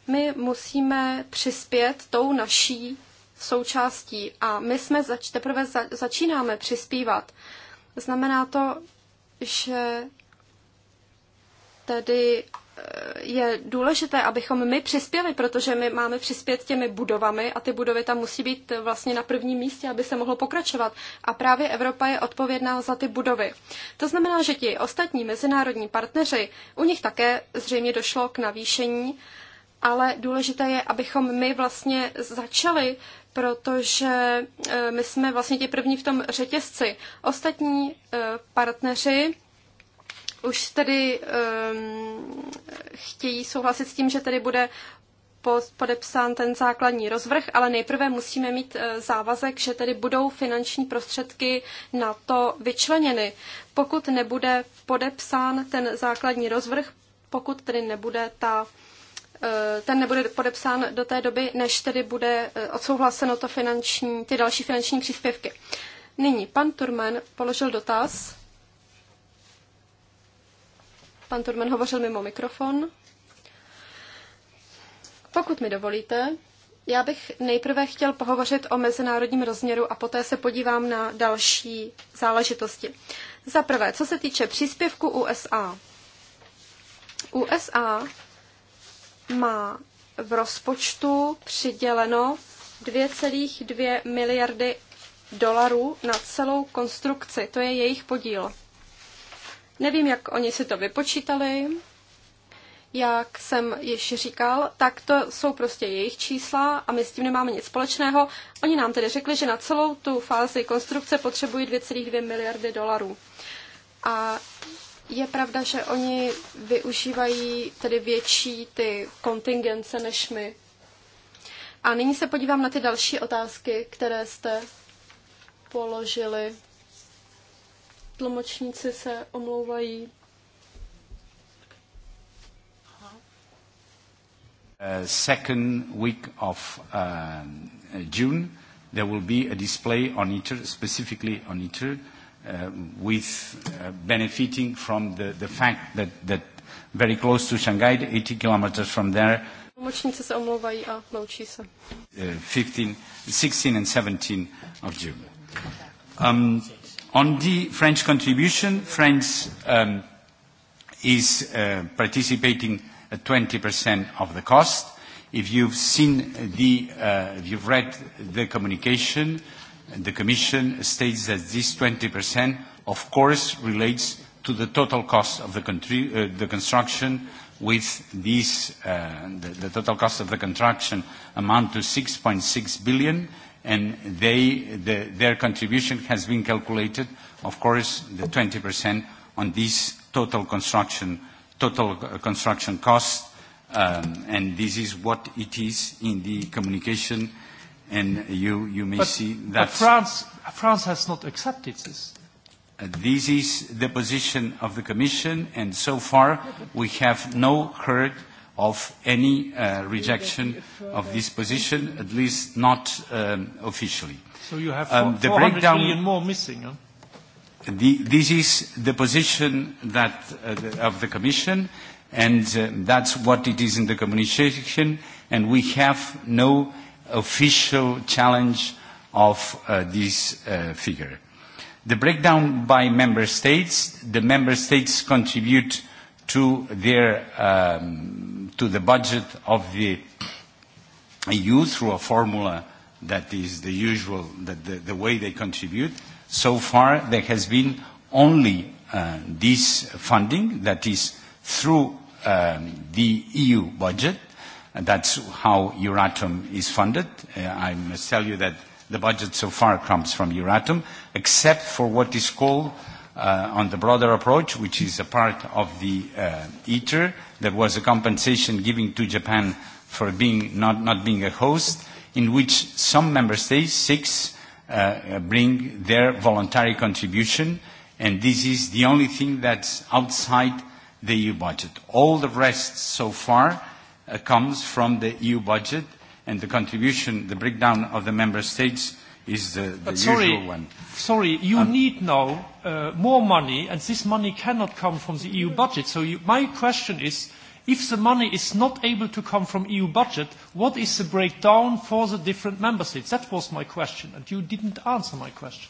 My musíme přispět tou naší součástí a my jsme zač, teprve za, začínáme přispívat. Znamená to, že tedy eh, je důležité, abychom my přispěli, protože my máme přispět těmi budovami a ty budovy tam musí být eh, vlastně na prvním místě, aby se mohlo pokračovat. A právě Evropa je odpovědná za ty budovy. To znamená, že ti ostatní mezinárodní partneři, u nich také zřejmě došlo k navýšení, ale důležité je, abychom my vlastně začali protože eh, my jsme vlastně ti první v tom řetězci. Ostatní partneři už tedy um, chtějí souhlasit s tím, že tedy bude podepsán ten základní rozvrh, ale nejprve musíme mít eh, závazek, že tedy budou finanční prostředky na to vyčleněny. Pokud nebude podepsán ten základní rozvrh, pokud tedy nebude ta eh, ten nebude podepsán do té doby, než tedy bude eh, odsouhlaseno to finanční, ty další finanční příspěvky. Nyní pan Turman položil dotaz Pan Turman hovořil mimo mikrofon. Pokud mi dovolíte, já bych nejprve chtěl pohovořit o mezinárodním rozměru a poté se podívám na další záležitosti. Za prvé, co se týče příspěvku USA. USA má v rozpočtu přiděleno 2,2 miliardy dolarů na celou konstrukci. To je jejich podíl. Nevím, jak oni si to vypočítali, jak jsem již říkal, tak to jsou prostě jejich čísla a my s tím nemáme nic společného. Oni nám tedy řekli, že na celou tu fázi konstrukce potřebují 2,2 miliardy dolarů. A je pravda, že oni využívají tedy větší ty kontingence než my. A nyní se podívám na ty další otázky, které jste položili. Tlumočníci se omlouvají. Uh, second week of uh, June, there will be a display on ITER, specifically on ITER, uh, with uh, benefiting from the, the fact that, that very close to Shanghai, 80 kilometers from there, Tlumočníci se a loučí se. 15, uh, 16 and 17 of June. Um, On the French contribution, France um, is uh, participating at 20% of the cost. If you've seen the, uh, if you've read the communication, the Commission states that this 20%, of course, relates to the total cost of the, uh, the construction with this, uh, the, the total cost of the construction amount to 6.6 billion, and they, the, their contribution has been calculated, of course, the 20% on this total construction, total uh, construction cost, um, and this is what it is in the communication, and you, you may but, see that... But France, France has not accepted this. Uh, this is the position of the Commission, and so far we have no heard of any uh, rejection of this position, at least not um, officially. So you have um, the 400 breakdown, million more missing. Huh? The, this is the position that, uh, the, of the Commission, and uh, that's what it is in the communication, and we have no official challenge of uh, this uh, figure. The breakdown by member states, the member states contribute to, their, um, to the budget of the EU through a formula that is the usual, that the, the way they contribute. So far, there has been only uh, this funding that is through um, the EU budget. And that's how Euratom is funded. Uh, I must tell you that the budget so far comes from Euratom, except for what is called Uh, on the broader approach, which is a part of the uh, ITER. There was a compensation given to Japan for not, being a host, in which some member states, six, uh, bring their voluntary contribution, and this is the only thing that's outside the EU budget. All the rest so far comes from the EU budget, and the contribution, the breakdown of the member states is the, the but sorry, usual one. Sorry, you um, need now uh, more money, and this money cannot come from the EU budget. So you, my question is, if the money is not able to come from EU budget, what is the breakdown for the different member states? That was my question, and you didn't answer my question.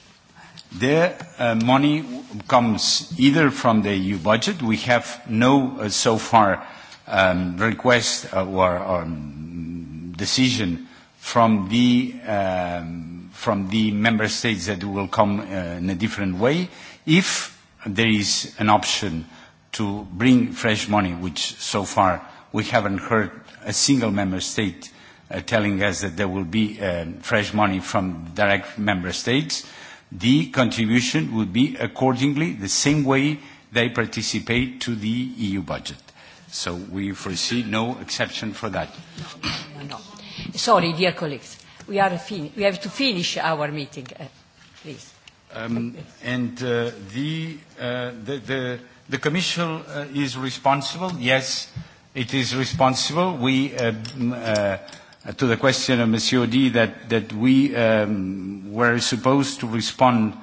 The uh, money comes either from the EU budget. We have no, uh, so far, um, request or, uh, or um, decision from the um, from the member states that will come uh, in a different way. If there is an option to bring fresh money, which so far we haven't heard a single member state uh, telling us that there will be uh, fresh money from direct member states, the contribution would be accordingly the same way they participate to the EU budget. So we foresee no exception for that. No, no, no. Sorry, dear colleagues we, are fin- we have to finish our meeting, uh, please. Um, and uh, the, uh, the, the, the Commission uh, is responsible. Yes, it is responsible. We, uh, uh, to the question of Monsieur D, that, that we um, were supposed to respond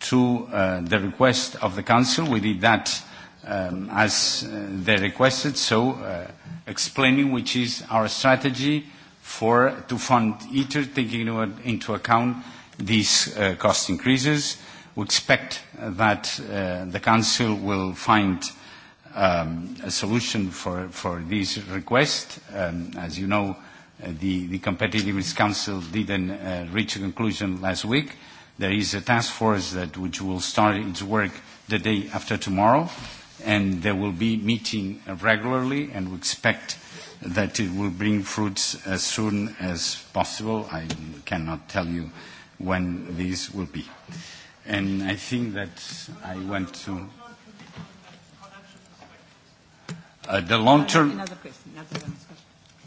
to uh, the request of the Council. We did that um, as uh, they requested, so uh, explaining which is our strategy for to fund ITER, taking into account these uh, cost increases. We expect that uh, the Council will find um, a solution for, this request. Um, as you know, uh, the, Competitiveness Council didn't reach a conclusion last week. There is a task force that which will start its work the day after tomorrow, and they will be meeting regularly, and we expect that it will bring fruits as soon as possible. I cannot tell you when these will be. And I think that I went to uh, the long-term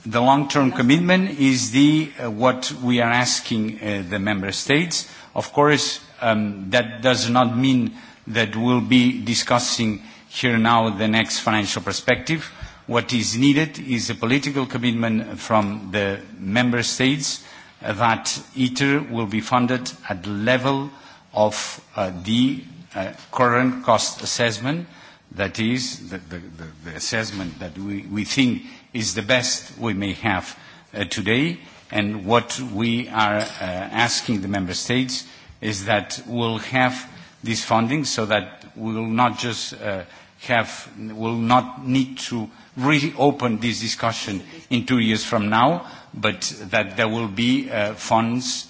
the long-term commitment is the uh, what we are asking uh, the member states. Of course, um, that does not mean that we'll be discussing here now the next financial perspective What is needed is a political commitment from the member states that ITER will be funded at the level of uh, the uh, current cost assessment, that is, the, the, the assessment that we, we think is the best we may have uh, today. And what we are uh, asking the member states is that we'll have this funding so that we will not just uh, have, will not need to really open this discussion in two years from now, but that there will be uh, funds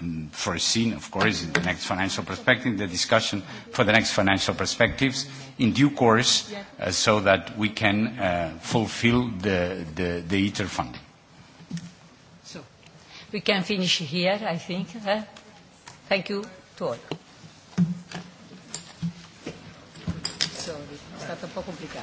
um, foreseen, of course, in the next financial perspective, the discussion for the next financial perspectives in due course uh, so that we can uh, fulfill the, the, the ITER funding. So, we can finish here, I think. Huh? Thank you to all. Sorry, it's a bit complicated.